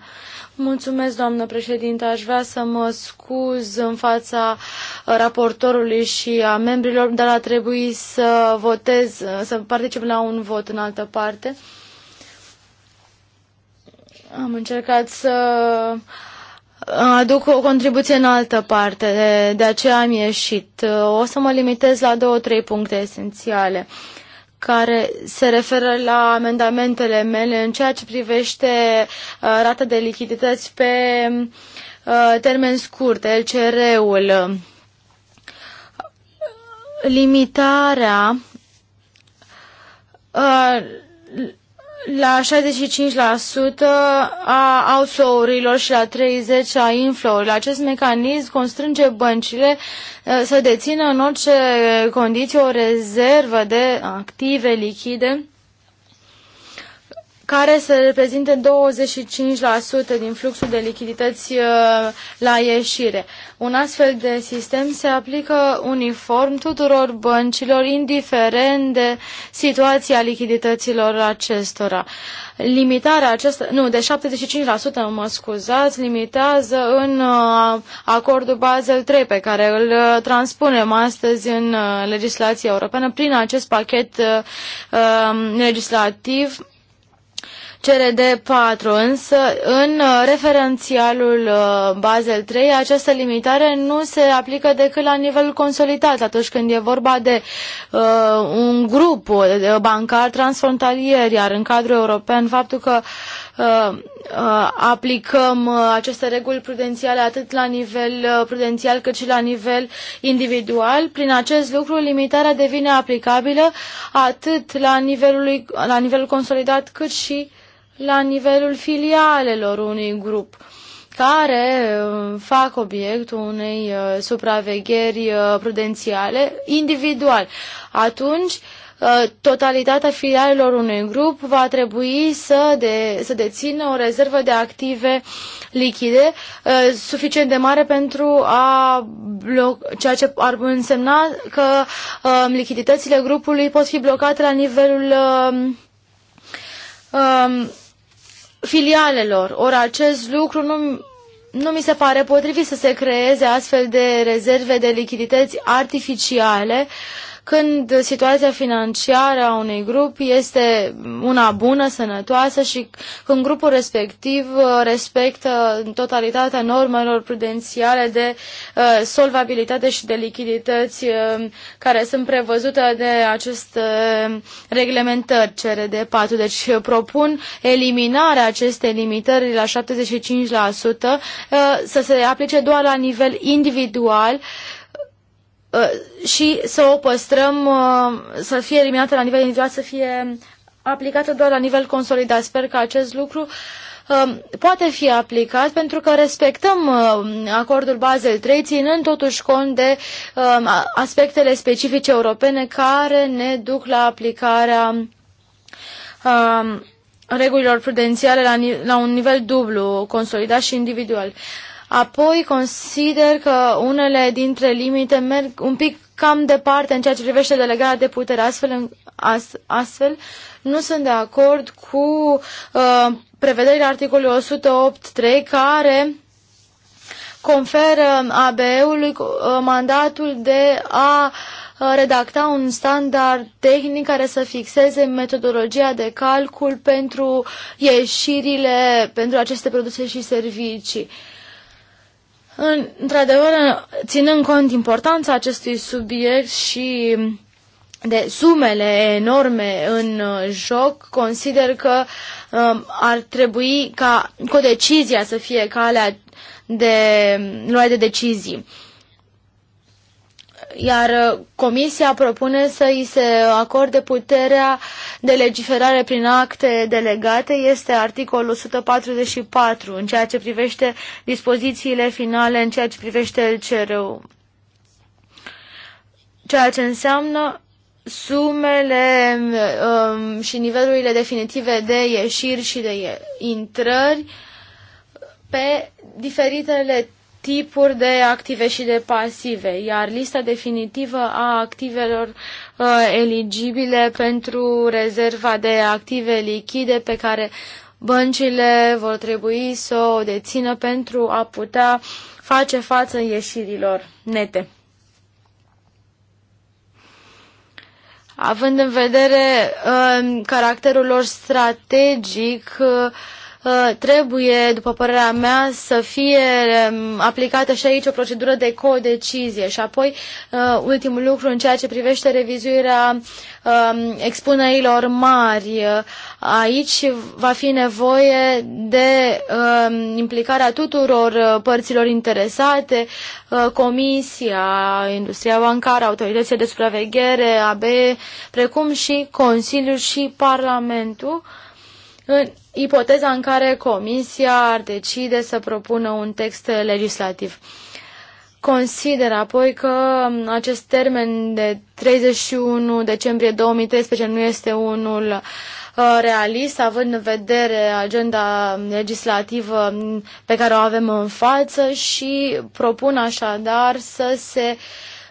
Mulțumesc, doamnă președinte. Aș vrea să mă scuz în fața raportorului și a membrilor, dar a trebuit să votez, să particip la un vot în altă parte. Am încercat să aduc o contribuție în altă parte, de aceea am ieșit. O să mă limitez la două, trei puncte esențiale care se referă la amendamentele mele în ceea ce privește uh, rata de lichidități pe uh, termen scurt, LCR-ul. Limitarea uh, la 65% a outflow-urilor și la 30% a inflow-urilor. Acest mecanism constrânge băncile uh, să dețină în orice condiție o rezervă de active lichide care să reprezinte 25% din fluxul de lichidități uh, la ieșire. Un astfel de sistem se aplică uniform tuturor băncilor, indiferent de situația lichidităților acestora. Limitarea aceasta, nu, de 75%, mă scuzați, limitează în uh, acordul Basel 3 pe care îl uh, transpunem astăzi în legislația europeană prin acest pachet uh, um, legislativ CRD 4, însă în uh, referențialul uh, Basel 3 această limitare nu se aplică decât la nivel consolidat atunci când e vorba de uh, un grup uh, bancar transfrontalier, iar în cadrul european faptul că uh, uh, aplicăm uh, aceste reguli prudențiale atât la nivel uh, prudențial cât și la nivel individual. Prin acest lucru, limitarea devine aplicabilă atât la, nivelul la nivelul consolidat cât și la nivelul filialelor unui grup care uh, fac obiectul unei uh, supravegheri uh, prudențiale individual. Atunci, totalitatea filialelor unui grup va trebui să, de, să dețină o rezervă de active lichide suficient de mare pentru a bloc, ceea ce ar însemna că um, lichiditățile grupului pot fi blocate la nivelul um, um filialelor. Ori acest lucru nu, nu mi se pare potrivit să se creeze astfel de rezerve de lichidități artificiale uh, când situația financiară a unui grup este una bună, sănătoasă și când grupul respectiv uh, respectă totalitatea normelor prudențiale de uh, solvabilitate și de lichidități uh, care sunt prevăzute de aceste reglementări, reglementări CRD 4. Deci propun eliminarea acestei limitări la 75% să se aplice doar la nivel individual uh, Uh, și să o păstrăm, uh, să fie eliminată la nivel individual, să fie aplicată doar la nivel consolidat. Sper că acest lucru uh, poate fi aplicat pentru că respectăm acordul Basel III, ținând totuși cont de aspectele specifice europene care ne duc la aplicarea regulilor prudențiale la, un nivel dublu, consolidat și individual. Apoi consider că unele dintre limite merg un pic cam departe în ceea ce privește delegarea de putere, astfel, astfel nu sunt de acord cu uh, prevederile articolului 108.3 care conferă ABE-ului uh, mandatul de a uh, redacta un standard tehnic care să fixeze metodologia de calcul pentru ieșirile pentru aceste produse și servicii. Uh, într-adevăr, ținând cont importanța acestui subiect și de sumele enorme în uh, joc, consider că um, ar trebui ca codecizia să fie calea de luare de decizii iar uh, Comisia propune să îi se acorde puterea de legiferare prin acte delegate, este articolul 144 în ceea ce privește dispozițiile finale, în ceea ce privește CRU. Ceea ce înseamnă sumele um, și nivelurile definitive de ieșiri și de intrări pe diferitele tipuri de active și de pasive, iar lista definitivă a activelor uh, eligibile pentru rezerva de active lichide pe care băncile vor trebui să o dețină pentru a putea face față ieșirilor nete. Având în vedere uh, caracterul lor strategic, uh, Uh, trebuie, după părerea mea, să fie um, aplicată și aici o procedură de codecizie. Și apoi, uh, ultimul lucru în ceea ce privește revizuirea um, expunerilor mari, uh, aici va fi nevoie de um, implicarea tuturor părților interesate, Comisia, Industria Bancară, Autoritățile de Supraveghere, AB, precum și Consiliul și Parlamentul, în ipoteza în care Comisia ar decide să propună un text legislativ. Consider apoi că acest termen de 31 decembrie 2013 nu este unul uh, realist, având în vedere agenda legislativă mm, pe care o avem în față și propun așadar să se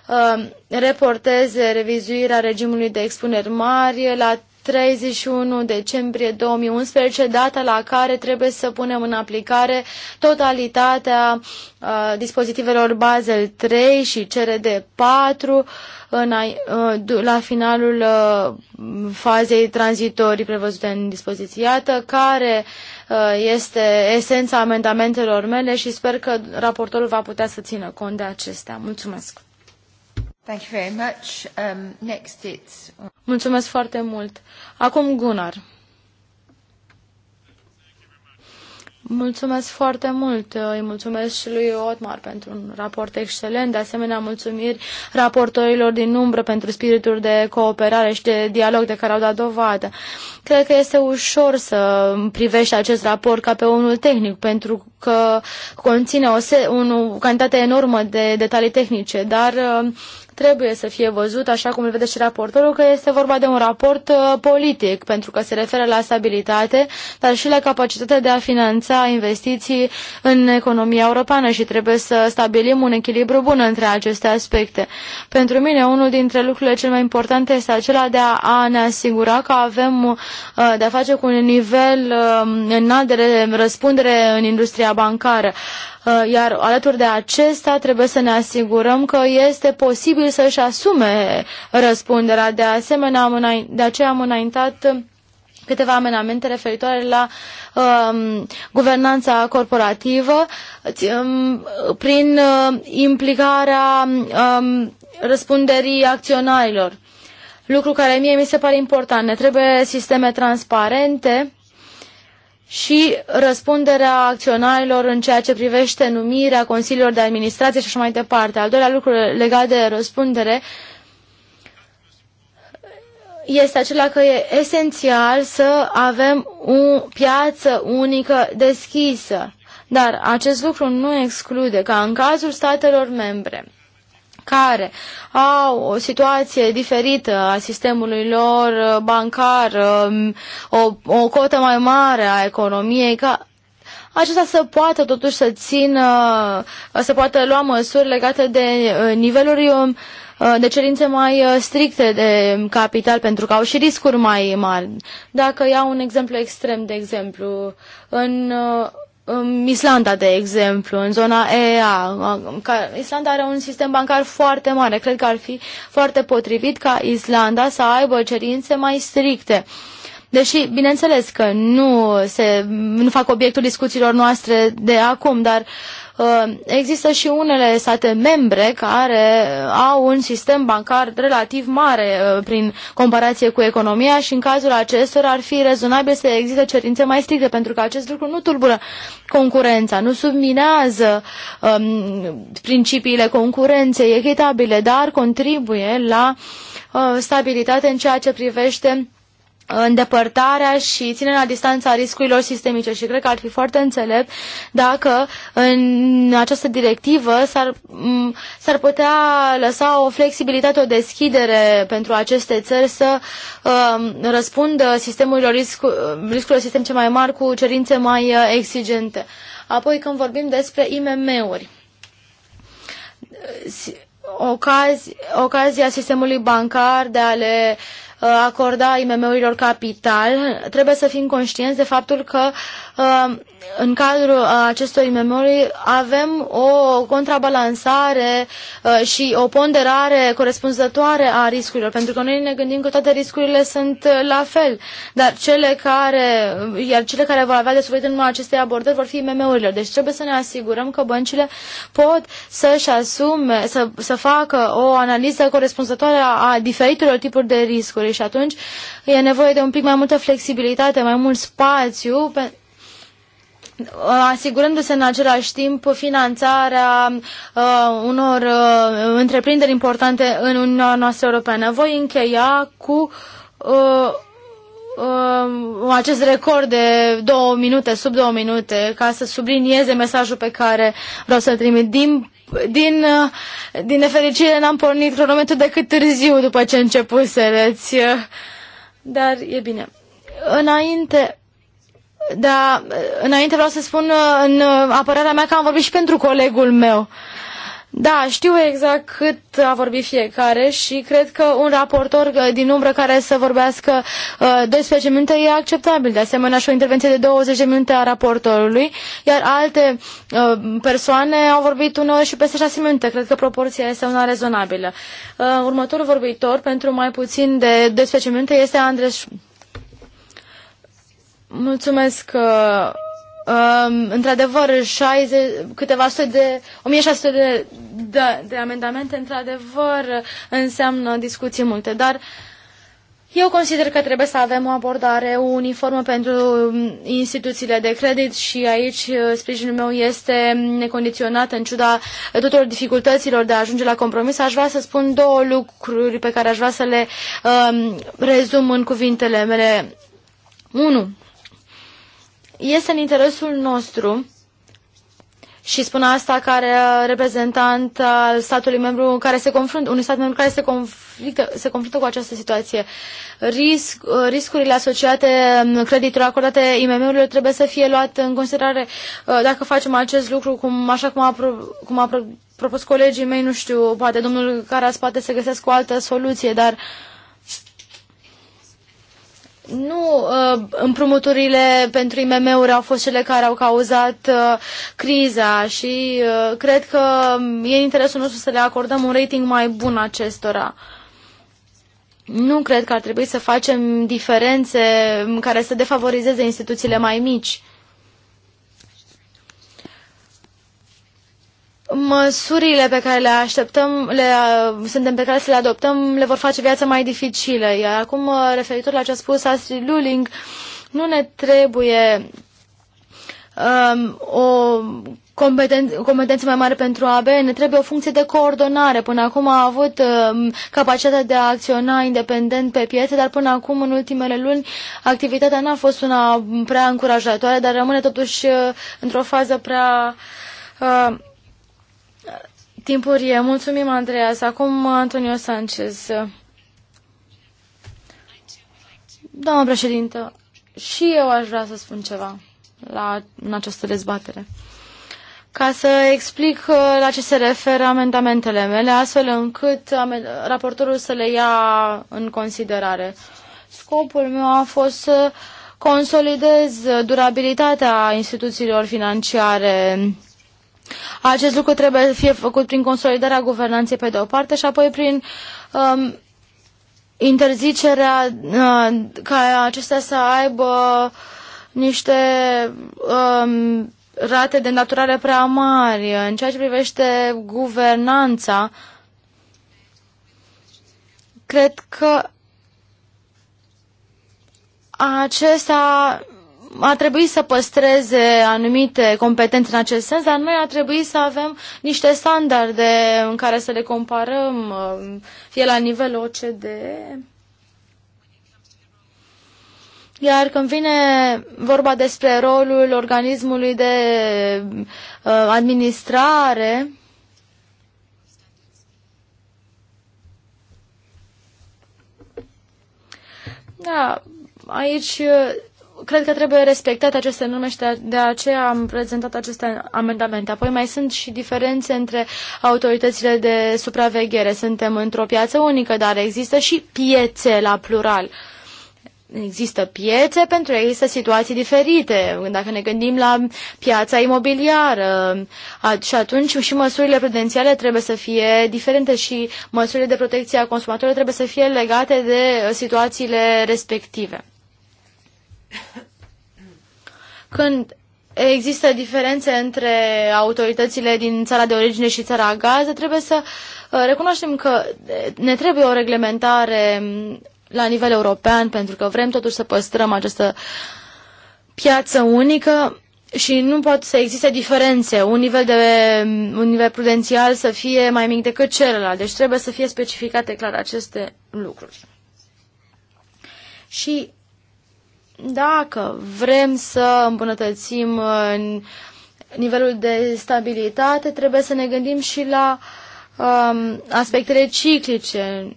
uh, reporteze revizuirea regimului de expuneri mari la 31 decembrie 2011, data la care trebuie să punem în aplicare totalitatea uh, dispozitivelor Basel 3 și CRD 4 în, uh, la finalul uh, fazei tranzitorii prevăzute în dispoziție. Iată care uh, este esența amendamentelor mele și sper că raportorul va putea să țină cont de acestea. Mulțumesc! Thank you very much. Um, next it's... Mulțumesc foarte mult. Acum Gunnar. Mulțumesc foarte mult. Îi mulțumesc și lui Otmar pentru un raport excelent. De asemenea, mulțumiri raportorilor din umbră pentru spiritul de cooperare și de dialog de care au dat dovadă. Cred că este ușor să privești acest raport ca pe unul tehnic, pentru că conține o, se- un, o cantitate enormă de detalii tehnice, dar uh, trebuie să fie văzut, așa cum îl vede și raportorul, că este vorba de un raport uh, politic, pentru că se referă la stabilitate, dar și la capacitatea de a finanța investiții în economia europeană și trebuie să stabilim un echilibru bun între aceste aspecte. Pentru mine, unul dintre lucrurile cel mai importante este acela de a ne asigura că avem uh, de a face cu un nivel um, înalt de răspundere în industria bancară. Uh, iar alături de acesta trebuie să ne asigurăm că este posibil trebuie să-și asume răspunderea. De, asemenea, am de aceea am înaintat câteva amenamente referitoare la um, guvernanța corporativă um, prin uh, implicarea um, răspunderii acționarilor. Lucru care mie mi se pare important. Ne trebuie sisteme transparente și răspunderea acționarilor în ceea ce privește numirea consiliilor de administrație și așa mai departe. Al doilea lucru legat de răspundere este acela că e esențial să avem o piață unică deschisă. Dar acest lucru nu exclude ca în cazul statelor membre care au o situație diferită a sistemului lor bancar, um, o, o cotă mai mare a economiei, ca acesta să poată totuși să țină, să poată lua măsuri legate de uh, niveluri um, uh, de cerințe mai uh, stricte de capital pentru că au și riscuri mai mari. Dacă iau un exemplu extrem, de exemplu, în Islanda, de exemplu, în zona EEA. Islanda are un sistem bancar foarte mare. Cred că ar fi foarte potrivit ca Islanda să aibă cerințe mai stricte. Uh, Deși, bineînțeles că nu, se, nu fac obiectul discuțiilor noastre de acum, dar uh, există și unele state membre care au un sistem bancar relativ mare uh, prin comparație cu economia și în cazul acestor ar fi rezonabil să existe cerințe mai stricte, pentru că acest lucru nu tulbură concurența, nu subminează um, principiile concurenței echitabile, dar contribuie la uh, stabilitate în ceea ce privește îndepărtarea și ținerea la distanța riscurilor sistemice și cred că ar fi foarte înțelept dacă în această directivă s-ar, putea lăsa o flexibilitate, o deschidere pentru aceste țări să uh, răspundă sistemurilor riscu, riscurilor sistemice mai mari cu cerințe mai uh, exigente. Apoi când vorbim despre IMM-uri, ocazia sistemului bancar de a le uh, Uh, acorda IMM-urilor capital, trebuie să fim conștienți de faptul că uh, în cadrul uh, acestor IMM-uri avem o contrabalansare și o ponderare corespunzătoare a riscurilor, pentru că noi ne gândim că toate riscurile sunt la fel, dar cele care, iar cele care vor avea de suferit în urma acestei abordări vor fi IMM-urile. Deci trebuie să ne asigurăm că băncile pot să-și asume, să, să facă o analiză corespunzătoare a diferitelor tipuri de riscuri și atunci e nevoie de un pic mai multă flexibilitate, mai mult spațiu, pe, uh, asigurându-se în același timp finanțarea uh, unor uh, întreprinderi importante în Uniunea noastră europeană. Voi încheia cu uh, uh, acest record de două minute, sub două minute, ca să sublinieze mesajul pe care vreau să-l trimit. Din din, uh, din nefericire n-am pornit cronometru decât târziu după ce început să Dar e bine. Înainte, da, înainte vreau să spun uh, în uh, apărarea mea că am vorbit și pentru colegul meu. Uh, da, știu exact cât a vorbit fiecare și cred că un raportor uh, din umbră care să vorbească uh, 12 minute e acceptabil. De asemenea și o intervenție de 20 de minute a raportorului, iar alte uh, persoane au vorbit uneori și peste 6 minute. Cred că proporția este una rezonabilă. Uh, următorul vorbitor pentru mai puțin de 12 minute este Andres. Mulțumesc. Uh um, într-adevăr, 60, câteva sute de, 1600 de, de, de amendamente, într-adevăr, înseamnă discuții multe, dar eu consider că trebuie să avem o abordare uniformă pentru um, instituțiile de credit și aici uh, sprijinul meu este necondiționat în ciuda tuturor dificultăților de a ajunge la compromis. Aș vrea să spun două lucruri pe care aș vrea să le um, rezum în cuvintele mele. 1. Este în interesul nostru și spun asta care reprezentant al statului membru care se confruntă, unui stat membru care se conflictă, se confruntă cu această situație. Risc, riscurile asociate creditelor acordate IMM-urilor trebuie să fie luate în considerare uh, dacă facem acest lucru, cum, așa cum a, cum a propus colegii mei, nu știu, poate domnul Caras poate să găsească o altă soluție, dar uh, nu uh, împrumuturile pentru IMM-uri au fost cele care au cauzat uh, criza și uh, cred că e interesul nostru să le acordăm un rating mai bun acestora. Nu cred că ar trebui să facem diferențe care să defavorizeze instituțiile mai mici. măsurile pe care le așteptăm, le, suntem pe care să le adoptăm, le vor face viața mai dificilă. Iar acum, referitor la ce a spus Astrid Luling, nu ne trebuie um, o competență, competență mai mare pentru AB, ne trebuie o funcție de coordonare. Până acum a avut um, capacitatea de a acționa independent pe piețe, dar până acum, în ultimele luni, activitatea n-a fost una prea încurajatoare, dar rămâne totuși uh, într-o fază prea... Uh, timpurie. Mulțumim, Andreas. Acum Antonio Sanchez. Doamna președintă, și eu aș vrea să spun ceva la, în această dezbatere. Ca să explic uh, la ce se referă amendamentele mele, astfel încât raportorul să le ia în considerare. Scopul meu a fost să consolidez durabilitatea instituțiilor financiare acest lucru trebuie să fie făcut prin consolidarea guvernanței pe de o parte și apoi prin um, interzicerea uh, ca acestea să aibă niște um, rate de naturare prea mari. În ceea ce privește guvernanța, cred că acesta a trebuit să păstreze anumite competențe în acest sens, dar noi a trebuit să avem niște standarde în care să le comparăm, uh, fie la nivel OCDE. Iar când vine vorba despre rolul organismului de uh, administrare, da, aici uh, cred că trebuie respectate aceste nume și de aceea am prezentat aceste amendamente. Apoi mai sunt și diferențe între autoritățile de supraveghere. Suntem într-o piață unică, dar există și piețe la plural. Există piețe pentru că există situații diferite. Dacă ne gândim la piața imobiliară și atunci și măsurile prudențiale trebuie să fie diferite și măsurile de protecție a consumatorilor trebuie să fie legate de uh, situațiile respective. Când există diferențe între autoritățile din țara de origine și țara gază, trebuie să uh, recunoaștem că uh, ne trebuie o reglementare um, la nivel european, pentru că vrem totuși să păstrăm această piață unică și nu pot să existe diferențe, un nivel, de, um, un nivel prudențial să fie mai mic decât celălalt, deci trebuie să fie specificate clar aceste lucruri. Și dacă vrem să îmbunătățim uh, nivelul de stabilitate, trebuie să ne gândim și la um, aspectele ciclice,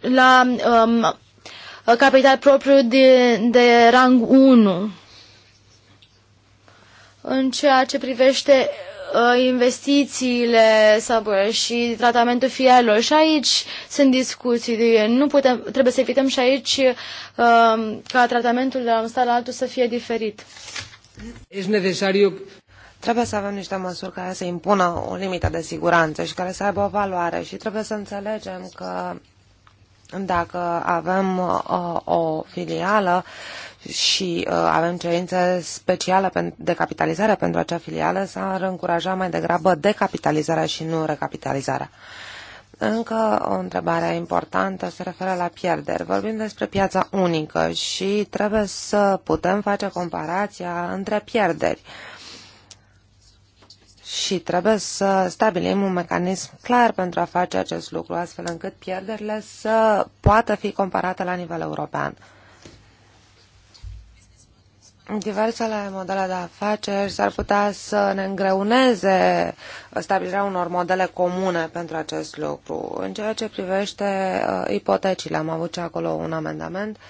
la um, capital propriu de, de rang 1. În ceea ce privește Uh, investițiile sabure și tratamentul fielor. Și aici sunt discuții. De, nu putem, trebuie să evităm și aici um, ca tratamentul de la un stat la altul să fie diferit. Este necesario Trebuie să avem niște măsuri care să impună o limită de siguranță și care să aibă o valoare și trebuie să înțelegem că dacă avem o, uh, o filială și uh, avem cerințe speciale de capitalizare pentru acea filială, s-ar încuraja mai degrabă decapitalizarea și nu recapitalizarea. Încă o întrebare importantă se referă la pierderi. Vorbim despre piața unică și trebuie să putem face comparația între pierderi. Și trebuie să stabilim un mecanism clar pentru a face acest lucru, astfel încât pierderile să poată fi comparate la nivel european. Diversele modele de afaceri s-ar putea să ne îngreuneze stabilirea unor modele comune pentru acest lucru. În ceea ce privește uh, ipotecile, am avut și acolo un amendament uh,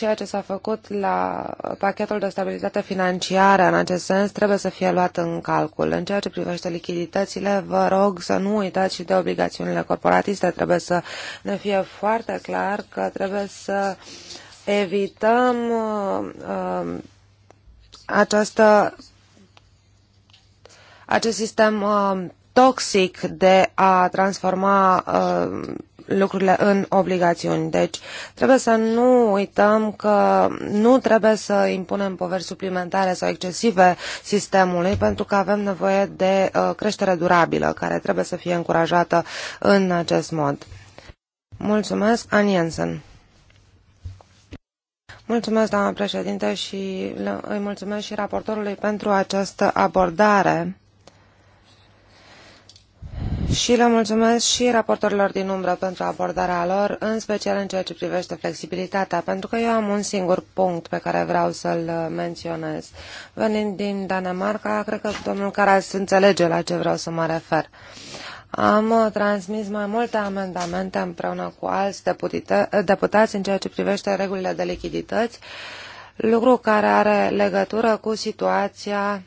ceea ce s-a făcut la pachetul de stabilitate financiară în acest sens trebuie să fie luat în calcul. În ceea ce privește lichiditățile, vă rog să nu uitați și de obligațiunile corporatiste. Trebuie să ne fie foarte clar că trebuie să evităm uh, uh această, acest sistem uh, toxic de a transforma uh, lucrurile în obligațiuni. Deci trebuie să nu uităm că nu trebuie să impunem poveri suplimentare sau excesive sistemului pentru că avem nevoie de uh, creștere durabilă care trebuie să fie încurajată în acest mod. Mulțumesc, Aniensen. Mulțumesc, doamna președinte, și îi mulțumesc și raportorului pentru această abordare și le mulțumesc și raportorilor din umbră pentru abordarea lor, în special în ceea ce privește flexibilitatea, pentru că eu am un singur punct pe care vreau să-l uh, menționez. Venind din Danemarca, cred că domnul Caras înțelege la ce vreau să mă refer. Am uh, transmis mai multe amendamente împreună cu alți uh, deputați în ceea ce privește regulile de lichidități, lucru care are legătură cu situația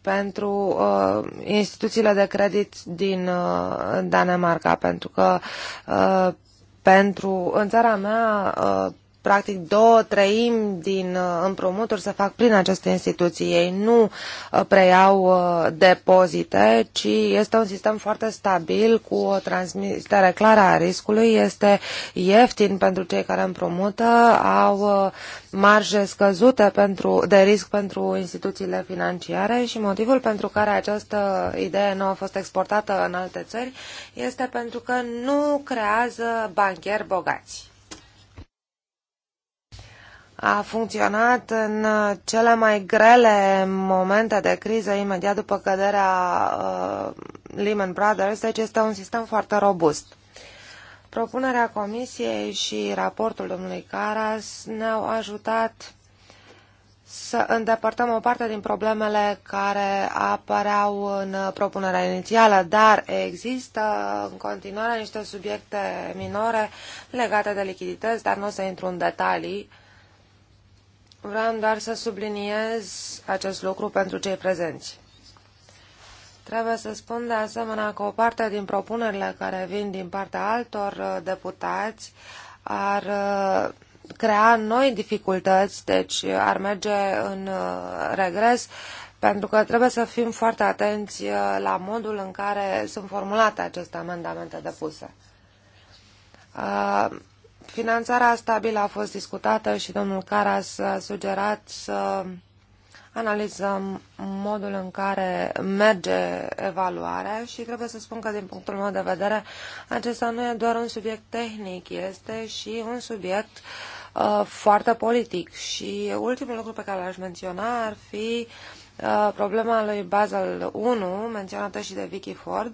pentru uh, instituțiile de credit din uh, Danemarca, pentru că uh, pentru, în țara mea, uh, practic două treimi din uh, împrumuturi se fac prin aceste instituții. Ei nu uh, preiau uh, depozite, ci este un sistem foarte stabil cu o transmitere clară a riscului, este ieftin pentru cei care împrumută, au marje scăzute pentru, de risc pentru instituțiile financiare și motivul pentru care această idee nu a fost exportată în alte țări este pentru că nu creează bancheri bogați a funcționat în cele mai grele momente de criză imediat după căderea uh, Lehman Brothers, deci este un sistem foarte robust. Propunerea comisiei și raportul domnului Caras ne-au ajutat să îndepărtăm o parte din problemele care apăreau în propunerea inițială, dar există în continuare niște subiecte minore legate de lichidități, dar nu o să intru în detalii Vreau doar să subliniez acest lucru pentru cei prezenți. Trebuie să spun de asemenea că o parte din propunerile care vin din partea altor uh, deputați ar uh, crea noi dificultăți, deci ar merge în uh, regres, pentru că trebuie să fim foarte atenți la modul în care sunt formulate aceste amendamente depuse. Finanțarea stabilă a fost discutată și domnul Caras a sugerat să analizăm modul în care merge evaluarea și trebuie să spun că, din punctul meu de vedere, acesta nu e doar un subiect tehnic, este și un subiect uh, foarte politic. Și ultimul lucru pe care l-aș menționa ar fi uh, problema lui Basel 1, menționată și de Vicky Ford, uh,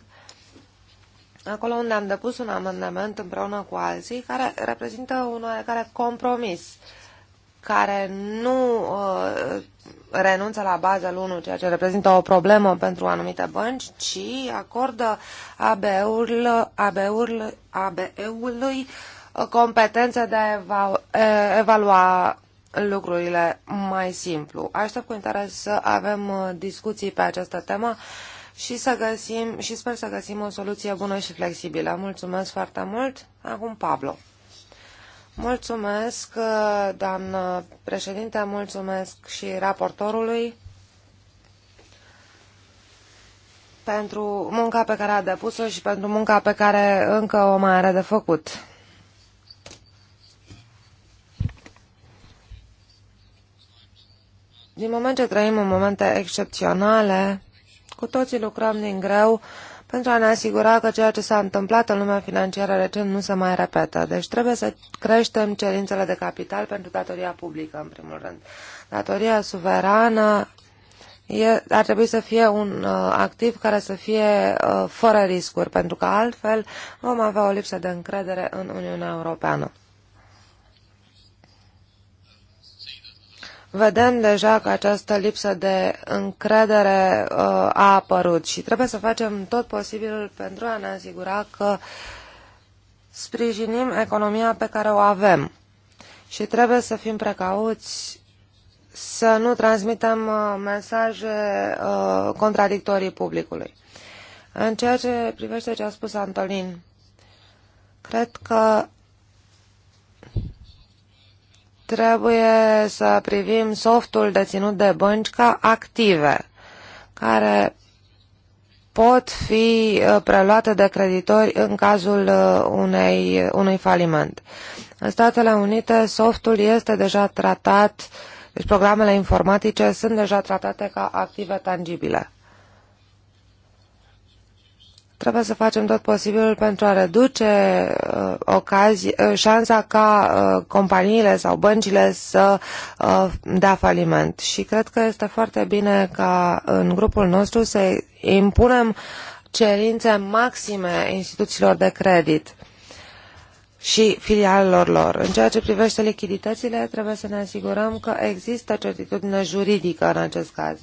acolo unde am depus un amendament împreună cu alții, care reprezintă un oarecare compromis, care nu uh, renunță la bază 1, ceea ce reprezintă o problemă pentru anumite bănci, ci acordă ABE-ului ABE uh, ABE competențe de a uh, evalua lucrurile mai simplu. Aștept cu interes să avem uh, discuții pe această temă și, să găsim, și sper să găsim o soluție bună și flexibilă. Mulțumesc foarte mult. Acum Pablo. Mulțumesc, uh, doamnă președinte, mulțumesc și raportorului pentru munca pe care a depus-o și pentru munca pe care încă o mai are de făcut. Din moment ce trăim în momente excepționale, cu toții lucrăm din greu pentru a ne asigura că ceea ce s-a întâmplat în lumea financiară recent nu se mai repetă. Deci trebuie să creștem cerințele de capital pentru datoria publică, în primul rând. Datoria suverană e, ar trebui să fie un uh, activ care să fie uh, fără riscuri, pentru că altfel vom avea o lipsă de încredere în Uniunea Europeană. vedem deja că această lipsă de încredere uh, a apărut și trebuie să facem tot posibilul pentru a ne asigura că sprijinim economia pe care o avem și trebuie să fim precauți să nu transmitem uh, mesaje uh, contradictorii publicului. În ceea ce privește ce a spus Antolin, cred că trebuie să privim softul deținut de bănci ca active, care pot fi uh, preluate de creditori în cazul uh, unei, uh, unui faliment. În Statele Unite, softul este deja tratat, deci programele informatice sunt deja tratate ca active tangibile. Trebuie să facem tot posibilul pentru a reduce uh, ocazi, uh, șansa ca uh, companiile sau băncile să uh, dea faliment. Și cred că este foarte bine ca în grupul nostru să impunem cerințe maxime instituțiilor de credit și filialelor lor. În ceea ce privește lichiditățile, trebuie să ne asigurăm că există certitudine juridică în acest caz.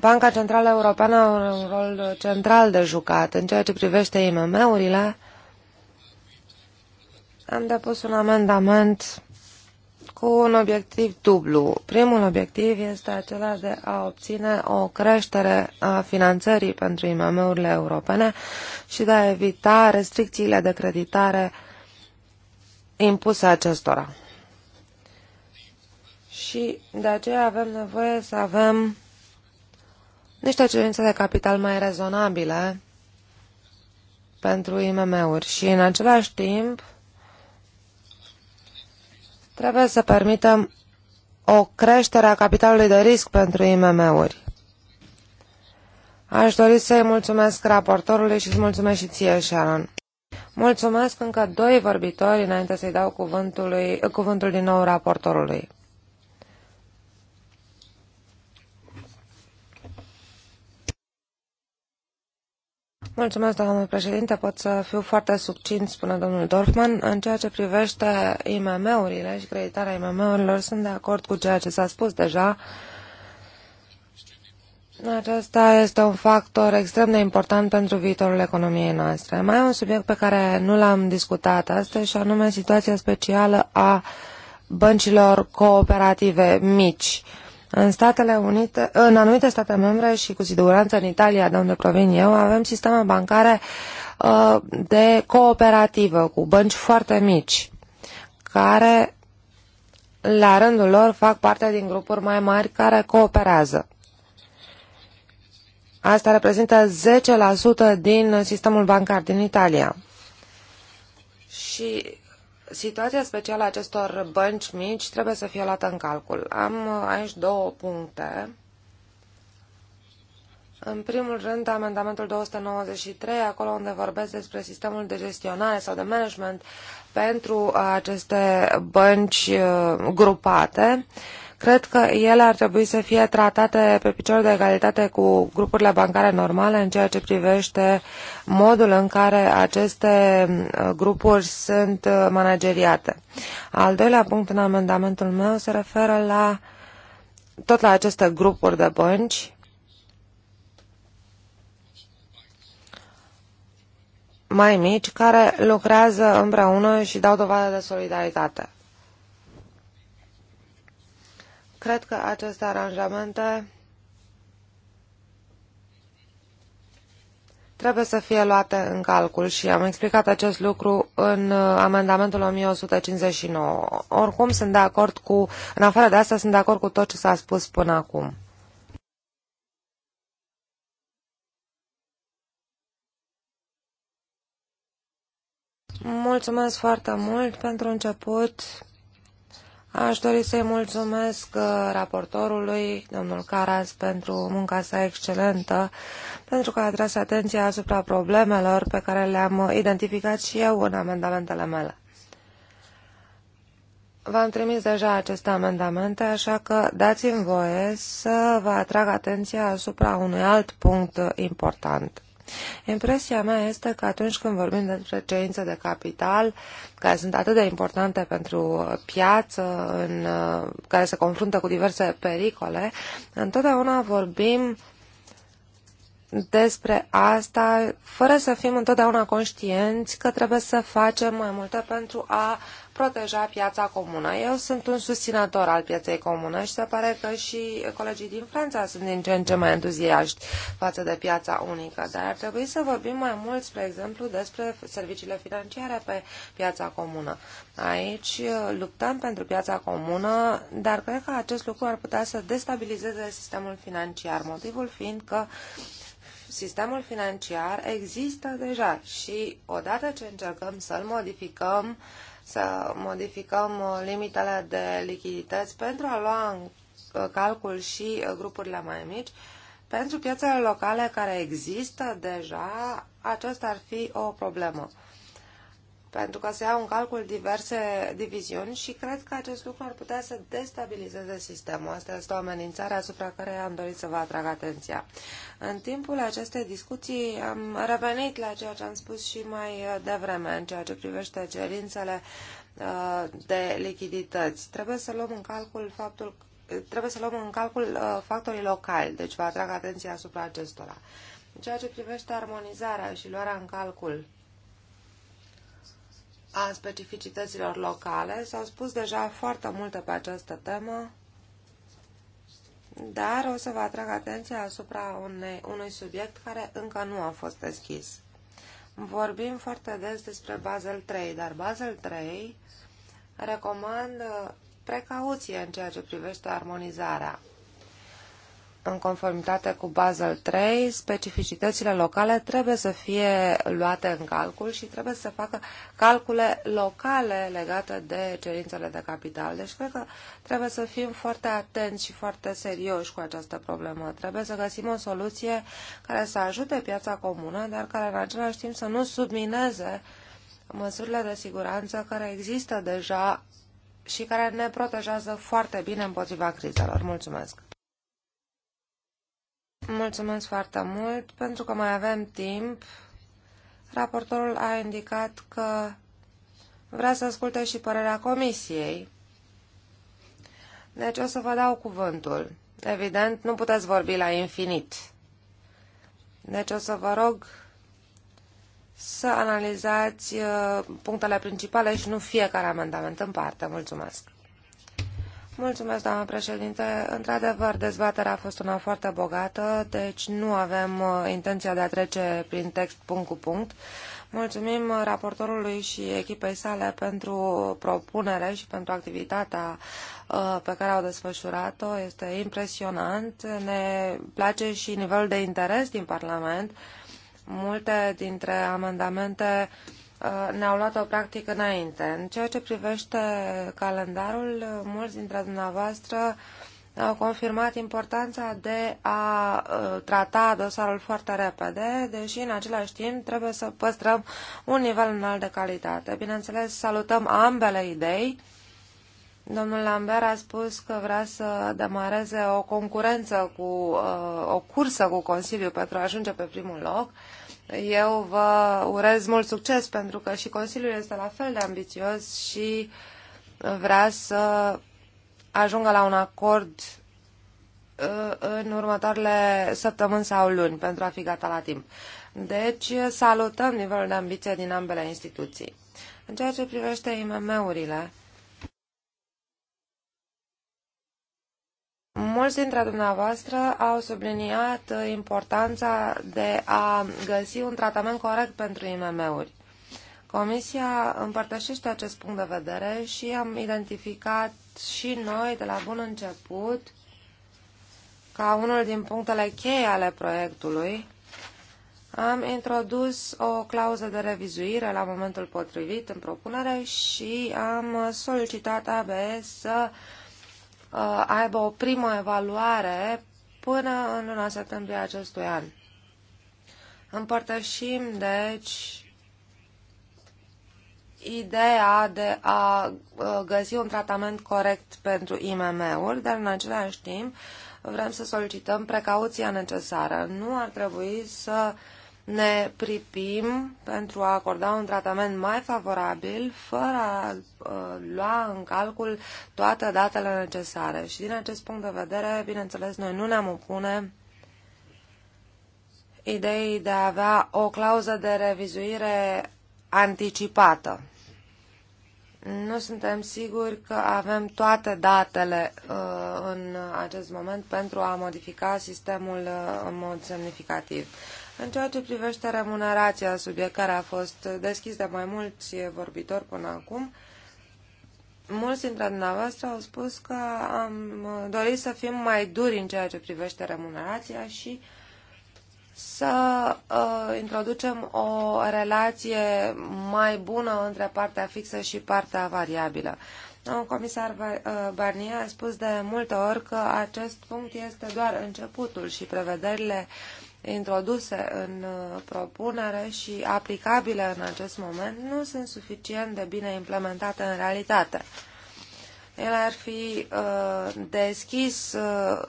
Banca Centrală Europeană are un rol central de jucat. În ceea ce privește IMM-urile, am depus un amendament cu un obiectiv dublu. Primul obiectiv este acela de a obține o creștere a finanțării pentru IMM-urile europene și de a evita restricțiile de creditare impuse acestora. Și de aceea avem nevoie să avem niște cerințe de capital mai rezonabile pentru IMM-uri și în același timp trebuie să permitem o creștere a capitalului de risc pentru IMM-uri. Aș dori să-i mulțumesc raportorului și să mulțumesc și ție, Sharon. Mulțumesc încă doi vorbitori înainte să-i dau cuvântul din nou raportorului. Mulțumesc, doamnă președinte. Pot să fiu foarte succint, spune domnul Dorfman. În ceea ce privește IMM-urile și creditarea IMM-urilor, sunt de acord cu ceea ce s-a spus deja. Acesta este un factor extrem de important pentru viitorul economiei noastre. Mai e un subiect pe care nu l-am discutat astăzi și anume situația specială a băncilor cooperative mici. Uh, în, Statele Unite, în anumite state membre și cu siguranță în Italia, de unde provin eu, avem sisteme bancare uh, de cooperativă cu bănci foarte mici, care la rândul lor fac parte din grupuri mai mari care cooperează. Asta reprezintă 10% din sistemul bancar din Italia. Și situația specială a acestor bănci mici trebuie să fie luată în calcul. Am aici două puncte. În primul rând, amendamentul 293, acolo unde vorbesc despre sistemul de gestionare sau de management pentru aceste bănci uh, grupate. Uh, Cred că ele ar trebui să fie tratate pe picior de egalitate cu grupurile bancare normale în ceea ce privește modul în care aceste uh, grupuri sunt uh, manageriate. Al doilea punct în amendamentul meu se referă la tot la aceste grupuri de bănci mai mici care lucrează împreună și dau dovadă de solidaritate. cred că aceste aranjamente trebuie să fie luate în calcul și am explicat acest lucru în uh, amendamentul 1159. Oricum sunt de acord cu, în afară de asta, sunt de acord cu tot ce s-a spus până acum. Mulțumesc foarte mult pentru început. Aș dori să-i mulțumesc uh, raportorului, domnul Caras, pentru munca sa excelentă, pentru că a tras atenția asupra problemelor pe care le-am identificat și eu în amendamentele mele. V-am trimis deja aceste amendamente, așa că dați-mi voie să vă atrag atenția asupra unui alt punct important. Impresia mea este că atunci când vorbim despre cerințe de capital, care sunt atât de importante pentru piață, în, uh, care se confruntă cu diverse pericole, întotdeauna vorbim despre asta, fără să fim întotdeauna conștienți că trebuie să facem mai multe pentru a proteja piața comună. Eu sunt un susținător al pieței comune și se pare că și colegii din Franța sunt din ce în ce mai entuziaști față de piața unică, dar ar trebui să vorbim mai mult, spre exemplu, despre serviciile financiare pe piața comună. Aici uh, luptăm pentru piața comună, dar cred că acest lucru ar putea să destabilizeze sistemul financiar, motivul fiind că sistemul financiar există deja și odată ce încercăm să-l modificăm, să modificăm uh, limitele de lichidități pentru a lua în uh, calcul și uh, grupurile mai mici. Pentru piețele locale care există deja, aceasta ar fi o problemă pentru că se iau în calcul diverse diviziuni și cred că acest lucru ar putea să destabilizeze sistemul. Asta este o amenințare asupra care am dorit să vă atrag atenția. În timpul acestei discuții am revenit la ceea ce am spus și mai devreme în ceea ce privește cerințele uh, de lichidități. Trebuie să luăm în calcul faptul trebuie să luăm în calcul uh, factorii locali, deci vă atrag atenția asupra acestora. În ceea ce privește armonizarea și luarea în calcul a specificităților locale. S-au spus deja foarte multe pe această temă, dar o să vă atrag atenția asupra unei, unui subiect care încă nu a fost deschis. Vorbim foarte des despre Basel 3, dar Basel 3 recomandă precauție în ceea ce privește armonizarea în conformitate cu Basel III, specificitățile locale trebuie să fie luate în calcul și trebuie să facă calcule locale legate de cerințele de capital. Deci cred că trebuie să fim foarte atenți și foarte serioși cu această problemă. Trebuie să găsim o soluție care să ajute piața comună, dar care în același timp să nu submineze măsurile de siguranță care există deja și care ne protejează foarte bine împotriva crizelor. Mulțumesc! Mulțumesc foarte mult. Pentru că mai avem timp, raportorul a indicat că vrea să asculte și părerea comisiei. Deci o să vă dau cuvântul. Evident, nu puteți vorbi la infinit. Deci o să vă rog să analizați uh, punctele principale și nu fiecare amendament în parte. Mulțumesc. Mulțumesc, președinte. Într-adevăr, dezbaterea a fost una foarte bogată, deci nu avem uh, intenția de a trece prin text punct cu punct. Mulțumim uh, raportorului și echipei sale pentru propunere și pentru activitatea uh, pe care au desfășurat-o. Este impresionant. Ne place și nivelul de interes din Parlament. Multe dintre amendamente uh, Uh, ne-au luat-o practică înainte. În ceea ce privește calendarul, uh, mulți dintre dumneavoastră au confirmat importanța de a uh, trata dosarul foarte repede, deși în același timp trebuie să păstrăm un nivel înalt de calitate. Bineînțeles, salutăm ambele idei. Domnul Lambert a spus că vrea să demareze o concurență cu o cursă cu Consiliul pentru a ajunge pe primul loc. Eu vă urez mult succes pentru că și Consiliul este la fel de ambițios și vrea să ajungă la un acord uh, în următoarele săptămâni sau luni pentru a fi gata la timp. Deci salutăm nivelul de ambiție din ambele instituții. În ceea ce privește IMM-urile, mulți dintre dumneavoastră au subliniat importanța de a găsi un tratament corect pentru IMM-uri. Comisia împărtășește acest punct de vedere și am identificat și noi de la bun început ca unul din punctele cheie ale proiectului, am introdus o clauză de revizuire la momentul potrivit în propunere și am solicitat ABS să Uh, aibă o primă evaluare până în luna septembrie acestui an. Împărtășim, deci, ideea de a uh, găsi un tratament corect pentru IMM-uri, dar în același timp vrem să solicităm precauția necesară. Nu ar trebui să uh, ne pripim pentru a acorda un tratament mai favorabil fără a ă, lua în calcul toate datele necesare. Și din acest punct de vedere, bineînțeles, noi nu ne-am opune ideii de a avea o clauză de revizuire anticipată. Nu suntem siguri că avem toate datele uh, în acest moment pentru a modifica sistemul uh, în mod semnificativ. În ceea ce privește remunerația, subiect care a fost deschis de mai mulți vorbitori până acum, mulți dintre dumneavoastră au spus că am dorit să fim mai duri în ceea ce privește remunerația și să uh, introducem o relație mai bună între partea fixă și partea variabilă. Un comisar uh, Barnier a spus de multe ori că acest punct este doar începutul și prevederile uh, introduse în uh, propunere și aplicabile în acest moment nu sunt suficient de bine implementate în realitate. El ar fi uh, deschis uh,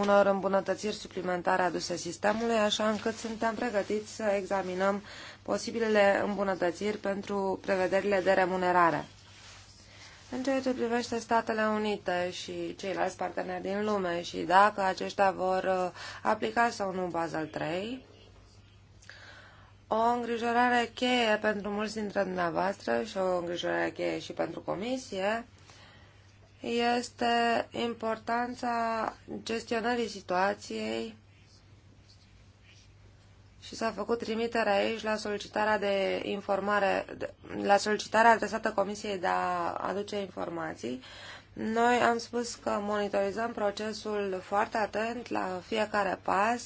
unor îmbunătățiri suplimentare aduse sistemului, așa încât suntem pregătiți să examinăm posibilele îmbunătățiri pentru prevederile de remunerare în ceea ce privește Statele Unite și ceilalți parteneri din lume și dacă aceștia vor uh, aplica sau nu Basel 3, o îngrijorare cheie pentru mulți dintre dumneavoastră și o îngrijorare cheie și pentru Comisie este importanța gestionării situației și s-a făcut trimitere aici la solicitarea de informare, la solicitarea adresată Comisiei de a aduce informații. Noi am spus că monitorizăm procesul foarte atent la fiecare pas,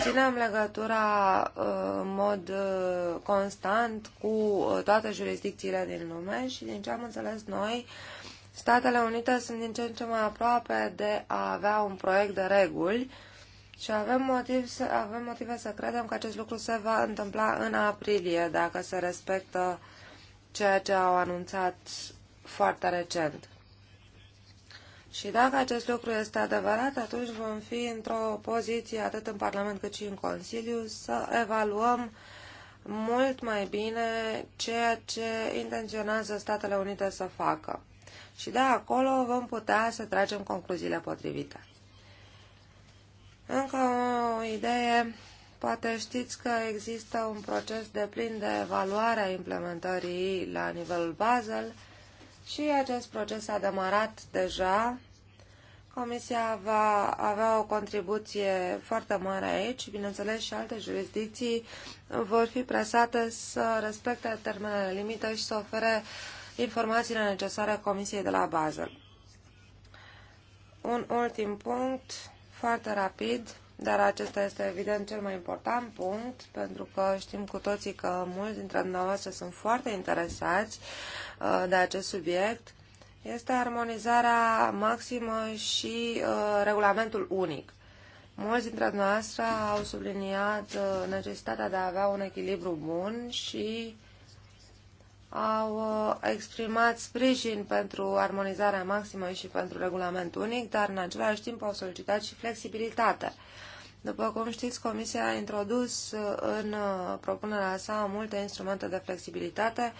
ținem legătura uh, în mod uh, constant cu uh, toate jurisdicțiile din lume și din ce am înțeles noi, Statele Unite sunt din ce în ce mai aproape de a avea un proiect de reguli și avem, motiv să, avem motive să credem că acest lucru se va întâmpla în aprilie, dacă se respectă ceea ce au anunțat foarte recent. Și dacă acest lucru este adevărat, atunci vom fi într-o poziție, atât în Parlament cât și în Consiliu, să evaluăm mult mai bine ceea ce intenționează Statele Unite să facă. Și de acolo vom putea să tragem concluziile potrivite. Încă o idee, poate știți că există un proces de plin de evaluare a implementării la nivelul Basel și acest proces a demarat deja. Comisia va avea o contribuție foarte mare aici, bineînțeles și alte jurisdicții vor fi presate să respecte termenele limită și să ofere informațiile necesare Comisiei de la Basel. Un ultim punct foarte rapid, dar acesta este evident cel mai important punct, pentru că știm cu toții că mulți dintre dumneavoastră sunt foarte interesați uh, de acest subiect, este armonizarea maximă și uh, regulamentul unic. Mulți dintre dumneavoastră au subliniat uh, necesitatea de a avea un echilibru bun și au uh, exprimat sprijin pentru armonizarea maximă și pentru regulament unic, dar în același timp au solicitat și flexibilitate. După cum știți, Comisia a introdus uh, în uh, propunerea sa multe instrumente de flexibilitate.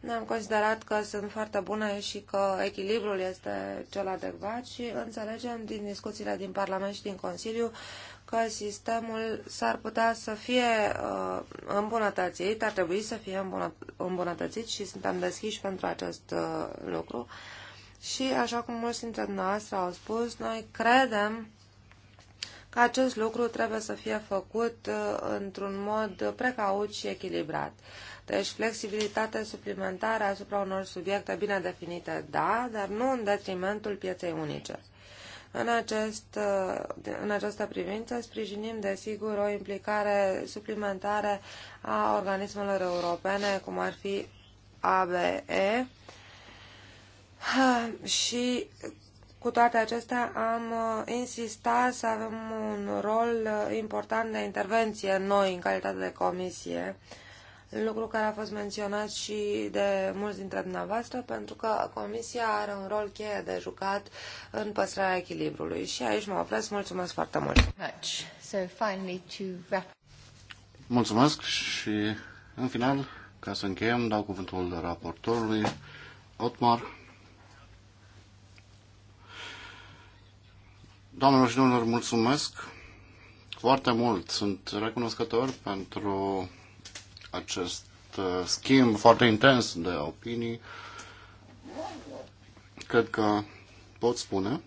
Ne-am considerat că sunt foarte bune și că echilibrul este cel adecvat și înțelegem din discuțiile din Parlament și din Consiliu că sistemul s-ar putea să fie uh, îmbunătățit, ar trebui să fie îmbunătățit și suntem deschiși pentru acest uh, lucru. Și, așa cum mulți dintre noastre au spus, noi credem că acest lucru trebuie să fie făcut uh, într-un mod precaut și echilibrat. Deci, flexibilitate suplimentară asupra unor subiecte bine definite, da, dar nu în detrimentul pieței unice. În, acest, uh, în această privință sprijinim, desigur, o implicare suplimentare a organismelor europene, cum ar fi ABE, și cu toate acestea am uh, insistat să avem un rol uh, important de intervenție noi în calitate de comisie lucru care a fost menționat și de mulți dintre dumneavoastră, pentru că Comisia are un rol cheie de jucat în păstrarea echilibrului. Și aici mă opresc. Mulțumesc foarte mult! Mulțumesc și, în final, ca să încheiem, dau cuvântul raportorului Otmar. Doamnelor și domnilor, mulțumesc foarte mult. Sunt recunoscător pentru acest uh, schimb foarte intens de opinii. Cred că pot spune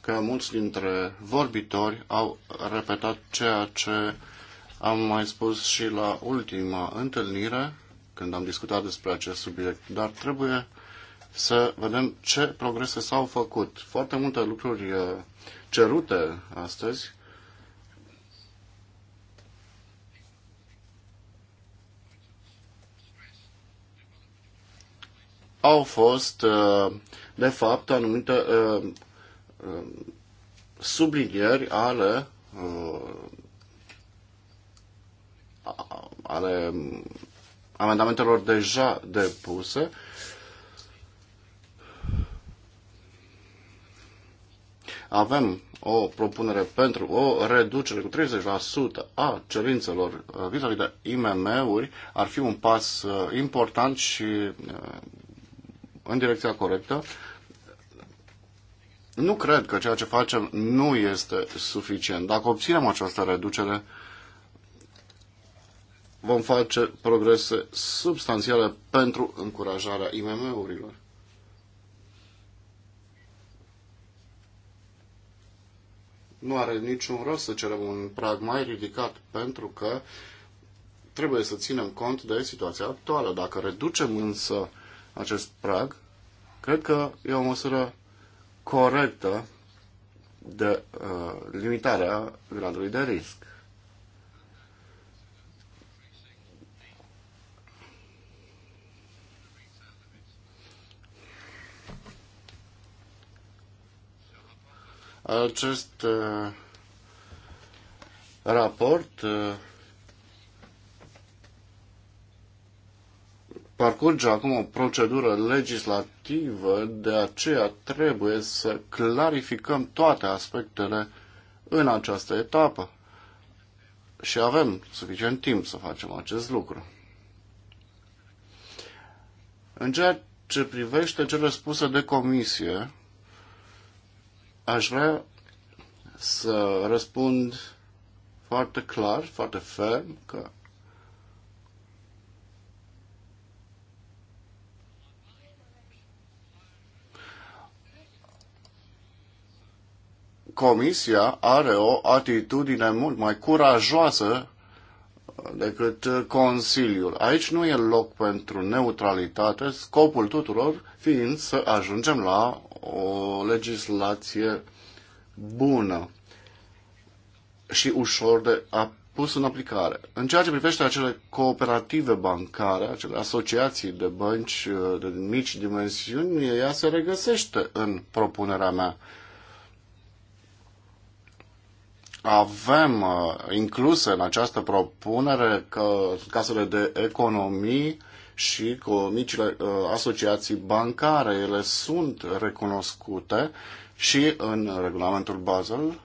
că mulți dintre vorbitori au repetat ceea ce am mai spus și la ultima întâlnire, când am discutat despre acest subiect, dar trebuie să vedem ce progrese s-au făcut. Foarte multe lucruri uh, cerută astăzi. au fost, uh, de fapt, anumite uh, uh, sublinieri ale ale um, amendamentelor deja depuse avem o propunere pentru o reducere cu 30% a cerințelor uh, vis-a-vis de IMM-uri ar fi un pas uh, important și uh, în direcția corectă. Nu cred că ceea ce facem nu este suficient. Dacă obținem această reducere, vom face progrese substanțiale pentru încurajarea IMM-urilor. nu are niciun rost să cerem un prag mai ridicat pentru că trebuie să ținem cont de situația actuală. Dacă reducem însă acest prag, cred că e o măsură corectă de uh, limitare gradului de risc. Acest uh, raport uh, parcurge acum o procedură legislativă, de aceea trebuie să clarificăm toate aspectele în această etapă. Și avem suficient timp să facem acest lucru. În ceea ce privește cele spuse de comisie, Aș vrea să răspund foarte clar, foarte ferm că Comisia are o atitudine mult mai curajoasă decât uh, Consiliul. Aici nu e loc pentru neutralitate, scopul tuturor fiind să ajungem la o legislație bună și ușor de pus în aplicare. În ceea ce privește acele cooperative bancare, acele asociații de bănci uh, de mici dimensiuni, ea se regăsește în propunerea mea avem uh, incluse în această propunere că casele de economii și cu micile uh, asociații bancare, ele sunt recunoscute și în regulamentul Basel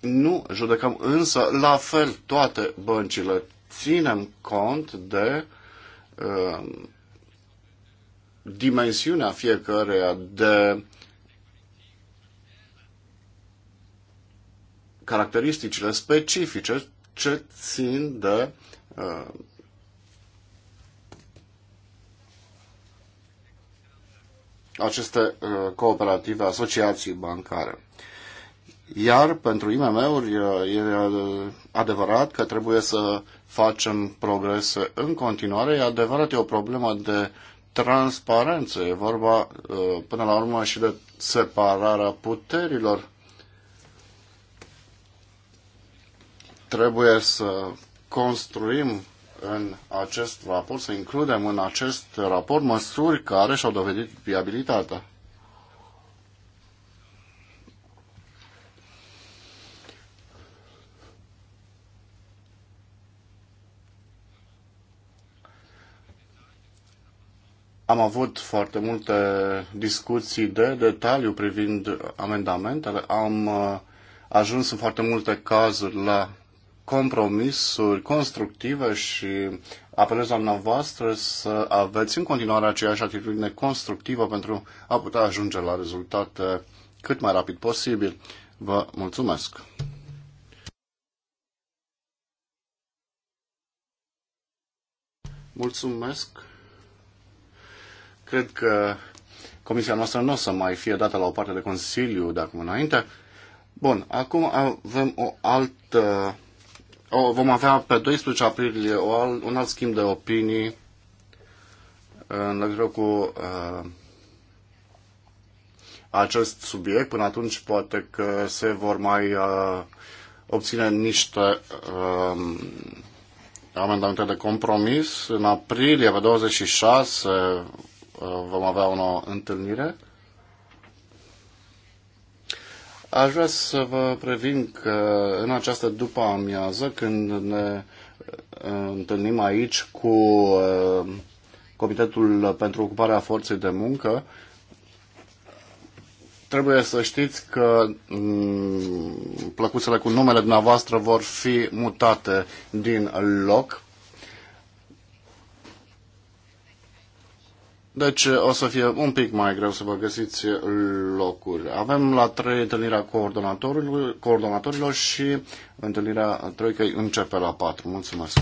Nu judecăm însă la fel toate băncile. Ținem cont de uh, dimensiunea fiecăruia de caracteristicile specifice ce țin de uh, aceste uh, cooperative, asociații bancare. Iar pentru IMM-uri uh, e uh, adevărat că trebuie să facem progrese în continuare. E adevărat, e o problemă de transparență, e vorba uh, până la urmă și de separarea puterilor. Trebuie să construim în acest raport, să includem în acest raport măsuri care și-au dovedit viabilitatea. Am avut foarte multe discuții de detaliu privind amendamentele. Am uh, ajuns în foarte multe cazuri la compromisuri constructive și apelez la dumneavoastră să aveți în continuare aceeași atitudine constructivă pentru a putea ajunge la rezultate cât mai rapid posibil. Vă mulțumesc! Mulțumesc! Cred că comisia noastră nu o să mai fie dată la o parte de Consiliu de acum înainte. Bun, acum avem o altă... O, vom avea pe 12 aprilie o al, un alt schimb de opinii în legătură cu uh, acest subiect. Până atunci poate că se vor mai uh, obține niște uh, amendamente de compromis. În aprilie, pe 26, Uh, vom avea o nouă întâlnire. Aș vrea să vă previn că în această după amiază, când ne uh, întâlnim aici cu uh, Comitetul pentru Ocuparea Forței de Muncă, trebuie să știți că mm, plăcuțele cu numele dumneavoastră vor fi mutate din loc Deci o să fie un pic mai greu să vă găsiți locuri. Avem la trei întâlnirea coordonatorilor, coordonatorilor și întâlnirea troicăi începe la patru. Mulțumesc!